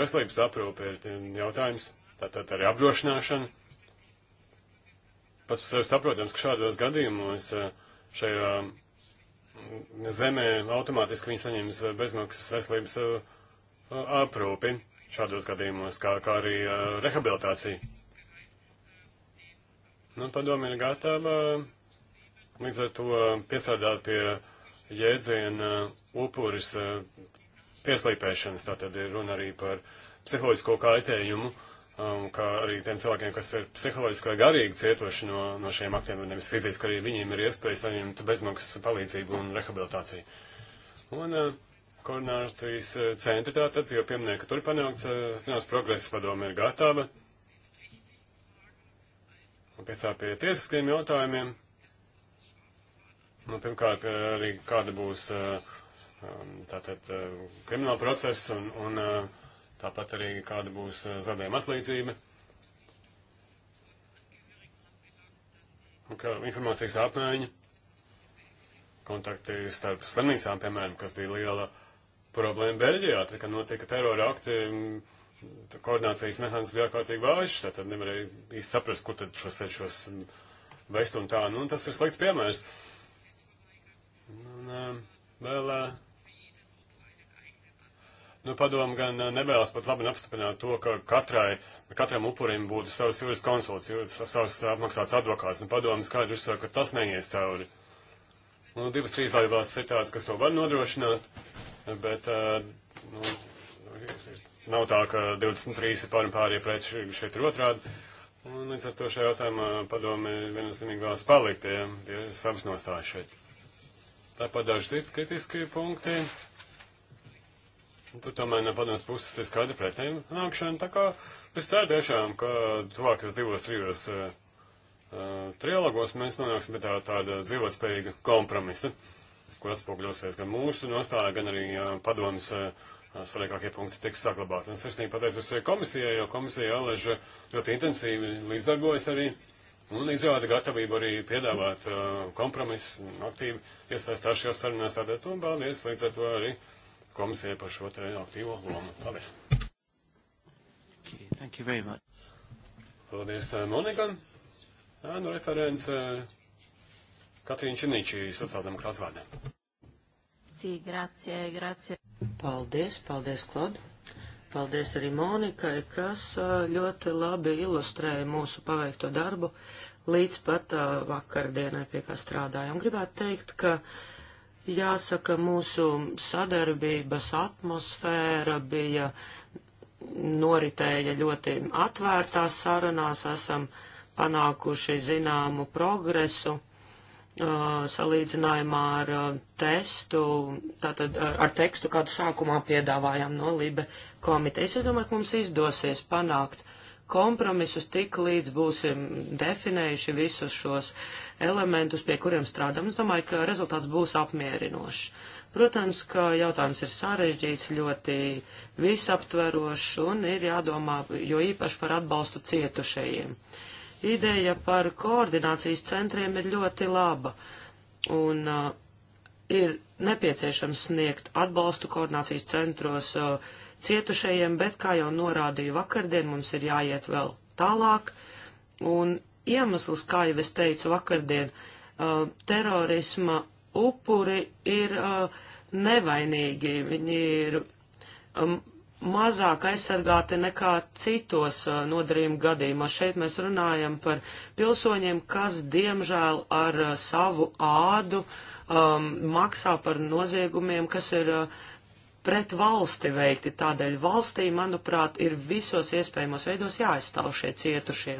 veselības aprūpe ir jautājums, tātad arī apdrošināšana. Pats par sevi saprotams, ka šādos gadījumos eh, šajā mm, zemē automātiski viņi saņems bezmaksas veselības eh, aprūpi šādos gadījumos, kā, kā arī eh, rehabilitāciju. Nu, padomi ir gatava līdz ar to piesādāt pie jēdziena upuris pieslīpēšanas. Tātad ir runa arī par psiholoģisko kaitējumu, um, kā arī tiem cilvēkiem, kas ir psiholoģiski vai garīgi cietuši no, no šiem aktiem, nevis fiziski, arī viņiem ir iespēja saņemt bezmaksas palīdzību un rehabilitāciju. Un uh, koordinācijas uh, centri tātad jau pieminēja, ka tur panākts, uh, zinās, progresa padome ir gatava. Piesā pie tiesiskiem jautājumiem. Nu, pirmkārt, eh, arī kāda būs eh, um, tātad eh, krimināla procesa un, un tāpat arī kāda būs zaudējuma atlīdzība. Kā informācijas apmaiņa, kontakti starp slimnīcām, piemēram, kas bija liela problēma Beļģijā, tad, kad notika terora akti, mm, koordinācijas mehānisms bija ārkārtīgi vājš, tad nevarēja īsti saprast, kur tad šos ceļos vest un tā. Nu, tas ir slikts piemērs. Un, um, vēl, uh, nu, padomu gan uh, nevēlas pat labi apstiprināt to, ka katrai, katram upurim būtu savs jūras konsults, jūras, savs apmaksāts advokāts, un padomu skaidri uzsver, ka tas neies cauri. Nu, divas, trīs laivās ir tās, kas to var nodrošināt, bet, uh, nu, Nav tā, ka 23 ir pār un pārējie pret šeit ir otrādi. Un līdz ar to šajā jautājumā padomi viennozīmīgās palikt pie, pie savas nostājas šeit. Tāpat daži citi kritiski punkti. Tur tomēr no padomas puses ir skaidra pretējuma nākšana, tā kā es ceru tiešām, ka tuvākajos divos, trijos uh, eh, eh, trilogos mēs nonāksim pie tā, tāda dzīvotspējīga kompromisa, kur atspūgļosies gan mūsu nostāja, gan arī uh, padomas uh, svarīgākie punkti tiks saglabāti. Un sirsnīgi pateicos komisijai, jo komisija jālež ļoti intensīvi līdzdarbojas arī un izrāda gatavību arī piedāvāt uh, kompromisu un aktīvi iesaistās šajās sarunās. Tātad un paldies līdz ar to arī komisijai par šo te aktīvo lomu. Paldies! Okay, thank you very much. Paldies uh, Monika. Ēnu referents uh, Katrīna Činīčī sociāldemokrāta vārdā grazie, grazie, grazie. Paldies, paldies, Klod. Paldies arī Monikai, kas ļoti labi ilustrēja mūsu paveikto darbu līdz pat uh, vakardienai, pie kā strādājam. Gribētu teikt, ka jāsaka, mūsu sadarbības atmosfēra bija noritēja ļoti atvērtās sarunās, esam panākuši zināmu progresu salīdzinājumā ar testu, tātad ar tekstu, kādu sākumā piedāvājām no Libe komitejas. Es domāju, ka mums izdosies panākt kompromisus tik līdz būsim definējuši visus šos elementus, pie kuriem strādājam. Es domāju, ka rezultāts būs apmierinošs. Protams, ka jautājums ir sarežģīts, ļoti visaptverošs un ir jādomā jo īpaši par atbalstu cietušajiem. Uh, Ideja par koordinācijas centriem ir ļoti laba, un uh, ir nepieciešams sniegt atbalstu koordinācijas centros uh, cietušajiem, bet, kā jau norādīju vakardien, mums ir jāiet vēl tālāk, un iemesls, kā jau es teicu vakardien, uh, terorisma upuri ir uh, nevainīgi, viņi ir um, mazāk aizsargāti nekā citos uh, nodarījuma gadījumos. Šeit mēs runājam par pilsoņiem, kas diemžēl ar uh, savu ādu um, maksā par noziegumiem, kas ir uh, pret valsti veikti. Tādēļ valstī, manuprāt, ir visos iespējamos veidos jāaizstāv šie cietušie.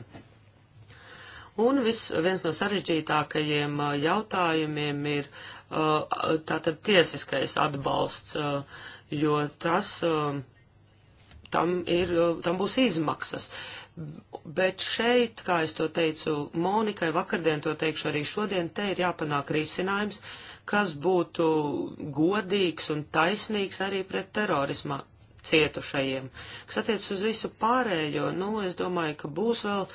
Un vis, viens no sarežģītākajiem uh, jautājumiem ir uh, tātad tiesiskais atbalsts, uh, jo tas um, tam, ir, tam būs izmaksas. Bet šeit, kā es to teicu Monikai, vakardien to teikšu arī šodien, te ir jāpanāk risinājums, kas būtu godīgs un taisnīgs arī pret terorisma cietušajiem. Kas attiec uz visu pārējo, nu, es domāju, ka būs vēl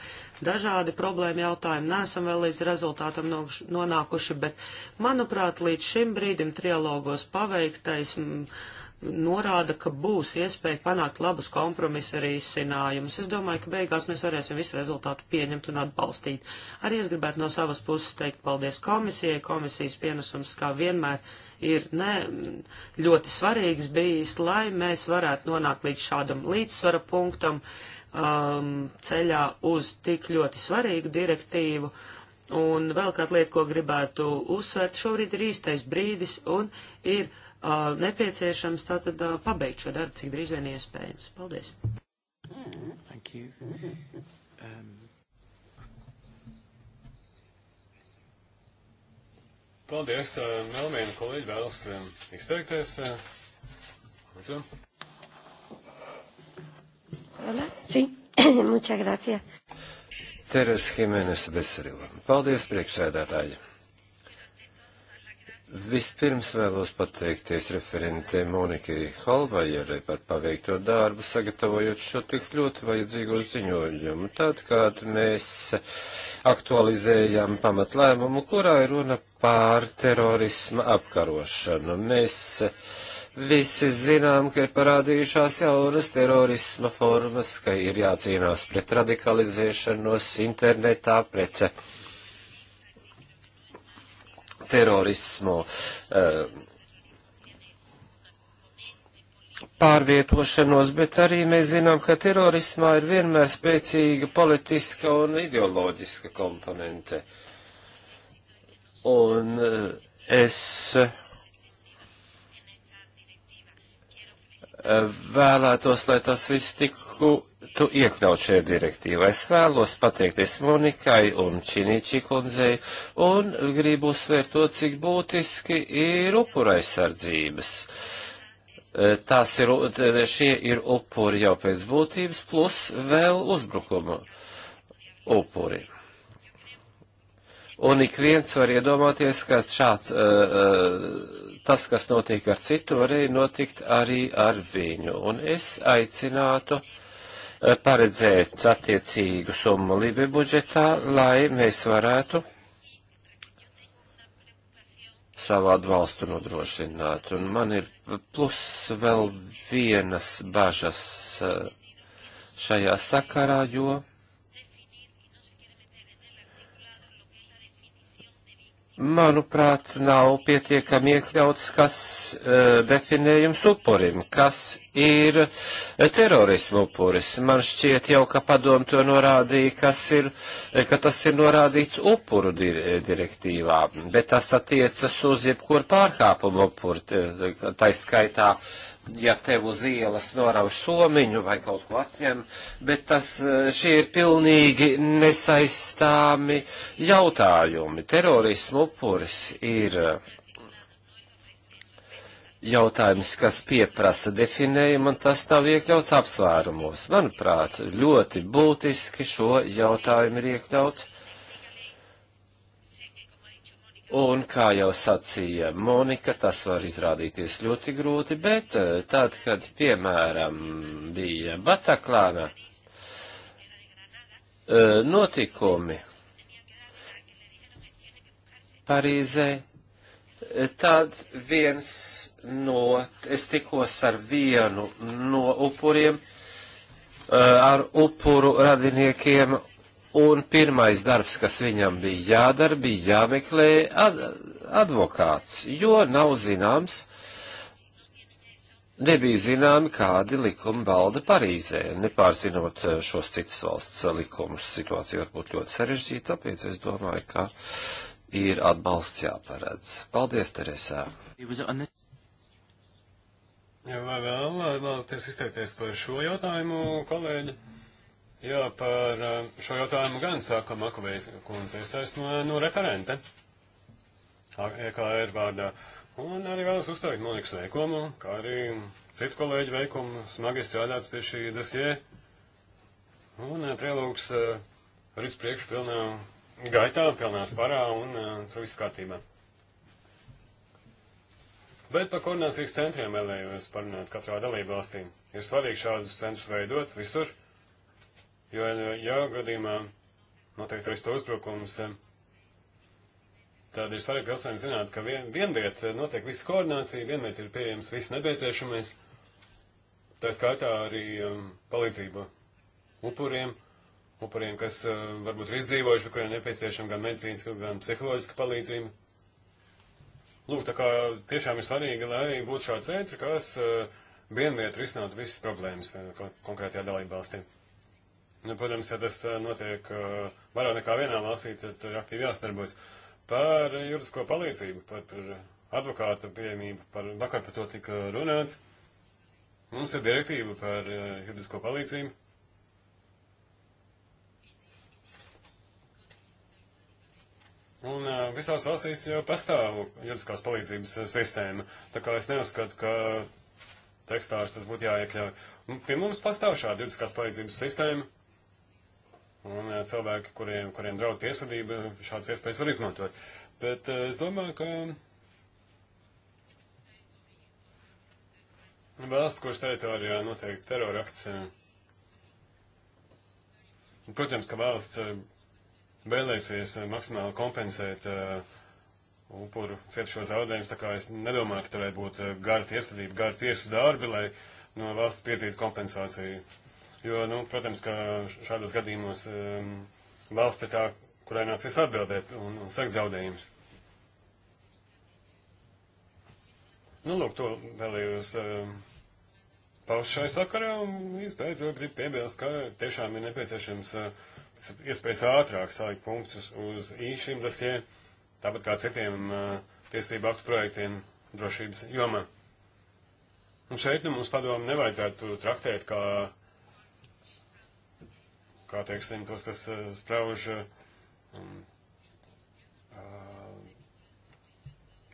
dažādi problēma jautājumi, neesam vēl līdz rezultātam nonākuši, bet, manuprāt, līdz šim brīdim trialogos paveiktais. M, norāda, ka būs iespēja panākt labus kompromisu risinājumus. Es domāju, ka beigās mēs varēsim visu rezultātu pieņemt un atbalstīt. Arī es gribētu no savas puses teikt paldies komisijai. Komisijas pienesums, kā vienmēr, ir ne, ļoti svarīgs bijis, lai mēs varētu nonākt līdz šādam līdzsvara punktam um, ceļā uz tik ļoti svarīgu direktīvu. Un vēl kāda lieta, ko gribētu uzsvērt, šobrīd ir īstais brīdis un ir Uh, nepieciešams tātad uh, pabeigt šo darbu, cik drīz vien iespējams. Paldies! Thank you. Um... Paldies, uh, Melmīna kolēģi vēlas izteikties. Lūdzu. Hola, sí, muchas gracias. Teres Jimenez Besarila. Paldies, priekšsēdētāji. Vispirms vēlos pateikties referentē Monikai Holvajerai par paveikto darbu, sagatavojot šo tik ļoti vajadzīgo ziņojumu. Tad, kad mēs aktualizējam pamatlēmumu, kurā ir runa pār terorisma apkarošanu, mēs visi zinām, ka ir parādījušās jaunas terorisma formas, ka ir jācīnās pret radikalizēšanos internetā, pret. Uh, terorismu eh, pārvietošanos, bet arī mēs zinām, ka terorismā ir vienmēr spēcīga politiska un ideoloģiska komponente. Un eh, es eh, vēlētos, lai tas viss tiktu tiktu iekļaut šajā direktīvā. Es vēlos pateikties Monikai un Činīčī kundzei un gribu uzsvērt to, cik būtiski ir upuraizsardzības. E, tās ir, šie ir upuri jau pēc būtības, plus vēl uzbrukuma upuri. Un ik viens var iedomāties, ka šāds, e, e, tas, kas notiek ar citu, varēja notikt arī ar viņu. Un es aicinātu uh, Eh, paredzēt attiecīgu summu Libi budžetā, lai mēs varētu savu atbalstu nodrošināt. Un man ir plus vēl vienas bažas eh, šajā sakarā, jo manuprāt, nav pietiekami iekļauts, kas uh, definējums upurim, kas ir e, terorismu upuris. Man šķiet jau, ka padomu to norādīja, kas ir, e, ka tas ir norādīts upuru dir direktīvā, bet tas attiecas uz jebkur pārkāpumu upuri, tā skaitā ja tev uz ielas norauž somiņu vai kaut ko atņem, bet tas, e, šie ir pilnīgi nesaistāmi jautājumi. Terorismu upuris ir e, jautājums, kas pieprasa definējumu, un tas nav iekļauts apsvērumos. Manuprāt, ļoti būtiski šo jautājumu ir iekļaut Un, kā jau sacīja Monika, tas var izrādīties ļoti grūti, bet eh, tad, kad, piemēram, bija Bataklāna eh, notikumi Parīzē, eh, tad viens no, es tikos ar vienu no upuriem, ar upuru radiniekiem, Un pirmais darbs, kas viņam bija jādara, bija jāmeklē ad advokāts, jo nav zināms, nebija zināmi, kādi likumi valda Parīzē. Nepārzinot eh, šos citas valsts likumus, situācija var būt ļoti sarežģīta, tāpēc es domāju, ka ir atbalsts jāparedz. Paldies, Teresā! Ja vai vēl vēlaties izteikties par šo jautājumu, kolēģi? Jā, par eh, šo jautājumu gan sāka Makovejs kundze. Es esmu no, eh, no nu, referente. EKR vārdā. Un arī vēlos uzstāvīt Monikas veikumu, kā arī citu kolēģu veikumu. Smagi strādāts pie šī dosie. Un trilogs eh, rīts priekš pilnā gaitā, pilnā svarā un tur viss kārtībā. Bet par koordinācijas centriem vēlējos parunāt katrā dalībvalstī. Ir svarīgi šādus centrus veidot visur. Jo, ja gadījumā noteikti arī to uzbrukums, eh, tad ir svarīgi pilsoņiem zināt, ka vien, vienviet eh, notiek visa koordinācija, vienviet ir pieejams viss nepieciešamais, tā skaitā arī um, palīdzība upuriem, upuriem, kas eh, varbūt ir izdzīvojuši, bet kuriem nepieciešama gan medicīniska, gan psiholoģiska palīdzība. Lūk, tā kā tiešām ir svarīgi, lai būtu šāds centri, kas vienvietu risinātu visas problēmas konkrētajā dalībvalstī. Nu, protams, ja tas eh, notiek eh, vairāk nekā vienā valstī, tad ir aktīvi jāsadarbojas. Par juridisko palīdzību, par, par advokātu pieejamību, par, vakar par to tika runāts. Mums ir direktīva par eh, juridisko palīdzību. Un visās valstīs jau pastāv juridiskās palīdzības sistēma, tā kā es neuzskatu, ka tekstā tas būtu jāiekļauj. Pie mums pastāv šāda juridiskās palīdzības sistēma. Un eh, cilvēki, kuriem, kuriem draud tiesvedība, šādas iespējas var izmantot. Bet eh, es domāju, ka valsts, kuras teritorijā notiek terorakts, eh, protams, ka valsts vēlēsies maksimāli kompensēt uh, upuru cietušo zaudējumus. Tā kā es nedomāju, ka tā varētu būt gara tiesvedība, gara tiesu darbi, lai no valsts piedzītu kompensāciju jo, nu, protams, ka šādos gadījumos um, valsts ir tā, kurai nāksies atbildēt un, un sekt zaudējumus. Nu, lūk, to vēlējos um, paust šai sakarā un izbeidzot gribu piebilst, ka tiešām ir nepieciešams uh, iespējas ātrāk sākt punktus uz īšiem dosiem, tāpat kā citiem uh, tiesību aktu projektiem drošības jomā. Un šeit nu, mums padomu nevajadzētu traktēt kā uh, kā teiksim, tos, kas eh, sprauž um,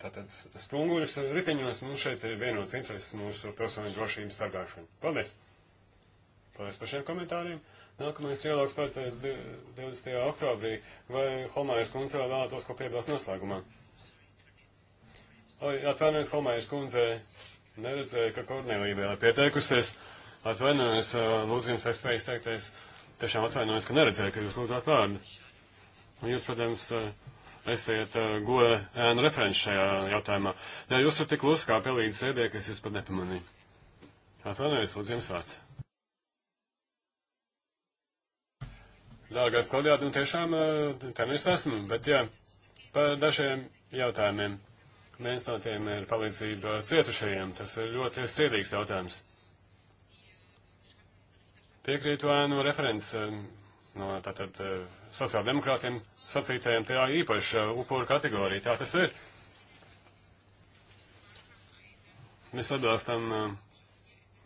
tātad sprunguļus riteņos, nu šeit ir vienots intereses mūsu pilsoņu drošības sargāšana. Paldies! Paldies par šiem komentāriem. Nākamais dialogs paredzēts 20. oktobrī, vai Holmājas kundze vēl vēlētos ko piebilst noslēgumā? Atvainojos Holmājas kundze, neredzēju, ka Kornelija vēl pieteikusies. Atvainojos, lūdzu jums iespēju izteikties tiešām atvainojos, ka neredzēju, ka jūs lūdzāt vārdu. Un jūs, protams, eh, esiet eh, goja ēnu referents šajā jautājumā. Jā, jūs tur tik lūs kā pelīdz sēdē, ka es jūs pat nepamanīju. Atvainojos, lūdzu, jums vārds. Dārgais Klaudijāt, nu tiešām eh, tā nu es esmu, bet jā, par dažiem jautājumiem. Viens no tiem ir palīdzība cietušajiem. Tas ir ļoti sirdīgs jautājums. Piekrītu ēnu referents eh, no tātad eh, sociāldemokrātiem sacītējiem, tajā īpaši eh, upuru kategorija. Tā tas ir. Mēs atbalstam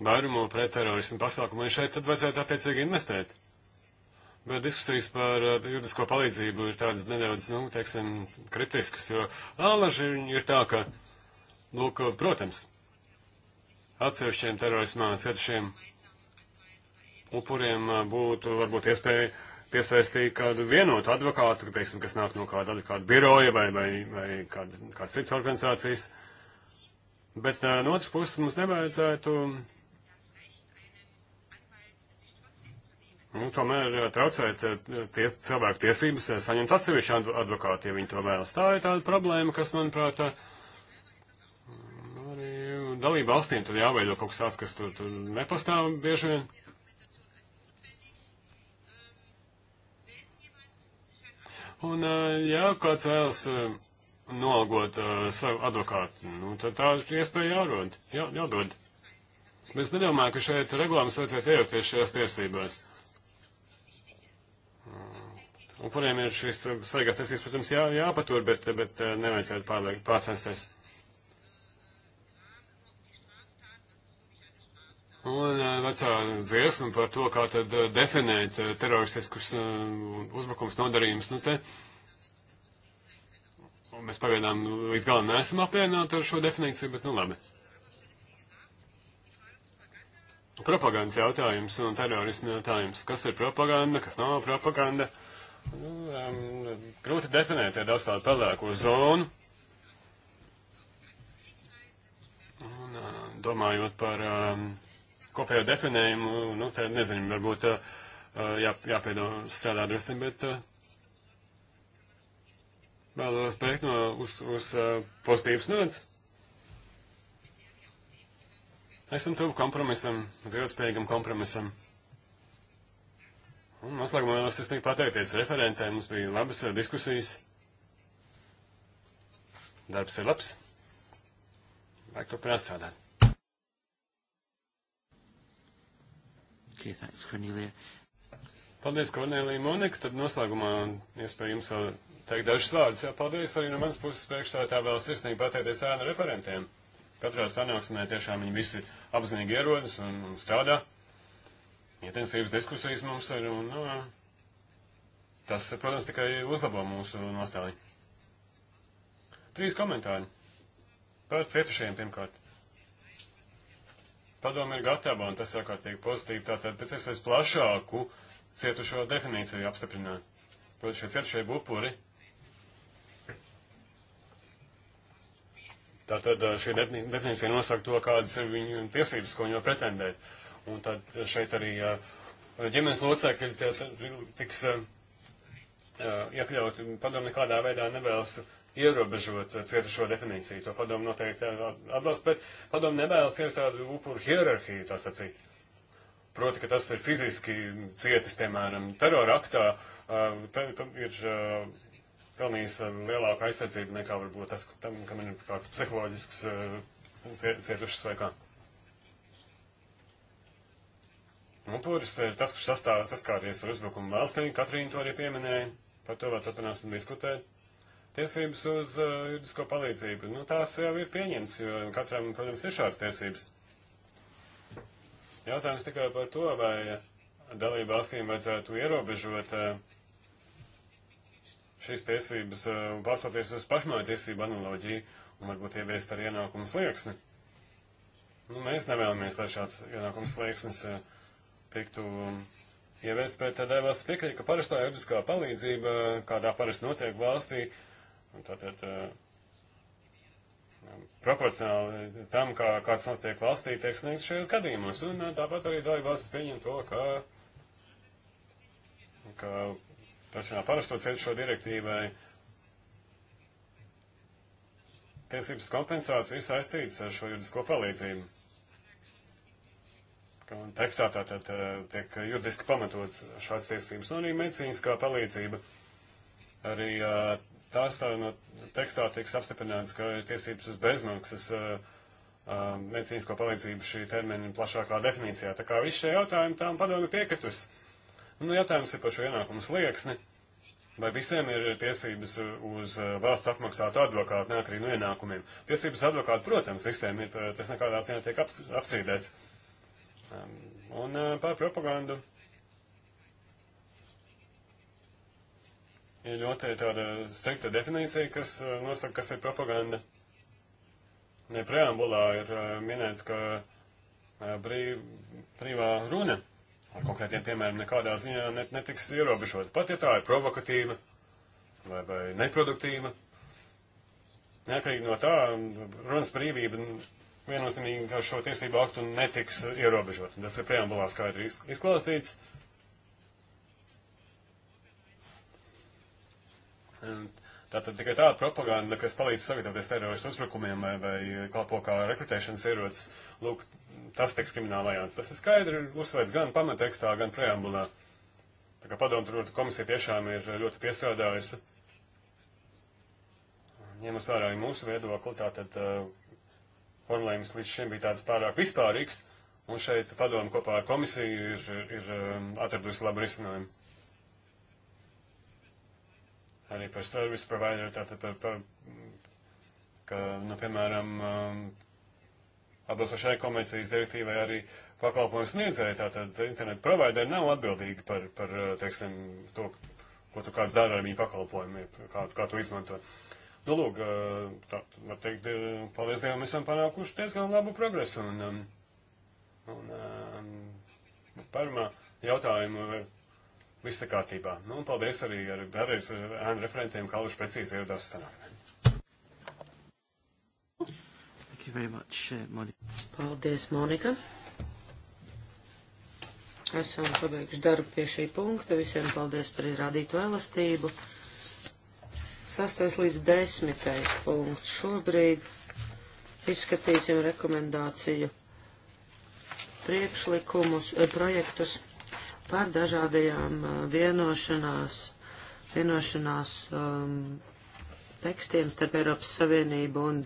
vairumu pret terorismu pasākumu, un šeit tad vajadzētu attiecīgi investēt. Bet diskusijas par juridisko palīdzību ir tādas nedaudz, nu, teiksim, kritiskas, jo ālaži ir tā, ka, lūk, protams, atsevišķiem terorismā cietušiem upuriem uh, būtu varbūt iespēja piesaistīt kādu vienotu advokātu, teiksim, kas nāk no kāda advokāta biroja vai, vai, vai kāda, kādas citas organizācijas. Bet uh, no otras puses mums nevajadzētu nu, tomēr uh, traucēt ties, cilvēku tiesības saņemt atsevišķu advokātu, ja viņi to vēlas. Tā ir tāda problēma, kas, manuprāt, nu, arī dalību valstīm tad jāveido kaut kas tāds, kas tur, tur nepastāv bieži vien. Un, eh, ja kāds vēlas eh, nolgot eh, savu advokātu, nu, tad tā iespēja jārod, jā, jādod. Bet es nedomāju, ka šeit regulējums vajadzētu iejaukties šajās tiesībās. Mm. Un kuriem ir šīs saigās tiesības, protams, jā, jāpatur, bet, bet nevajadzētu pārliek pārsensties. Un vecā dziesma par to, kā tad definēt teroristiskus uzbrukums nodarījumus, nu te mēs pagaidām nu, līdz galam neesam apvienāti ar šo definīciju, bet nu labi. Propagandas jautājums un terorismu jautājums. Kas ir propaganda, kas nav propaganda? Nu, um, grūti definēt, ir daudz tādu pelēko zonu. Un, uh, domājot par um, kopējo definējumu, nu, tā nezinu, varbūt eh, eh, jā, jāpiedo strādāt drusku, bet eh, vēlos beigt no uz, uz pozitīvas nodas. Esam tuvu kompromisam, dzīvotspējīgam kompromisam. Un noslēgumā vēlos es tikai pateikties referentēm, mums bija labas diskusijas. Darbs ir labs. Vajag turpināt strādāt. Okay, thanks, Cornelia. Paldies, Kornelija Monika. Tad noslēgumā iespēju jums vēl teikt dažus vārdus. Jā, paldies arī no manas puses priekšstādā vēl sirsnīgi pateikties ēnu referentiem. Katrā sanāksmē tiešām viņi visi apzinīgi ierodas un, un strādā. Intensīvas diskusijas mums ir un no, nu, tas, protams, tikai uzlabo mūsu nostāju. Trīs komentāri. Par cietušajiem pirmkārt padomi ir gatava, un tas ir ārkārtīgi pozitīvi, tātad pēc iespējas plašāku cietušo definīciju apstiprināt. Protams, šie cietušie upuri. Tātad šī definīcija nosaka to, kādas ir viņu tiesības, ko viņi var pretendēt. Un tad šeit arī ģimenes locekļi tiks iekļauti. Padomu nekādā veidā nevēlas ierobežot cietušo uh, definīciju. To padomu noteikti atbalsta, bet padomu nevēlas tieši tādu upuru hierarhiju, tā sacīt. Proti, ka tas ir fiziski cietis, piemēram, terora aktā, uh, ir uh, pelnījis lielāku aizsardzību nekā varbūt tas, tam, kam ir kāds psiholoģisks cietušas vai kā. Upuris ir tas, kurš sastāv, saskāries ar uzbrukumu valstī. Katrīna to arī pieminēja. Par to vēl turpināsim diskutēt tiesības uz uh, juridisko palīdzību. Nu, tās jau ir pieņemts, jo katram, protams, ir šāds tiesības. Jautājums tikai par to, vai dalību valstīm vajadzētu ierobežot uh, šīs tiesības, uh, balstoties uz pašmāju tiesību analoģiju un varbūt ieviest ar ienākumu slieksni. Nu, mēs nevēlamies, lai šāds ienākums slieksnis uh, tiktu um, ieviests, bet tādēļ uh, valsts piekrīt, ka parastā juridiskā palīdzība, kādā parasti notiek valstī, uh, Tātad eh, proporcionāli tam, kā, kāds notiek valstī, tiek sniegts šajos gadījumos. Un eh, tāpat arī daļa valsts pieņem to, ka, ka pašā parasto ceļu šo direktīvai tiesības kompensācija ir saistīts ar šo juridisko palīdzību. Un tekstā tātad eh, tiek juridiski pamatots šāds tiesības, un nu, arī medicīniskā palīdzība. Arī uh, tās no tekstā tiks apstiprināts, ka ir tiesības uz bezmaksas uh, uh, medicīnisko palīdzību šī termina plašākā definīcijā. Tā kā visi šie jautājumi tām padomi piekritus. Nu, jautājums ir par šo ienākumu slieksni. Vai visiem ir tiesības uz uh, valsts apmaksātu advokātu, neatkarīgi no ienākumiem? Tiesības advokātu, protams, visiem ir, tas nekādās netiek apstrīdēts. Um, un par propagandu ir ļoti tāda strikta definīcija, kas eh, nosaka, kas ir propaganda. Ne preambulā ir eh, minēts, ka brīv, eh, brīvā runa ar konkrētiem piemēram nekādā ziņā net, netiks ierobežota. Pat ja tā ir provokatīva vai, vai neproduktīva, neatkarīgi no tā, runas brīvība viennozīmīgi ar šo tiesību aktu netiks ierobežota. Tas ir preambulā skaidri izklāstīts. Iz Tātad tikai tāda propaganda, kas palīdz sagatavoties teroristu uzbrukumiem vai, vai kalpo kā rekrutēšanas ierocis, lūk, tas tiks kriminālajāns. Tas ir skaidri uzsveic gan pamatekstā, gan preambulā. Tā kā padomu tur komisija tiešām ir ļoti piestrādājusi. Ņemas vērā arī mūsu viedokli, tātad uh, formulējums līdz šim bija tāds pārāk vispārīgs, un šeit padomu kopā ar komisiju ir, ir, ir um, atradusi labu risinājumu arī par service provideru, tātad par, par ka, nu, piemēram, um, atbilstošai komisijas direktīvai arī pakalpojumu sniedzēji, tātad internetu provideri nav atbildīgi par, par uh, teiksim, to, ko tu kāds dara ar viņu pakalpojumiem, kā, kā tu izmanto. Nu, lūk, uh, tā, var teikt, paldies Dievam, esam panākuši diezgan labu progresu. Un, um, un, un um, par mā jautājumu, viss ir kārtībā. Nu, un paldies arī ar vēlreiz ēnu referentiem, kā viņš precīzi ieradās sanāksmē. Thank you very much, uh, Monika. Paldies, Monika. Esam pabeiguši darbu pie šī punkta. Visiem paldies par izrādīto elastību. Sastais līdz desmitais punkts. Šobrīd izskatīsim rekomendāciju priekšlikumus, eh, projektus par dažādajām uh, vienošanās, vienošanās um, tekstiem starp Eiropas Savienību un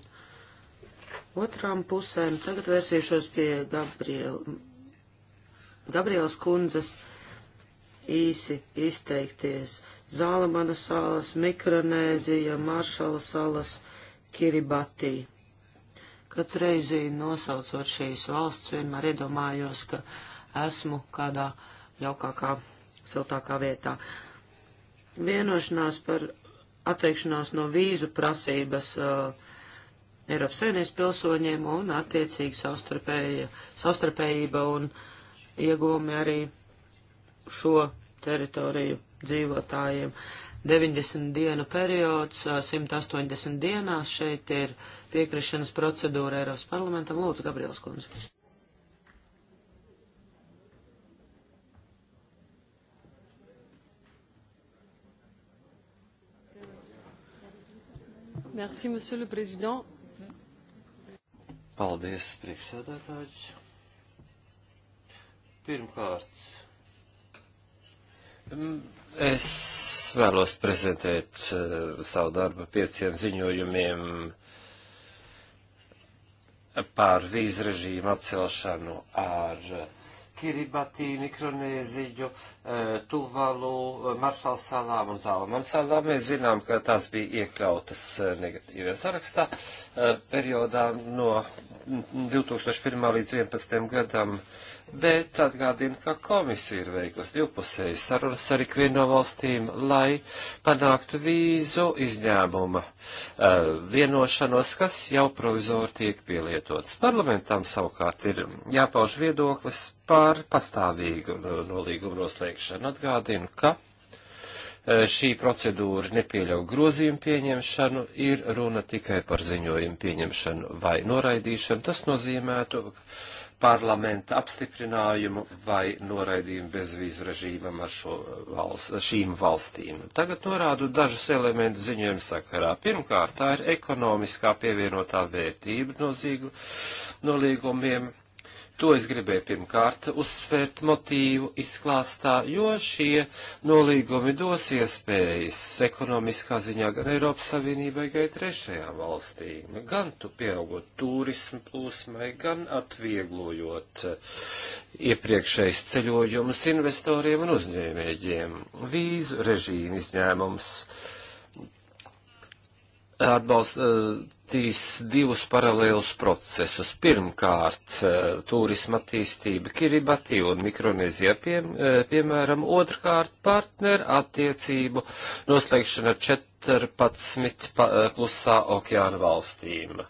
otrām pusēm. Tagad vērsīšos pie Gabriel, Gabrielas kundzes īsi izteikties. Zālamana salas, Mikronēzija, Maršala salas, Kiribati. Katru reizi nosaucot šīs valsts, vienmēr iedomājos, ka esmu kādā uh, jaukākā, siltākā vietā. Vienošanās par atteikšanās no vīzu prasības uh, Eiropas Savienības pilsoņiem un attiecīgi savstarpējība un iegūmi arī šo teritoriju dzīvotājiem. 90 dienu periods, 180 uh, dienās šeit ir piekrišanas procedūra Eiropas parlamentam. Lūdzu, Gabriels Kunze. Merci, monsieur le président. Paldies, priekšsēdētājs. Pirmkārt, es vēlos prezentēt eh, savu darbu pieciem ziņojumiem par vīzrežīmu atcelšanu ar Kiribati, Mikronēziju, e, Tuvalu, e, Maršalu salām un Zālamanu salām. Mēs zinām, ka tās bija iekļautas e, negatīvajā sarakstā periodā no 2001. līdz 2011. gadam bet atgādina, ka komisija ir veikusi divpusējas sarunas ar ikvienu no valstīm, lai panāktu vīzu izņēmuma uh, vienošanos, kas jau provizori tiek pielietots. Parlamentam savukārt ir jāpauž viedoklis par pastāvīgu eh, nolīgumu noslēgšanu. Atgādina, ka eh, šī procedūra nepieļauj grozījumu pieņemšanu, ir runa tikai par ziņojumu pieņemšanu vai noraidīšanu. Tas nozīmētu, uh, parlamenta apstiprinājumu vai noraidījumu bezvīzu režīmam ar šo eh, valsts, šīm valstīm. Tagad norādu dažus elementus ziņojumu sakarā. Pirmkārt, tā ir ekonomiskā pievienotā vērtība no zīgu nolīgumiem To es gribēju pirmkārt uzsvērt motīvu izklāstā, jo šie nolīgumi dos iespējas ekonomiskā ziņā gan Eiropas Savienībai, gan trešajām valstīm, gan tu pieaugot turismu plūsmai, gan atvieglojot eh, iepriekšējais ceļojumus investoriem un uzņēmēģiem. Vīzu režīmu izņēmums atbalstīs eh, divus paralēlus procesus. Pirmkārt, eh, turisma attīstība Kiribati un Mikronēzijā, pie, eh, piemēram, otrkārt, partneru attiecību noslēgšana ar 14 pa, klusā okeāna valstīm.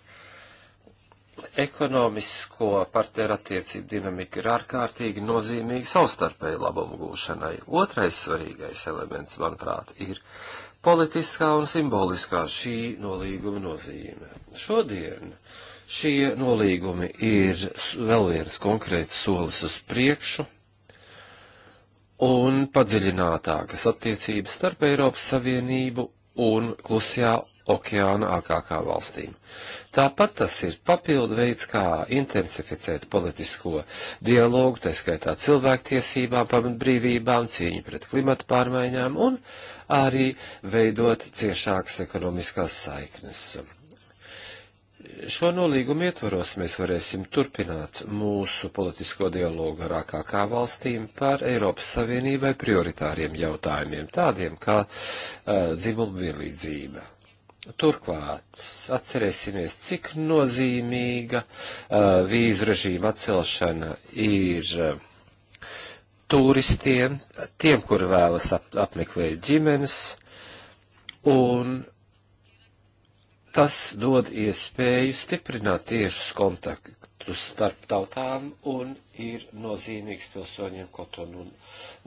Ekonomisko partneru attiecību dinamika ir ārkārtīgi nozīmīga savstarpēju labumu gūšanai. Otrais svarīgais elements, manuprāt, ir politiskā un simboliskā šī nolīguma nozīme. Šodien šie nolīgumi ir vēl viens konkrēts solis uz priekšu un padziļinātākas attiecības starp Eiropas Savienību un klusajā okeāna ārkārtā valstīm. Tāpat tas ir papildu veids, kā intensificēt politisko dialogu, tā skaitā cilvēktiesībām, pamatbrīvībām, cīņu pret klimatu pārmaiņām un arī veidot ciešākas ekonomiskās saiknes. Šo nolīgumu ietvaros mēs varēsim turpināt mūsu politisko dialogu ar AKK valstīm par Eiropas Savienībai prioritāriem jautājumiem, tādiem kā uh, dzimumu vienlīdzība, Turklāt atcerēsimies, cik nozīmīga uh, vīzu režīma atcelšana ir uh, turistiem, tiem, kur vēlas ap, apmeklēt ģimenes, un Tas dod iespēju stiprināt tiešus kontaktus starp tautām un ir nozīmīgs pilsoņiem, ko to nu,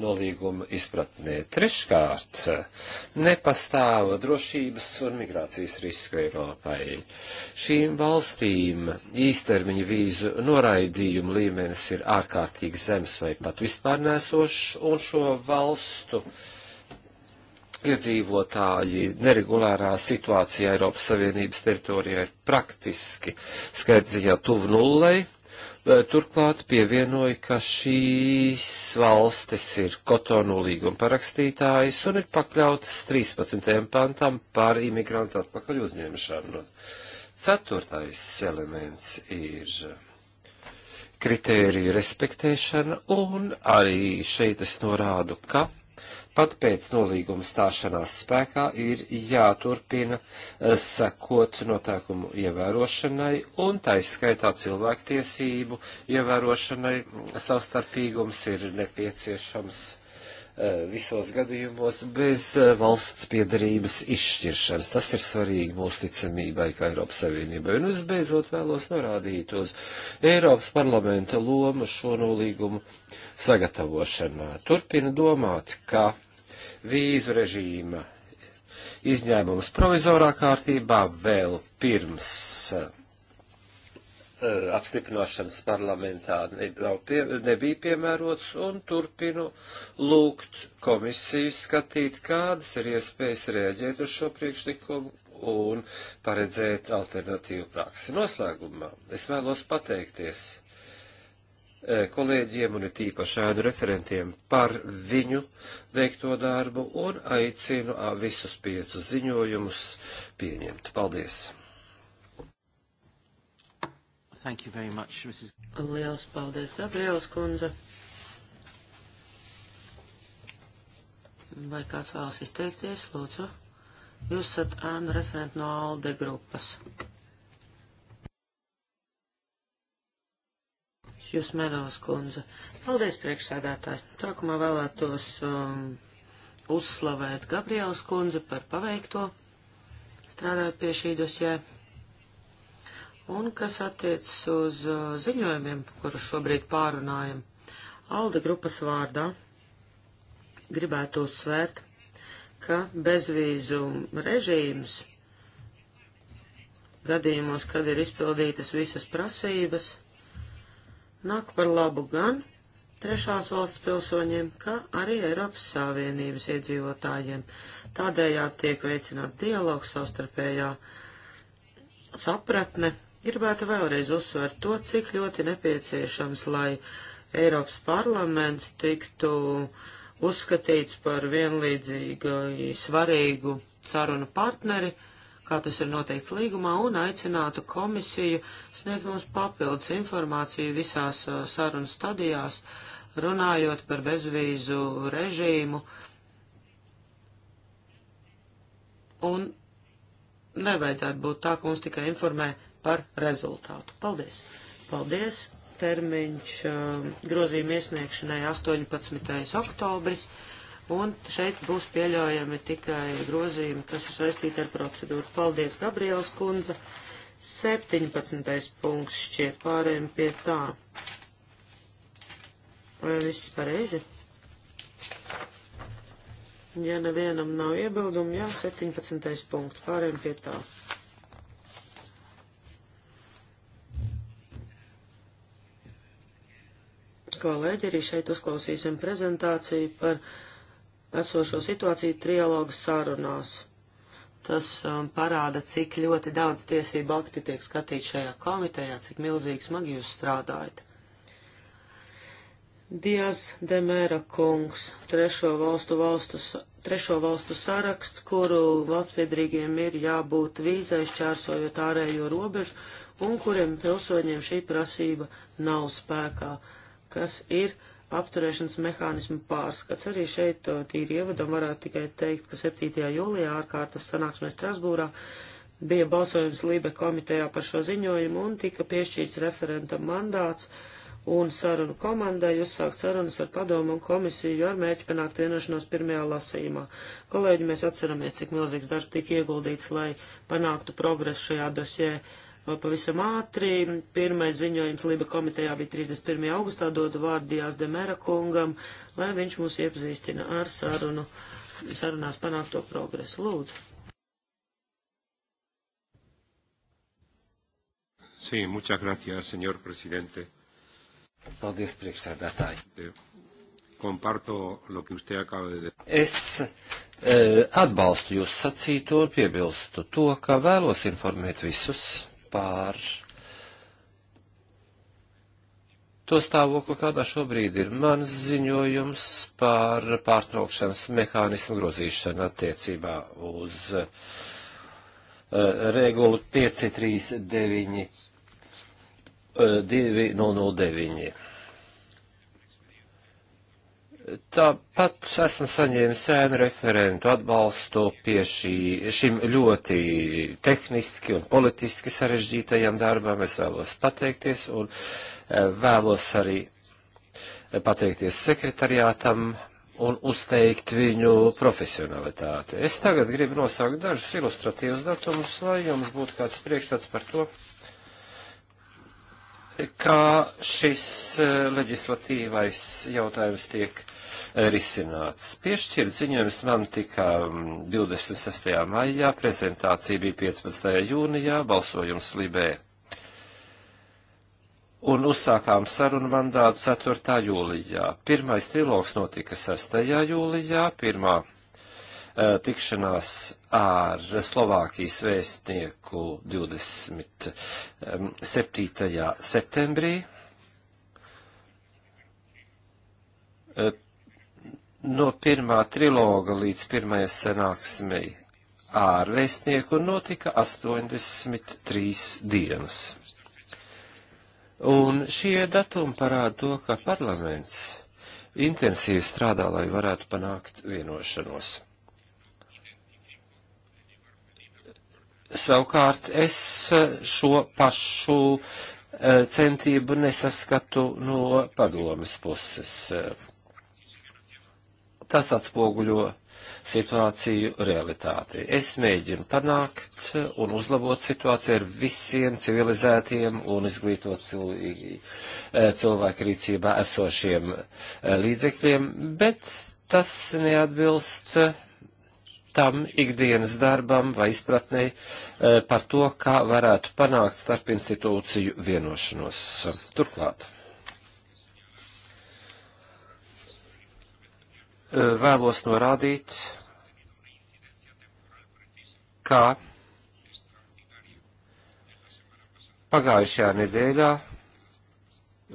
nolīguma izpratnē. Treškārt, nepastāv drošības un migrācijas risku Eiropai. Šīm valstīm īstermiņa vīzu noraidījumu līmenis ir ārkārtīgi zems vai pat vispār nesošs, un šo valstu uh, iedzīvotāji neregulārā situācijā Eiropas Savienības teritorijā ir praktiski skaitziņā tuvu nullei. Turklāt pievienoja, ka šīs valstis ir Kotonu līguma parakstītājas un ir pakļautas 13. pantam par imigrantu atpakaļ uzņemšanu. Ceturtais elements ir kritēriju respektēšana, un arī šeit es norādu, ka pat pēc nolīguma stāšanās spēkā ir jāturpina eh, sekot noteikumu ievērošanai un taiskaitā cilvēktiesību ievērošanai. Savstarpīgums ir nepieciešams eh, visos gadījumos bez eh, valsts piedarības izšķiršanas. Tas ir svarīgi mūsu ticamībai, kā Eiropas Savienībai. Un es beidzot vēlos norādīt uz Eiropas parlamenta lomu šo nolīgumu sagatavošanā. Turpina domāt, ka vīzu režīma izņēmumus provizorā kārtībā vēl pirms eh, apstiprināšanas parlamentā pie, nebija piemērots, un turpinu lūgt komisiju skatīt, kādas ir iespējas rēģēt uz šo priekšlikumu un paredzēt alternatīvu praksi. Noslēgumā es vēlos pateikties Eh, kolēģiem un tīpaši ēnu referentiem par viņu veikto darbu un aicinu visus piecus ziņojumus pieņemt. Paldies! Thank you very much, Mrs. Liels paldies, Gabriels kundze. Vai kāds vēlas izteikties, lūdzu? Jūs esat ēnu referenti no ALDE grupas. Jūs menos, kundze. Paldies, priekšsēdētāji. Sākumā vēlētos um, uzslavēt Gabrielas kundze par paveikto strādājot pie šī dosjē. Un kas attiecas uz uh, ziņojumiem, kurus šobrīd pārunājam, Alda grupas vārdā gribētu uzsvērt, ka bezvīzu režīms gadījumos, kad ir izpildītas visas prasības, nāk par labu gan trešās valsts pilsoņiem, kā arī Eiropas Savienības iedzīvotājiem. Tādējādi tiek veicināt dialogu savstarpējā sapratne. Gribētu vēlreiz uzsvērt to, cik ļoti nepieciešams, lai Eiropas parlaments tiktu uzskatīts par vienlīdzīgi svarīgu sarunu partneri kā tas ir noteikts līgumā, un aicinātu komisiju sniegt mums papildus informāciju visās uh, sarunu stadijās, runājot par bezvīzu režīmu. Un nevajadzētu būt tā, ka mums tikai informē par rezultātu. Paldies! Paldies! Termiņš um, grozījuma iesniegšanai 18. oktobris. Un šeit būs pieļaujami tikai grozījumi, kas ir saistīti ar procedūru. Paldies, Gabrielas kundze. 17. punkts šķiet pārējiem pie tā. Vai viss pareizi? Ja nevienam nav iebildumu, jā, 17. punkts pārējiem pie tā. Kolēģi, arī šeit uzklausīsim prezentāciju par esošo situāciju trialogu sarunās. Tas um, parāda, cik ļoti daudz tiesību akti tiek skatīt šajā komitejā, cik milzīgi smagi jūs strādājat. Dias Demēra kungs, trešo valstu, valstu, trešo valstu saraksts, kuru valstspiedrīgiem ir jābūt vīzai šķērsojot ārējo robežu un kuriem pilsoņiem šī prasība nav spēkā, kas ir uh, apturēšanas mehānismu pārskats. Arī šeit uh, tīri ievadam varētu tikai teikt, ka 7. jūlijā ārkārtas sanāksmē Strasbūrā bija balsojums Lībe komitejā par šo ziņojumu un tika piešķīts referentam mandāts un sarunu komandai uzsākt sarunas ar padomu un komisiju ar mērķi panākt vienošanos pirmajā lasījumā. Kolēģi, mēs atceramies, cik milzīgs darbs tika ieguldīts, lai panāktu progresu šajā dosē pavisam ātri. Pirmais ziņojums Liba komitejā bija 31. augustā, dodu vārdu Dijas Demera kungam, lai viņš mūs iepazīstina ar sarunu, sarunās panākto progresu. Lūdzu. Sí, muchas gracias, señor presidente. Paldies, priekšsēdētāji. Comparto lo que usted acaba de decir. Es eh, atbalstu jūs sacīto un piebilstu to, ka vēlos informēt visus pār to stāvokli, kādā šobrīd ir mans ziņojums par pārtraukšanas mehānismu grozīšanu attiecībā uz uh, regulu 539 uh, 2009. Tāpat esmu saņēmis sēnu referentu atbalstu pie šī, šim ļoti tehniski un politiski sarežģītajam darbam. Es vēlos pateikties un e, vēlos arī pateikties sekretariātam un uzteikt viņu profesionalitāti. Es tagad gribu nosaukt dažus ilustratīvus datumus, lai jums būtu kāds priekšstats par to, kā šis e, leģislatīvais jautājums tiek Eh, risināts. Piešķirt ziņojums man tika 26. Mm, maijā, prezentācija bija 15. jūnijā, balsojums Libē. Un uzsākām sarunu mandātu 4. jūlijā. Pirmais trilogs notika 6. jūlijā, pirmā eh, tikšanās ar Slovākijas vēstnieku 27. Mm, septembrī. Eh, no pirmā triloga līdz pirmajai sanāksmei ārvēstnieku notika 83 dienas. Un šie datumi parāda to, ka parlaments intensīvi strādā, lai varētu panākt vienošanos. Savukārt es šo pašu eh, centību nesaskatu no padomas puses tas atspoguļo situāciju realitāti. Es mēģinu panākt un uzlabot situāciju ar visiem civilizētiem un izglītot e, cilvēku rīcībā esošiem e, līdzekļiem, bet tas neatbilst tam ikdienas darbam vai izpratnei par to, kā varētu panākt starp institūciju vienošanos. Turklāt. Eh, vēlos norādīt, kā pagājušajā nedēļā,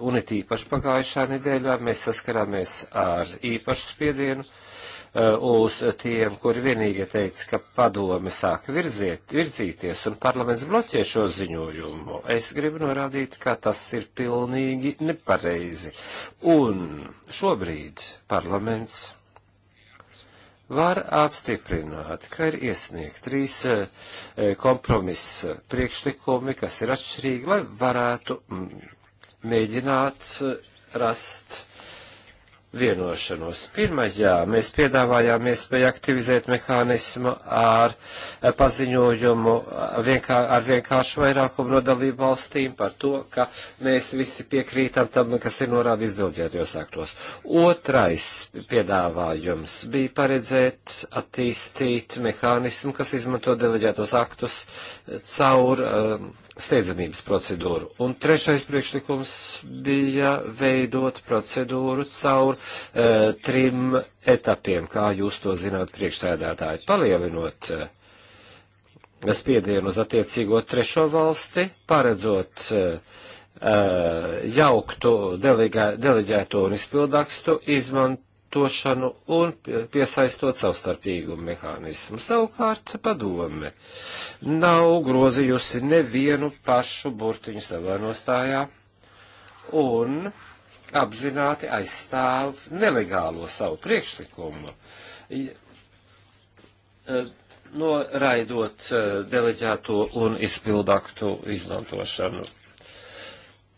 un it īpaši pagājušajā nedēļā, mēs saskarāmies ar īpašu spiedienu eh, uz tiem, kuri vienīgi teica, ka padome sāk virziet, virzīties un parlaments bloķē šo ziņojumu. Es gribu norādīt, ka tas ir pilnīgi nepareizi. Un šobrīd parlaments var apstiprināt, ka ir iesniegt trīs eh, eh, kompromisa priekšlikumi, kas ir atšķirīgi, lai varētu mm, mēģināt eh, rast vienošanos. Pirmajā mēs piedāvājām iespēju aktivizēt mehānismu ar eh, paziņojumu eh, vienkār, ar vienkāršu vairākumu no dalību valstīm par to, ka mēs visi piekrītam tam, kas ir norādīts delģētajos aktos. Otrais piedāvājums bija paredzēt attīstīt mehānismu, kas izmanto delģētos aktus caur um, steidzamības procedūru. Un trešais priekšlikums bija veidot procedūru caur e, trim etapiem, kā jūs to zināt, priekšsēdētāji, palielinot e, spiedienu uz attiecīgo trešo valsti, paredzot e, jauktu delegē, deleģēto un izpildakstu, izmantot lietošanu un piesaistot savstarpīgumu mehānismu. Savukārt padome nav grozījusi nevienu pašu burtiņu savā nostājā un apzināti aizstāv nelegālo savu priekšlikumu, e, noraidot e, deleģēto un izpildaktu izmantošanu.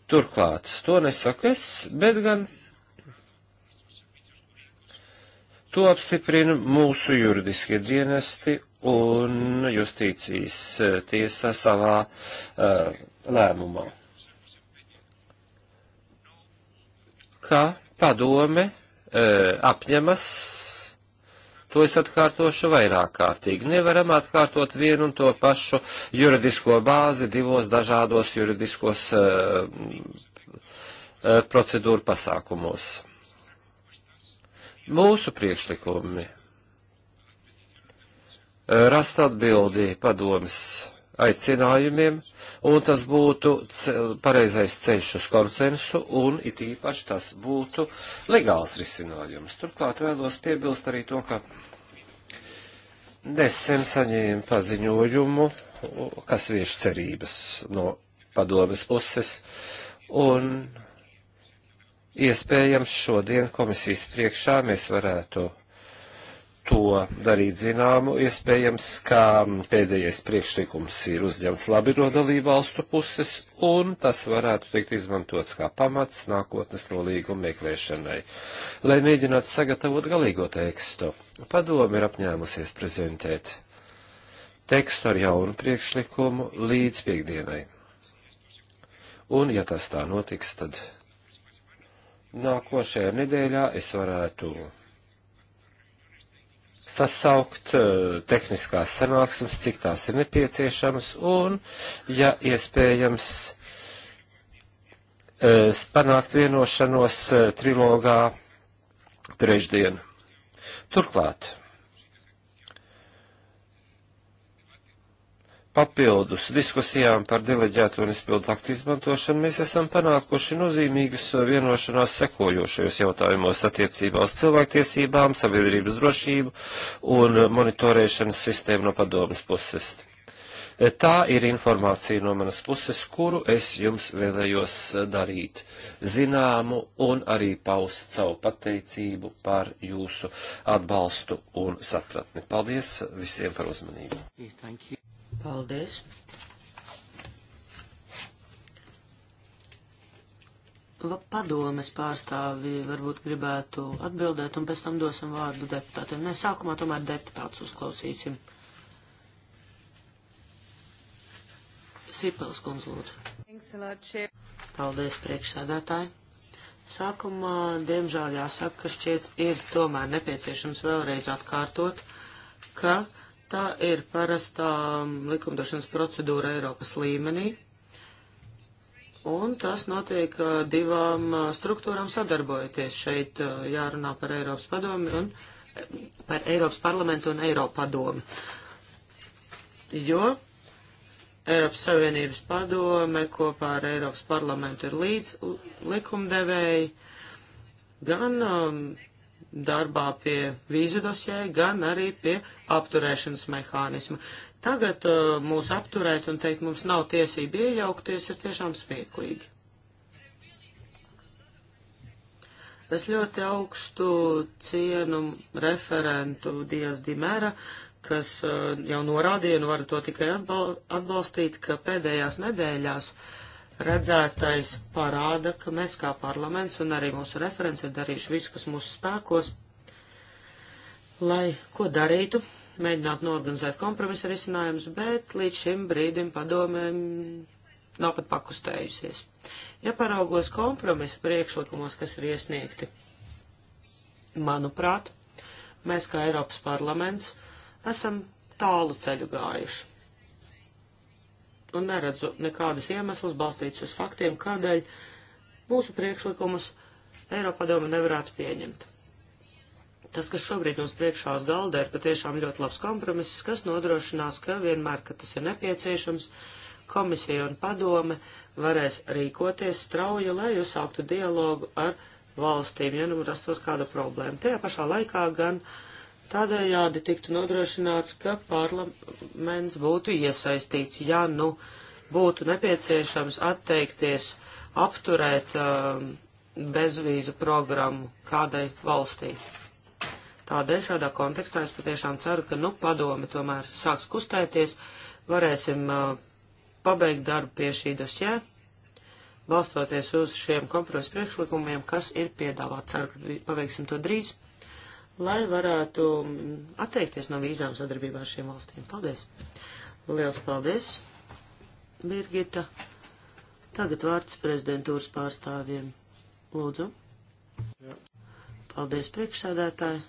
Turklāt, to nesaku es, bet gan To apstiprina mūsu juridiskie dienesti un justīcijas eh, tiesa savā uh, lēmumā. Kā padome uh, apņemas, to es atkārtošu vairāk kārtīgi. Nevaram atkārtot vienu un to pašu juridisko bāzi divos dažādos juridiskos uh, uh, procedūru pasākumos Mūsu priekšlikumi rast atbildi padomis aicinājumiem, un tas būtu ce pareizais ceļš uz konsensu, un it īpaši tas būtu legāls risinājums. Turklāt vēlos piebilst arī to, ka nesen saņēmu paziņojumu, kas vieš cerības no padomis puses, un Iespējams, šodien komisijas priekšā mēs varētu to darīt zināmu. Iespējams, ka pēdējais priekšlikums ir uzņemts labi no dalībvalstu puses, un tas varētu tikt izmantots kā pamats nākotnes nolīguma meklēšanai, lai mēģinātu sagatavot galīgo tekstu. Padomi ir apņēmusies prezentēt tekstu ar jaunu priekšlikumu līdz piekdienai. Un, ja tas tā notiks, tad nākošajā nedēļā es varētu sasaukt eh, tehniskās sanāksmes, cik tās ir nepieciešamas, un, ja iespējams, eh, panākt vienošanos eh, trilogā trešdien. Turklāt, Papildus diskusijām par deleģētu un izpildu aktu izmantošanu mēs esam panākuši nozīmīgas vienošanās sekojošajos jautājumos attiecībā uz cilvēktiesībām, sabiedrības drošību un monitorēšanas sistēmu no padomas puses. Tā ir informācija no manas puses, kuru es jums vēlējos darīt zināmu un arī paust savu pateicību par jūsu atbalstu un sapratni. Paldies visiem par uzmanību. Thank you. Paldies! Padomes pārstāvi varbūt gribētu atbildēt, un pēc tam dosim vārdu deputātiem. Nē, sākumā tomēr deputātus uzklausīsim. Sīpels kundz lūdzu. Paldies priekšsēdētāji. Sākumā, diemžēl jāsaka, ka šķiet ir tomēr nepieciešams vēlreiz atkārtot, ka Tā ir parastā um, likumdošanas procedūra Eiropas līmenī, un tas notiek uh, divām uh, struktūrām sadarbojoties. Šeit uh, jārunā par Eiropas padomi un eh, par Eiropas parlamentu un Eiropa padomi. Jo Eiropas Savienības padome kopā ar Eiropas parlamentu ir līdz likumdevēji, gan um, darbā pie vīzu dosē, gan arī pie apturēšanas mehānisma. Tagad uh, mūs apturēt un teikt, mums nav tiesība iejaukties, ir tiešām smieklīgi. Es ļoti augstu cienu referentu Dijas Dimēra, kas uh, jau norādīja, un nu varu to tikai atbal atbalstīt, ka pēdējās nedēļās uh, redzētais parāda, ka mēs kā parlaments un arī mūsu referents ir darījuši visu, kas mūsu spēkos, lai ko darītu, mēģinātu norganizēt kompromisa risinājumus, bet līdz šim brīdim padomēm nav pat pakustējusies. Ja paraugos kompromisa priekšlikumos, kas ir iesniegti, manuprāt, mēs kā Eiropas parlaments esam tālu ceļu gājuši un neredzu nekādus iemeslus balstītus uz faktiem, kādēļ mūsu priekšlikumus Eiropadoma nevarētu pieņemt. Tas, kas šobrīd mums priekšā uz galda, ir patiešām ļoti labs kompromiss, kas nodrošinās, ka vienmēr, kad tas ir nepieciešams, komisija un padome varēs rīkoties strauji, lai uzsāktu dialogu ar valstīm, ja nu rastos kāda problēma. Tajā pašā laikā gan uh, Tādējādi tiktu nodrošināts, ka parlaments būtu iesaistīts, ja nu būtu nepieciešams atteikties, apturēt um, bezvīzu programmu kādai valstī. Tādēļ šādā kontekstā es patiešām ceru, ka nu padomi tomēr sāks kustēties, varēsim uh, pabeigt darbu pie šī dosjē, balstoties uz šiem kompromisu priekšlikumiem, kas ir piedāvāts. Ceru, ka paveiksim to drīz lai varētu mm, atteikties no vīzām sadarbībā ar šiem valstīm. Paldies! Liels paldies, Birgita! Tagad vārds prezidentūras pārstāvjiem. Lūdzu! Jā. Paldies, priekšsēdētāji!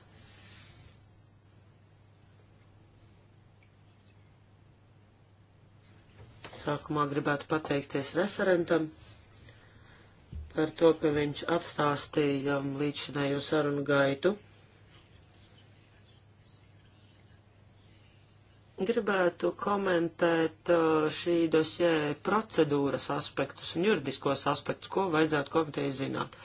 Sākumā gribētu pateikties referentam par to, ka viņš atstāstīja um, līdzinējo sarunu gaitu Gribētu komentēt uh, šī dosē procedūras aspektus un juridiskos aspektus, ko vajadzētu komitejai zināt.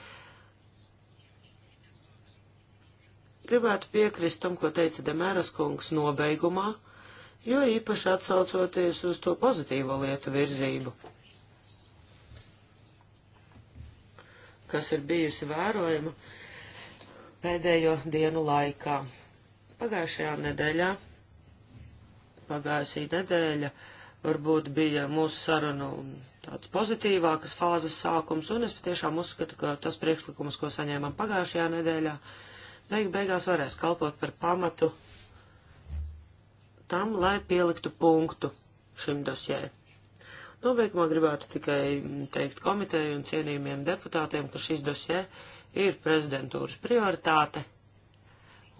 Gribētu piekrist tam, ko teica Demēras kungs nobeigumā, jo īpaši atsaucoties uz to pozitīvo lietu virzību, kas ir bijusi vērojama pēdējo dienu laikā. Pagājušajā nedēļā pagājušī nedēļa varbūt bija mūsu sarunu tāds pozitīvākas fāzes sākums, un es patiešām uzskatu, ka tas priekšlikums, ko saņēmām pagājušajā nedēļā, beig beigās varēs kalpot par pamatu tam, lai pieliktu punktu šim dosjē. Nobeigumā gribētu tikai teikt komiteju un cienījumiem deputātiem, ka šis dosjē ir prezidentūras prioritāte,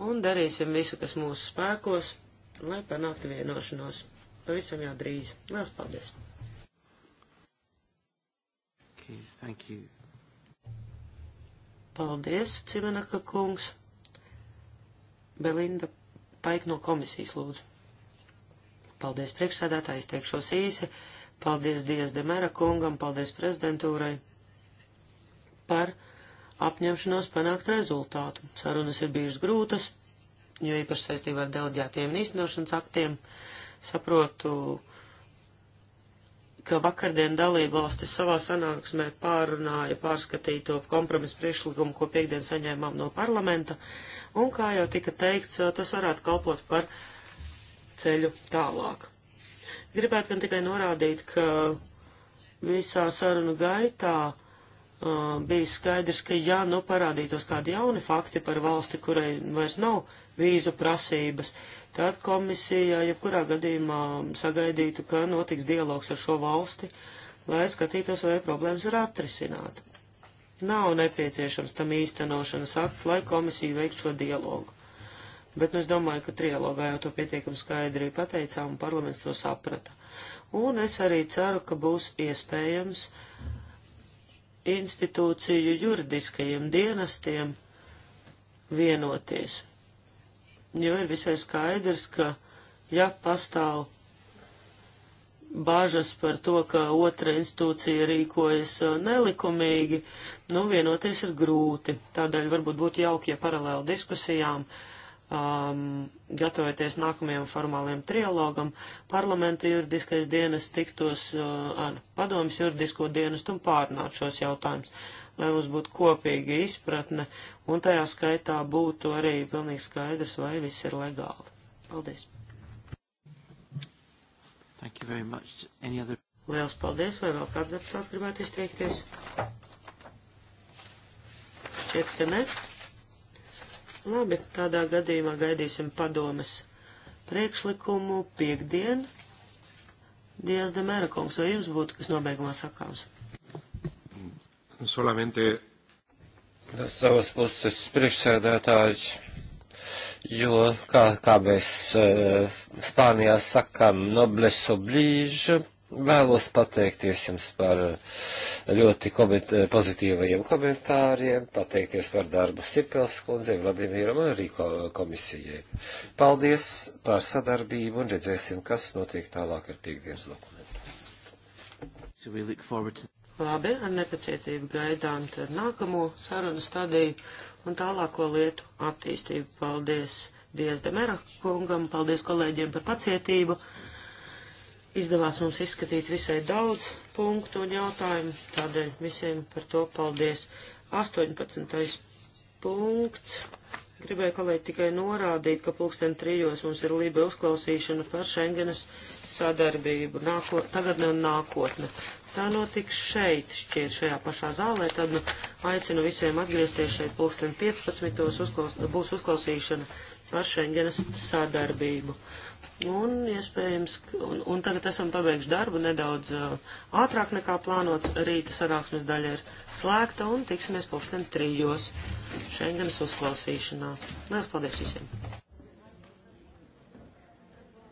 un darīsim visu, kas mūsu spēkos lai panāktu vienošanos. Pavisam jau drīz. Lielas paldies! Okay, thank you. Paldies, Cimenaka kungs. Belinda Paik no komisijas lūdzu. Paldies priekšsēdētājs, teikšos īsi. Paldies Dievs Demera kungam, paldies prezidentūrai par apņemšanos panākt rezultātu. Sarunas ir bijušas grūtas, jo īpaši saistībā ar deleģētiem un īstenošanas aktiem saprotu, ka vakardien dalība valstis savā sanāksmē pārunāja pārskatīto kompromisu priekšlikumu, ko piekdien saņēmām no parlamenta, un, kā jau tika teikts, tas varētu kalpot par ceļu tālāk. Gribētu gan tikai norādīt, ka visā sarunu gaitā uh, uh, bijis skaidrs, ka ja nu parādītos kādi jauni fakti par valsti, kurai vairs nav vīzu prasības, tad komisija jebkurā gadījumā sagaidītu, ka notiks dialogs ar šo valsti, lai skatītos, vai problēmas ir atrisināta. Nav nepieciešams tam īstenošanas akts, lai komisija veiktu šo dialogu. Bet nu, es domāju, ka trijologā jau to pietiekami skaidri pateicām, un parlaments to saprata. Un es arī ceru, ka būs iespējams uh, institūciju juridiskajiem dienestiem vienoties. Jo ir visai skaidrs, ka ja pastāv bāžas par to, ka otra institūcija rīkojas uh, nelikumīgi, nu vienoties ir grūti. Tādēļ varbūt būtu jauki, ja paralēli diskusijām uh, um, gatavoties nākamajam formālajam trialogam, parlamenta juridiskais dienas tiktos uh, ar padomjas juridisko dienestu un pārnāt šos jautājumus, lai mums būtu kopīga izpratne un tajā skaitā būtu arī pilnīgi skaidrs, vai viss ir legāli. Paldies! Thank you very much. Any other... Liels paldies, vai vēl kāds deputāts gribētu izteikties? Šķiet, ka ne. Labi, tādā gadījumā gaidīsim padomas priekšlikumu piekdien. Dievs Demēra kungs, vai jums būtu kas nobeigumā sakāms? Solamente. No savas puses priekšsēdētāji, jo, kā, kā mēs uh, Spānijā sakam, nobles oblīžu Vēlos pateikties jums par ļoti koment pozitīvajiem komentāriem, pateikties par darbu Sipels kundzei, Vladimīram un arī komisijai. Paldies par sadarbību un redzēsim, kas notiek tālāk ar piekdienas dokumentu. Labi, ar nepacietību gaidām tad nākamo sarunu stadiju un tālāko lietu attīstību. Paldies Dievs Demera kungam, paldies kolēģiem par pacietību. Izdevās mums izskatīt visai daudz punktu un jautājumu, tādēļ visiem par to paldies. 18. punkts. Gribēju kolēģi tikai norādīt, ka pulksten trijos mums ir lība uzklausīšana par Schengenas sadarbību nāko, tagadne un nākotne. Tā notiks šeit, šķiet, šajā pašā zālē. Tad nu, aicinu visiem atgriezties šeit pulksten 15. Uzklaus, būs uzklausīšana par Schengenas sadarbību. Un, iespējams, un, un tagad esam pabeigšu darbu nedaudz uh, ātrāk nekā plānots. Rīta sanāksmes daļa ir slēgta un tiksimies pulksten trijos Schengenas uzklausīšanā. Lielas paldies visiem!